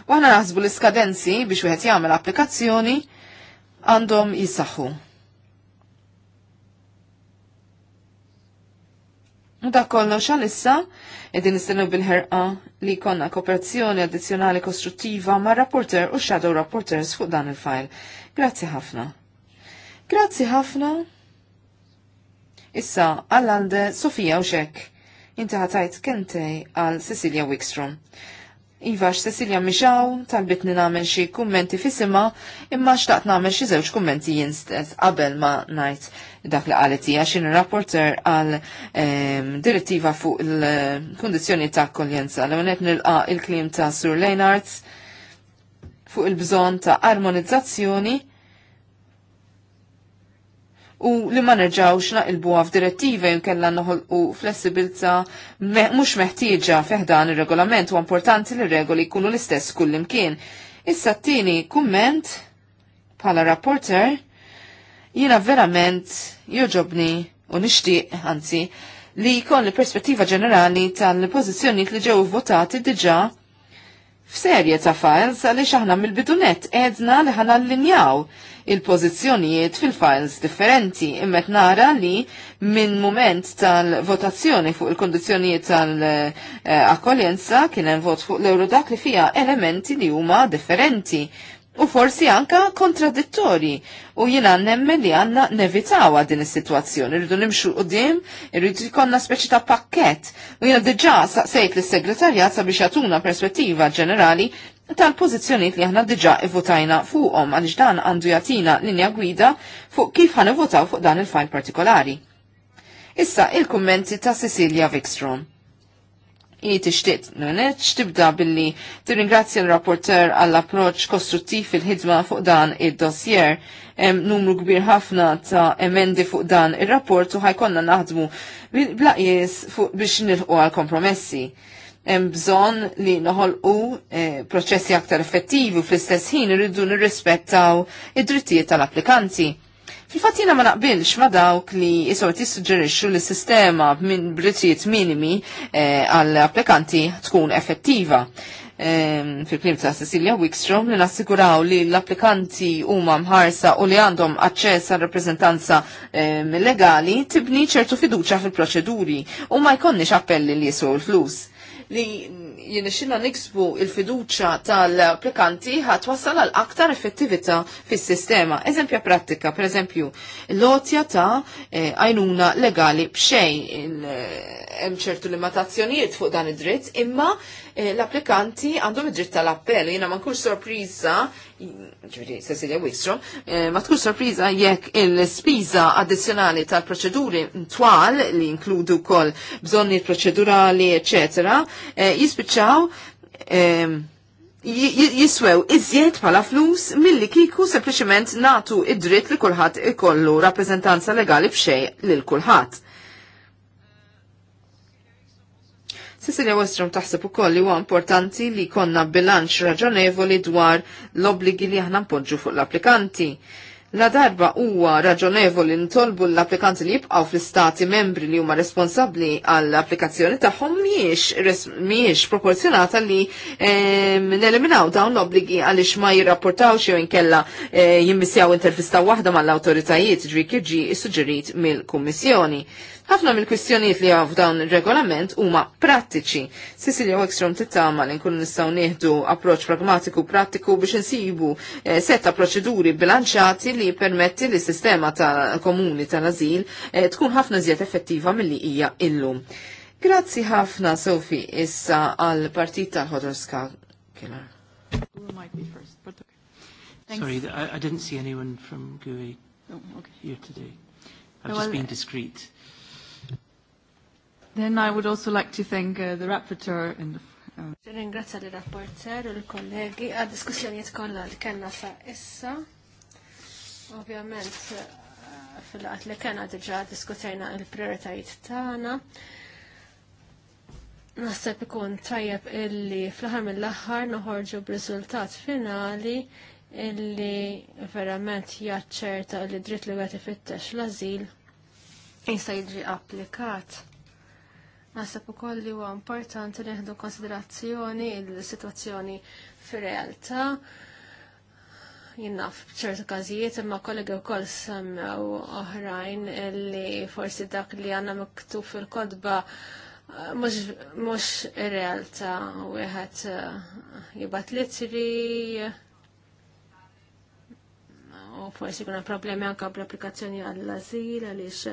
U għana naħsbu l-iskadenzi biex wieħed jagħmel applikazzjoni għandhom jisaxħu. U da kollox għalissa, edin nistennu bil-ħerqa li konna kooperazzjoni addizjonali kostruttiva ma' rapporter u shadow rapporters fuq dan il-fajl. Grazzi ħafna. Grazzi ħafna. Issa, għallande Sofija u xek. Inti ħatajt kentej għal Cecilia Wikstrom. Iva Cecilia Mixaw, talbitni namel xi kummenti fissima, imma xtaqt namel xi żewġ kummenti jinstess qabel ma najt dak li qalet hija xin rapporter għal ehm, direttiva fuq il-kundizzjoni ta' akkoljenza. l għonet nilqa il-klim ta' Sur Leinarts fuq il-bżon ta' armonizzazzjoni u li ma nerġawx naqilbu għaf direttiva jinkella noħolqu flessibilta mhux meħtieġa feħdan ir-regolament u importanti li regoli jkunu l-istess kullimkien. Issa t-tieni kumment bħala rapporter jiena verament joġobni u nixtieq anzi li jkolli perspettiva ġenerali tal-pożizzjonijiet li ġew votati diġà f'serje ta' files għaliex aħna mill-bidunet edna li ħana linjaw il-pożizzjonijiet fil-files differenti immet nara li minn moment tal-votazzjoni fuq il-kondizjonijiet tal-akkoljenza eh, kien hemm vot fuq l-Eurodak li fija elementi li huma differenti u forsi anka kontradittori. U jina nemmen li għanna nevitawa din is-sitwazzjoni, rridu nimxu u dim, rridu jikonna speċi ta' pakket. U jina diġa sejt l-segretarjat sabiex jatuna perspettiva ġenerali tal-pozizjoniet li aħna diġa votajna fuqhom għaliex dan għandu jatina linja gwida fuq kif ħan votaw fuq dan il-fajl partikolari. Issa il-kummenti ta' Cecilia Wikstrom i tixtiet nuneċ tibda billi tirringrazzja l-rapporter għall-approċ kostruttiv fil-ħidma fuq dan id-dossier. Hemm numru kbir ħafna ta' emendi fuq dan ir-rapport u ħajkonna naħdmu blaqjes biex nilħu għal kompromessi. Hemm bżonn li noħolqu eh, proċessi aktar effettivi u fl-istess ħin irridu nirrispettaw id-drittijiet tal-applikanti Fil-fatt jiena ma naqbilx ma dawk li jisorti suġġerixxu li sistema minn brizzijiet minimi eh, għall-applikanti tkun effettiva. Ehm, fil-klim ta' Cecilia Wickstrom li nassiguraw li l-applikanti huma mħarsa u li għandhom aċċess għal rappreżentanza ehm, legali tibni ċertu fiduċa fil-proċeduri u ma jkonniex appelli li jiswew l flus li jinixilna niksbu il-fiduċa tal-applikanti ħat wassal għal aktar effettività fis-sistema. Eżempja prattika, per eżempju, lotja ta' eh, għajnuna legali b'xejn eh, hemm ċertu limitazzjonijiet fuq dan id-dritt, imma Eh, l-applikanti għandhom id-dritt tal-appell. Jena ma nkunx sorpriża, ġifiri Cecilia Wistrom, eh, ma tkun sorpriża jekk il-spiża addizzjonali tal-proċeduri twal li inkludu kol bżonni proċedurali, eccetera, eh, jispiċċaw ehm, jiswew iżjed pala flus milli kiku sempliciment natu id-dritt li kulħadd ikollu rappreżentanza legali b'xej lil kulħadd. Cecilia Westrom taħseb ukoll li huwa importanti li konna bilanċ raġonevoli dwar l-obbligi li aħna npoġġu fuq l-applikanti. La darba huwa raġonevoli ntolbu l-applikanti li jibqaw fl-istati membri li huma responsabbli għall applikazzjoni tagħhom mhijiex mhijiex proporzjonata li ehm, neliminaw dawn l-obbligi għaliex ma jirrapportawx jew inkella eh, jimmissjaw intervista waħda mal-awtoritajiet ġri ġi suġġerit mill-Kummissjoni. Ħafna mill-kwistjonijiet li għaw f'dawn il-regolament huma prattiċi. Cecilia Wexstrom tittama li nkunu nistgħu nieħdu approċċ pragmatiku prattiku biex insibu eh, setta proċeduri bilanċati li permetti li sistema ta' komuni tal-azil eh, tkun ħafna żjed effettiva milli hija illum. Grazzi ħafna Sofi issa għal partit tal-Hodorska Killer. Sorry, I, I didn't see anyone from GUI e oh, okay. here today. I've no, just well, been discreet. Then I would also like to thank uh, the rapporteur and the uh, Ringrazzja li rapporter u l-kollegi għad diskussjonijiet kollha li kellna sa' issa. Ovvjament uh, fil-qat li kellna diġà diskutejna l prioritajiet tagħna. Naħseb ikun tajjeb illi fl-aħħar mill-aħħar noħorġu b'riżultat finali illi verament jaċċerta li dritt li għet ifittex l ażil jista' jiġi applikat Nasab ukoll li huwa importanti li neħdu konsiderazzjoni l-sitwazzjoni fir-realtà. Jinnaf b'ċertu każijiet imma kollega wkoll semmew oħrajn li forsi dak li għandna miktu fil-kodba eh, mhux ir-realtà wieħed eh, jibat litri u forsi kuna problemi anka bl-applikazzjoni għall-azil għalix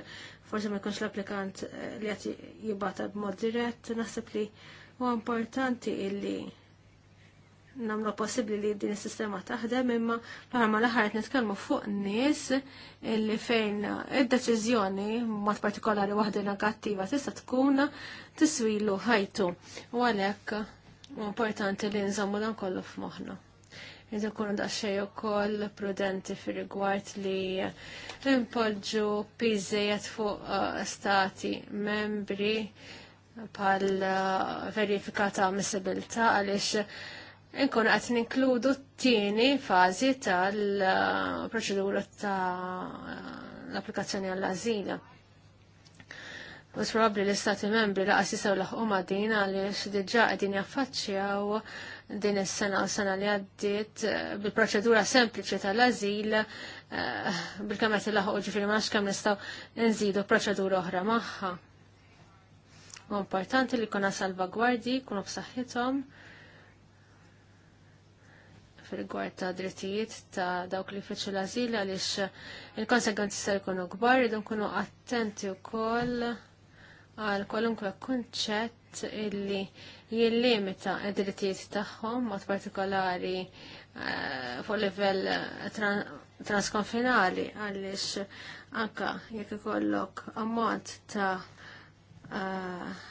forse ma jkunx l-applikant eh, li għati jibata b'mod dirett, naħseb li u importanti illi namlu possibli li din is-sistema taħdem imma l-ħar ma l-ħar nitkellmu fuq nies illi fejn id-deċiżjoni mod partikolari waħda negattiva tista' tkun tiswilu ħajtu u għalhekk importanti li nżammu dan kollu f'moħħna jidu kunu daċxej u koll prudenti fir rigward li impoġġu pizzejet fuq uh, stati membri pal uh, verifika ta' misibilta għalix Nkun għat ninkludu t-tieni fazi tal-proċedura uh, ta' l-applikazzjoni għall-azila. U probabli li stati membri laqas jisaw laħqum din għaliex diġa għadin jaffaċċjaw din is-sena u sena li għaddiet eh, bil-proċedura sempliċi tal-azil eh, bil kamet qed ilaħħu ġifieri m'għandx kemm nistgħu nżidu proċedura oħra magħha. U importanti li kuna salvagwardi, b b'saħħithom fil-gwar ta' drittijiet ta' dawk li fitxu l-azil għaliex il-konsegwenzi se jkunu kbar, idun kunu attenti wkoll għal kwalunkwe kunċett illi jillimita id-drittijiet tagħhom mod partikolari eh, fuq livell eh, transkonfinali għaliex anka jekk ikollok ammont ta' eh,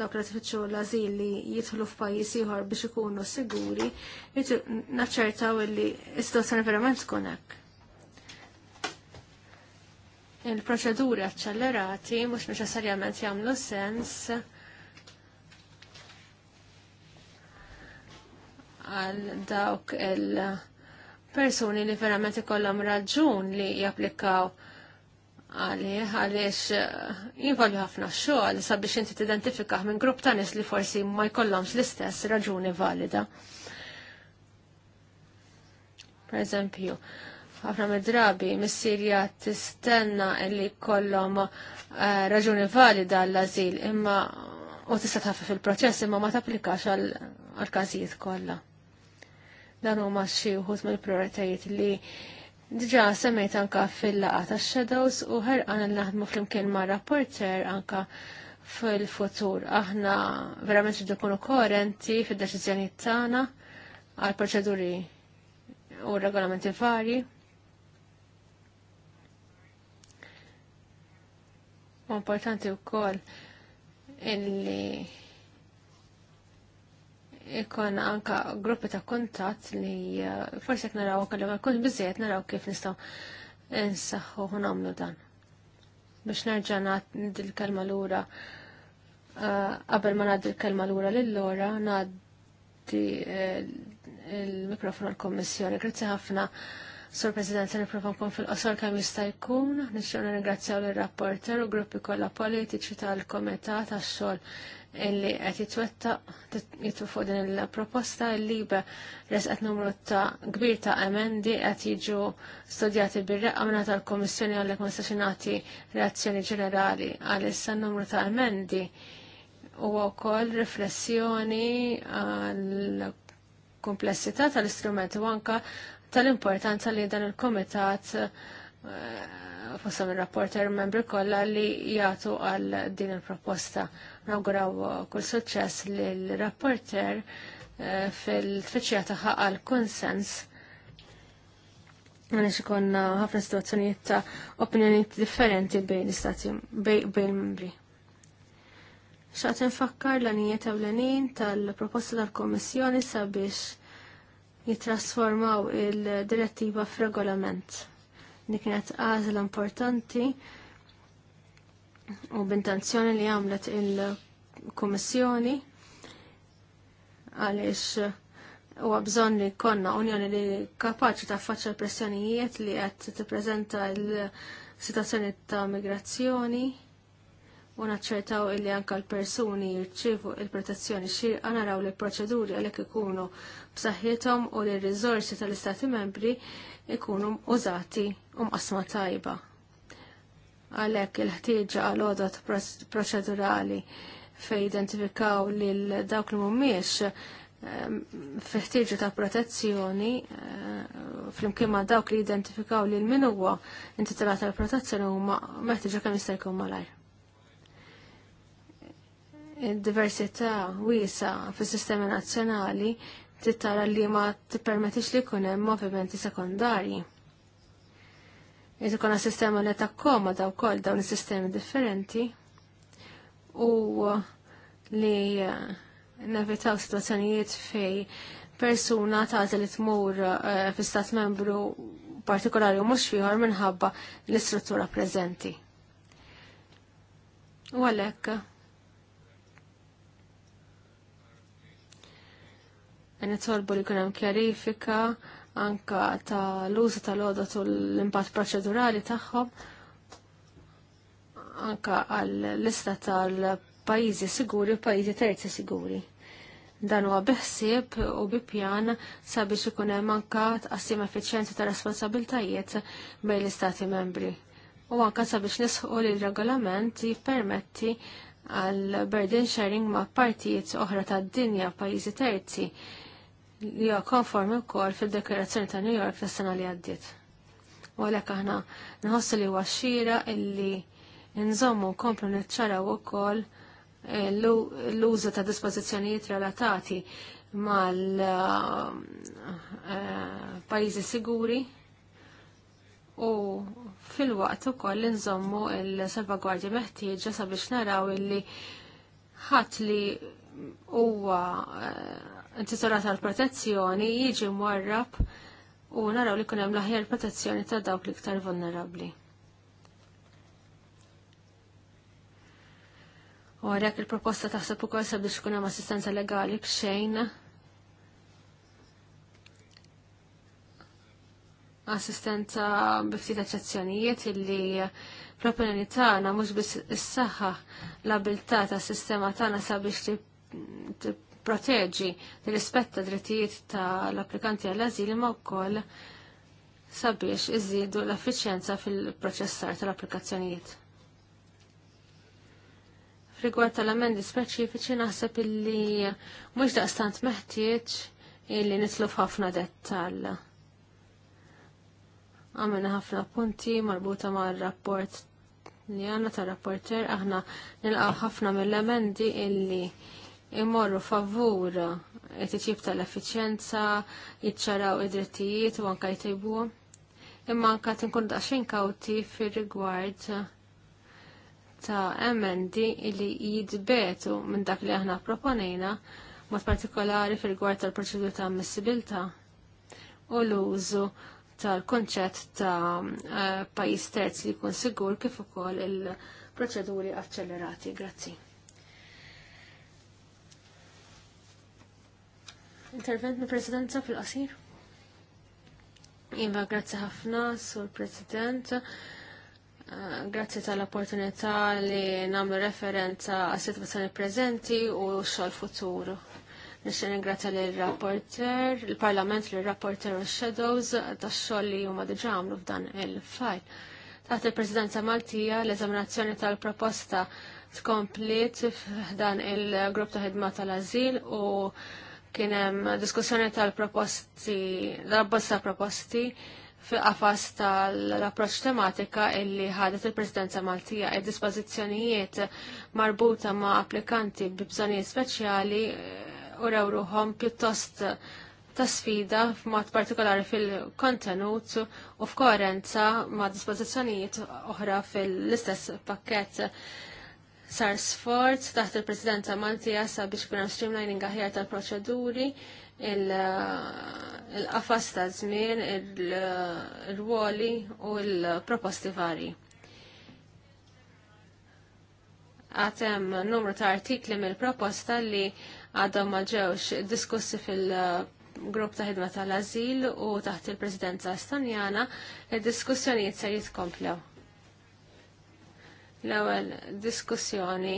dawk li tfittxu l-azil li jidħlu f'pajjiż ieħor biex ikunu siguri, naċċertaw illi istosan verament tkun hekk il-proċeduri accelerati mhux neċessarjament jagħmlu sens għal dawk il-persuni li verament ikollhom raġun li japplikaw għalih għaliex eh, jinvolvi ħafna xogħol sabiex inti tidentifikaħ minn grupp ta' nies li forsi ma jkollhomx l-istess raġuni valida. Per eżempju, ħafna medrabi mis-Sirja tistenna li kollom eh, raġuni valida għall-azil imma u tista' tħaffef il-proċess imma ma tapplikax għall-każijiet kollha. Dan huma xi wħud mill-prioritajiet li diġà semmejt anka fil-laqgħa tax-shadows u ħerqan li naħdmu flimkien ma' rapporter anka fil-futur. Aħna verament ġiddu kunu koerenti fid-deċiżjonijiet tagħna għal proċeduri u regolamenti varji U importanti wkoll illi ikon anka gruppi ta' kuntatt li eh, forsi jekk naraw kellu ma jkunx bizziet naraw kif nistgħu nsaħħu u nagħmlu dan. Biex nerġa' nagħti dil-kelma lura eh, qabel ma ngħaddi l-kelma lura lill-lora ngħaddi il-mikrofon eh, għal kommissjoni Grazzi ħafna Sur President, niprofa kon fil-qosor kemm jista' jkun, ringrazzjaw l rapporter u gruppi kollha politiċi tal kometa għax-xogħol illi qed jitwettaq jitwu fuq din il-proposta il-liba resqet numru ta' kbir ta' emendi qed jiġu studjati bir-reqqa minna tal-Kummissjoni għalli konstaxinati nagħti reazzjoni ġenerali għal issa numru ta' emendi huwa wkoll riflessjoni għal komplessità tal istrumenti u anka tal-importanza li dan il-komitat eh, fossam il-rapporter membri kolla li jgħatu għal din il-proposta. Nawguraw kull suċċess li l-rapporter eh, fil-tfittxija taħħa għal konsens għalix ikonna eh, ħafna situazzjonijiet ta' opinjonijiet differenti bejn istati bejn membri. Xaqt nfakkar l-anijiet ewlenin tal-proposta tal-Komissjoni sabiex jitrasformaw il-direttiva f'regolament. Ni kienet għażla importanti u b'intenzjoni li għamlet il-Kummissjoni għaliex u għabżon li konna unjoni li kapaċi ta' faċċa pressjonijiet li għed t-prezenta l-situazzjoni ta' migrazzjoni u naċċertaw illi anka l-persuni jirċivu il-protezzjoni xirqa naraw li l-proċeduri għalhekk ikunu b'saħħithom u li r rizorsi tal-Istati membri ikunu użati u mqasma tajba. Għalhekk il-ħtieġa għal odot proċedurali fej identifikaw lil dawk li mhumiex ehm, fiħtieġu ta' protezzjoni ehm, flimkien ma' dawk li identifikaw li l-min huwa intitolata l protezzjoni huma meħtieġa kemm jista' jkun malajr diversità wiesa fis sistemi nazzjonali tittara li ma t-permetix li jkun hemm movimenti sekundari. Irid ikun sistema li takkomoda wkoll dawn is-sistemi differenti u li eh, nevitaw situazzjonijiet fej persuna tażel li tmur eh, fil stat membru partikolari u mhux fiħor minħabba l-istruttura preżenti. U għalhekk nitolbu li kunem kjarifika anka ta' l-użu tal-għoda u l-impatt proċedurali tagħhom anka għal lista tal-pajizi siguri u pajizi terzi siguri. Dan huwa biħsieb u bipjan sabiex ikun hemm anka tqassim effiċjenza ta' responsabiltajiet bejn l-istati membri. U anka sabiex nisħu li l-regolament jippermetti għal burden sharing ma' partijiet oħra tad-dinja pajizi terzi li konform konformi wkoll fil deklarazzjoni ta' New York fil sena li għaddiet. U għalhekk aħna nħossu li huwa illi nżommu komplu niċċaraw ukoll l-użu ta' dispożizzjonijiet relatati mal-pajjiżi eh, siguri u fil-waqt ukoll nżommu l-salvagwardja meħtieġa sabiex naraw illi ħadd li huwa eh, titola tal-protezzjoni jiġi mwarrab u naraw li kunem laħjar protezzjoni ta' dawk l-iktar vulnerabli. U għarek il-proposta taħseb u korsa biex kunem assistenza legali bxejn. Assistenza biftit eċezzjonijiet illi proponi tagħna mhux biss is-saħħa l-abilità tas-sistema tagħna sabiex li rispetta drittijiet tal-applikanti għall-azil imma wkoll sabiex iżidu l-effiċjenza fil-proċessar tal-applikazzjonijiet. Rigward tal-amendi speċifiċi naħseb illi mhux daqstant meħtieġ illi nitlu f'ħafna dettall. Għamilna ħafna punti marbuta mar-rapport li għanna tal rapporter aħna nilqaw ħafna mill-emendi illi imorru favur it iċib tal efficienza jitċaraw id-drittijiet u anka jtejbuhom. Imma anka tinkun daqsxejn kawti fir-rigward ta' emendi li jidbetu minn dak li aħna proponejna, mod partikolari fil rigward tal-proċedur ta' ammissibilta u l-użu tal-konċett ta' eh, pajis terzi li jkun sigur kif ukoll il-proċeduri accelerati. Grazzi. intervent mill presidenza fil-qasir. Iva, grazzi ħafna sur president eh, Grazzi tal-opportunità li namlu referenza għas situazzjoni prezenti u xol futuru. Nixxen ringrazzja l rapporter il-Parlament l rapporter u Shadows ta' xogħol li huma diġà għamlu f'dan il-fajl. Taħt il-Presidenza Maltija l-eżaminazzjoni tal-proposta tkomplit f'dan il-grupp ta' ħidma tal-azil u Kien hemm diskussjoni tal-proposti, tal-abbozza proposti tal abbozza proposti fi tal-approċ tematika illi ħadet il-Presidenza Maltija id dispożizzjonijiet marbuta ma' applikanti bi bżonijiet speċjali eh, u ruhom pjuttost ta' sfida f'mod partikolari fil-kontenut u f'koerenza ma' dispożizzjonijiet oħra fil-istess pakket sar sforz taħt il-Presidenza Maltija sabiex kuna streamlining aħjar tal-proċeduri, uh, il-qafas ta' żmien, il-ruoli u l-proposti vari. Għatem numru ta' artikli mill-proposta li għadhom ma ġewx diskussi fil-grupp ta' ħidma tal-azil u taħt il-Presidenza Estonjana, il-diskussjonijiet ser jitkomplew. L-ewwel diskussjoni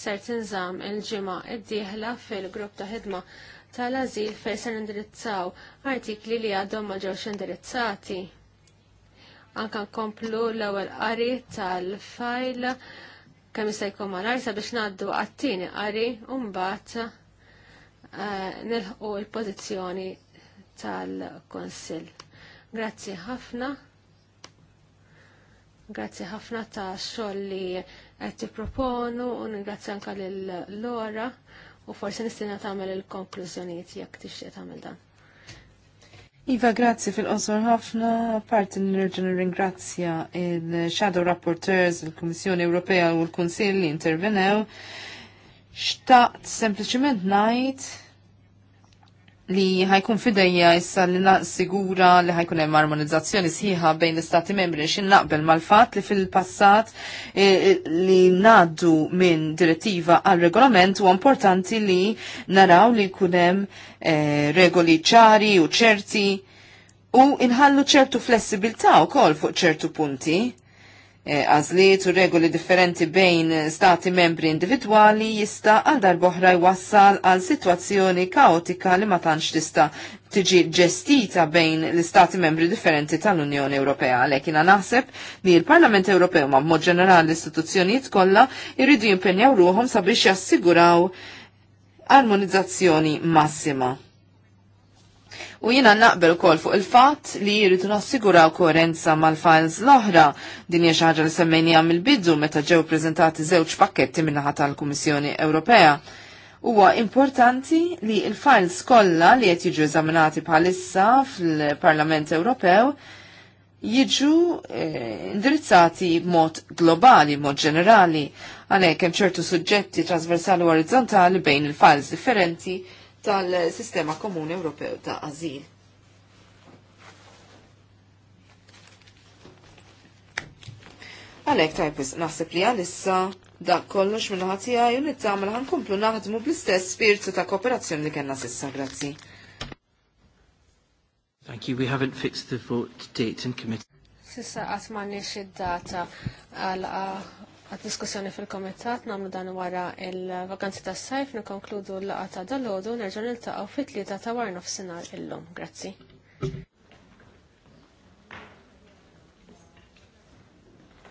ser tinżamm il-ġimgħa id-dieħla fil-grupp ta' ħidma tal ażil fejn se nindirizzaw artikli li għadhom ma ġewx indirizzati. Anka nkomplu l-ewwel qari tal-fajl kemm jista' jkun malar sabiex ngħaddu għat-tieni qari u mbagħad eh, nilħqu l-pożizzjoni tal kunsill Grazzi ħafna. Grazzi ħafna ta' xoll li qed tipproponu u ningrazzi anka lil Lora u forsi nistina tagħmel il-konklużjonijiet jekk tixtieq tagħmel dan. Iva, grazzi fil-qosor ħafna, parti nirġu ringrazzja il-Shadow Rapporteurs, il-Kommissjoni Ewropea u l-Kunsill li intervenew. Xtaqt sempliciment najt li ħajkun fidejja issa li sigura li ħajkun hemm armonizzazzjoni sħiħa bejn l-istati membri xin naqbel mal-fatt li fil-passat eh, eh, li naddu minn direttiva għal regolament u importanti li naraw li jkun hemm eh, regoli ċari u ċerti u inħallu ċertu flessibilità wkoll fuq ċertu punti E, għazliet u regoli differenti bejn stati membri individuali jista għal darboħra jwassal għal situazzjoni kaotika li ma tantx tista tiġi ġestita bejn l-istati membri differenti tal-Unjoni Ewropea. Lekina naħseb li l-Parlament Ewropew ma' mod ġenerali l-istituzzjonijiet kollha jridu jimpenjaw ruħom sabiex jassiguraw armonizzazzjoni massima. U jina naqbel kol fuq il-fat li jiridu nassiguraw koerenza mal-files l-oħra din hija ħaġa li semmejnija mill-bidu meta ġew preżentati żewġ pakketti minnaħa tal-Kummissjoni Ewropea. Huwa importanti li il-files kollha li qed jiġu eżaminati bħalissa fil-Parlament Ewropew jiġu eh, indirizzati mod globali, mod ġenerali, għalhekk hemm ċertu suġġetti trasversali u orizzontali bejn il-files differenti tal-Sistema Komuni Ewropew ta' Azil. Għalek tajpis, naħseb li għalissa da kollox għaj ħatijaj u nittamil ħankomplu naħdmu bl-istess spiritu ta' kooperazzjoni li kena sissa, grazzi. Thank you, we haven't fixed the vote date in committee. Sissa nix id data għal għad diskussjoni fil-komitat namlu dan wara il-vakanzi tas sajf nikonkludu l laqata dal-ħodu nerġan il-taqaw fit-tlieta ta' warnof sinar illum. Grazzi.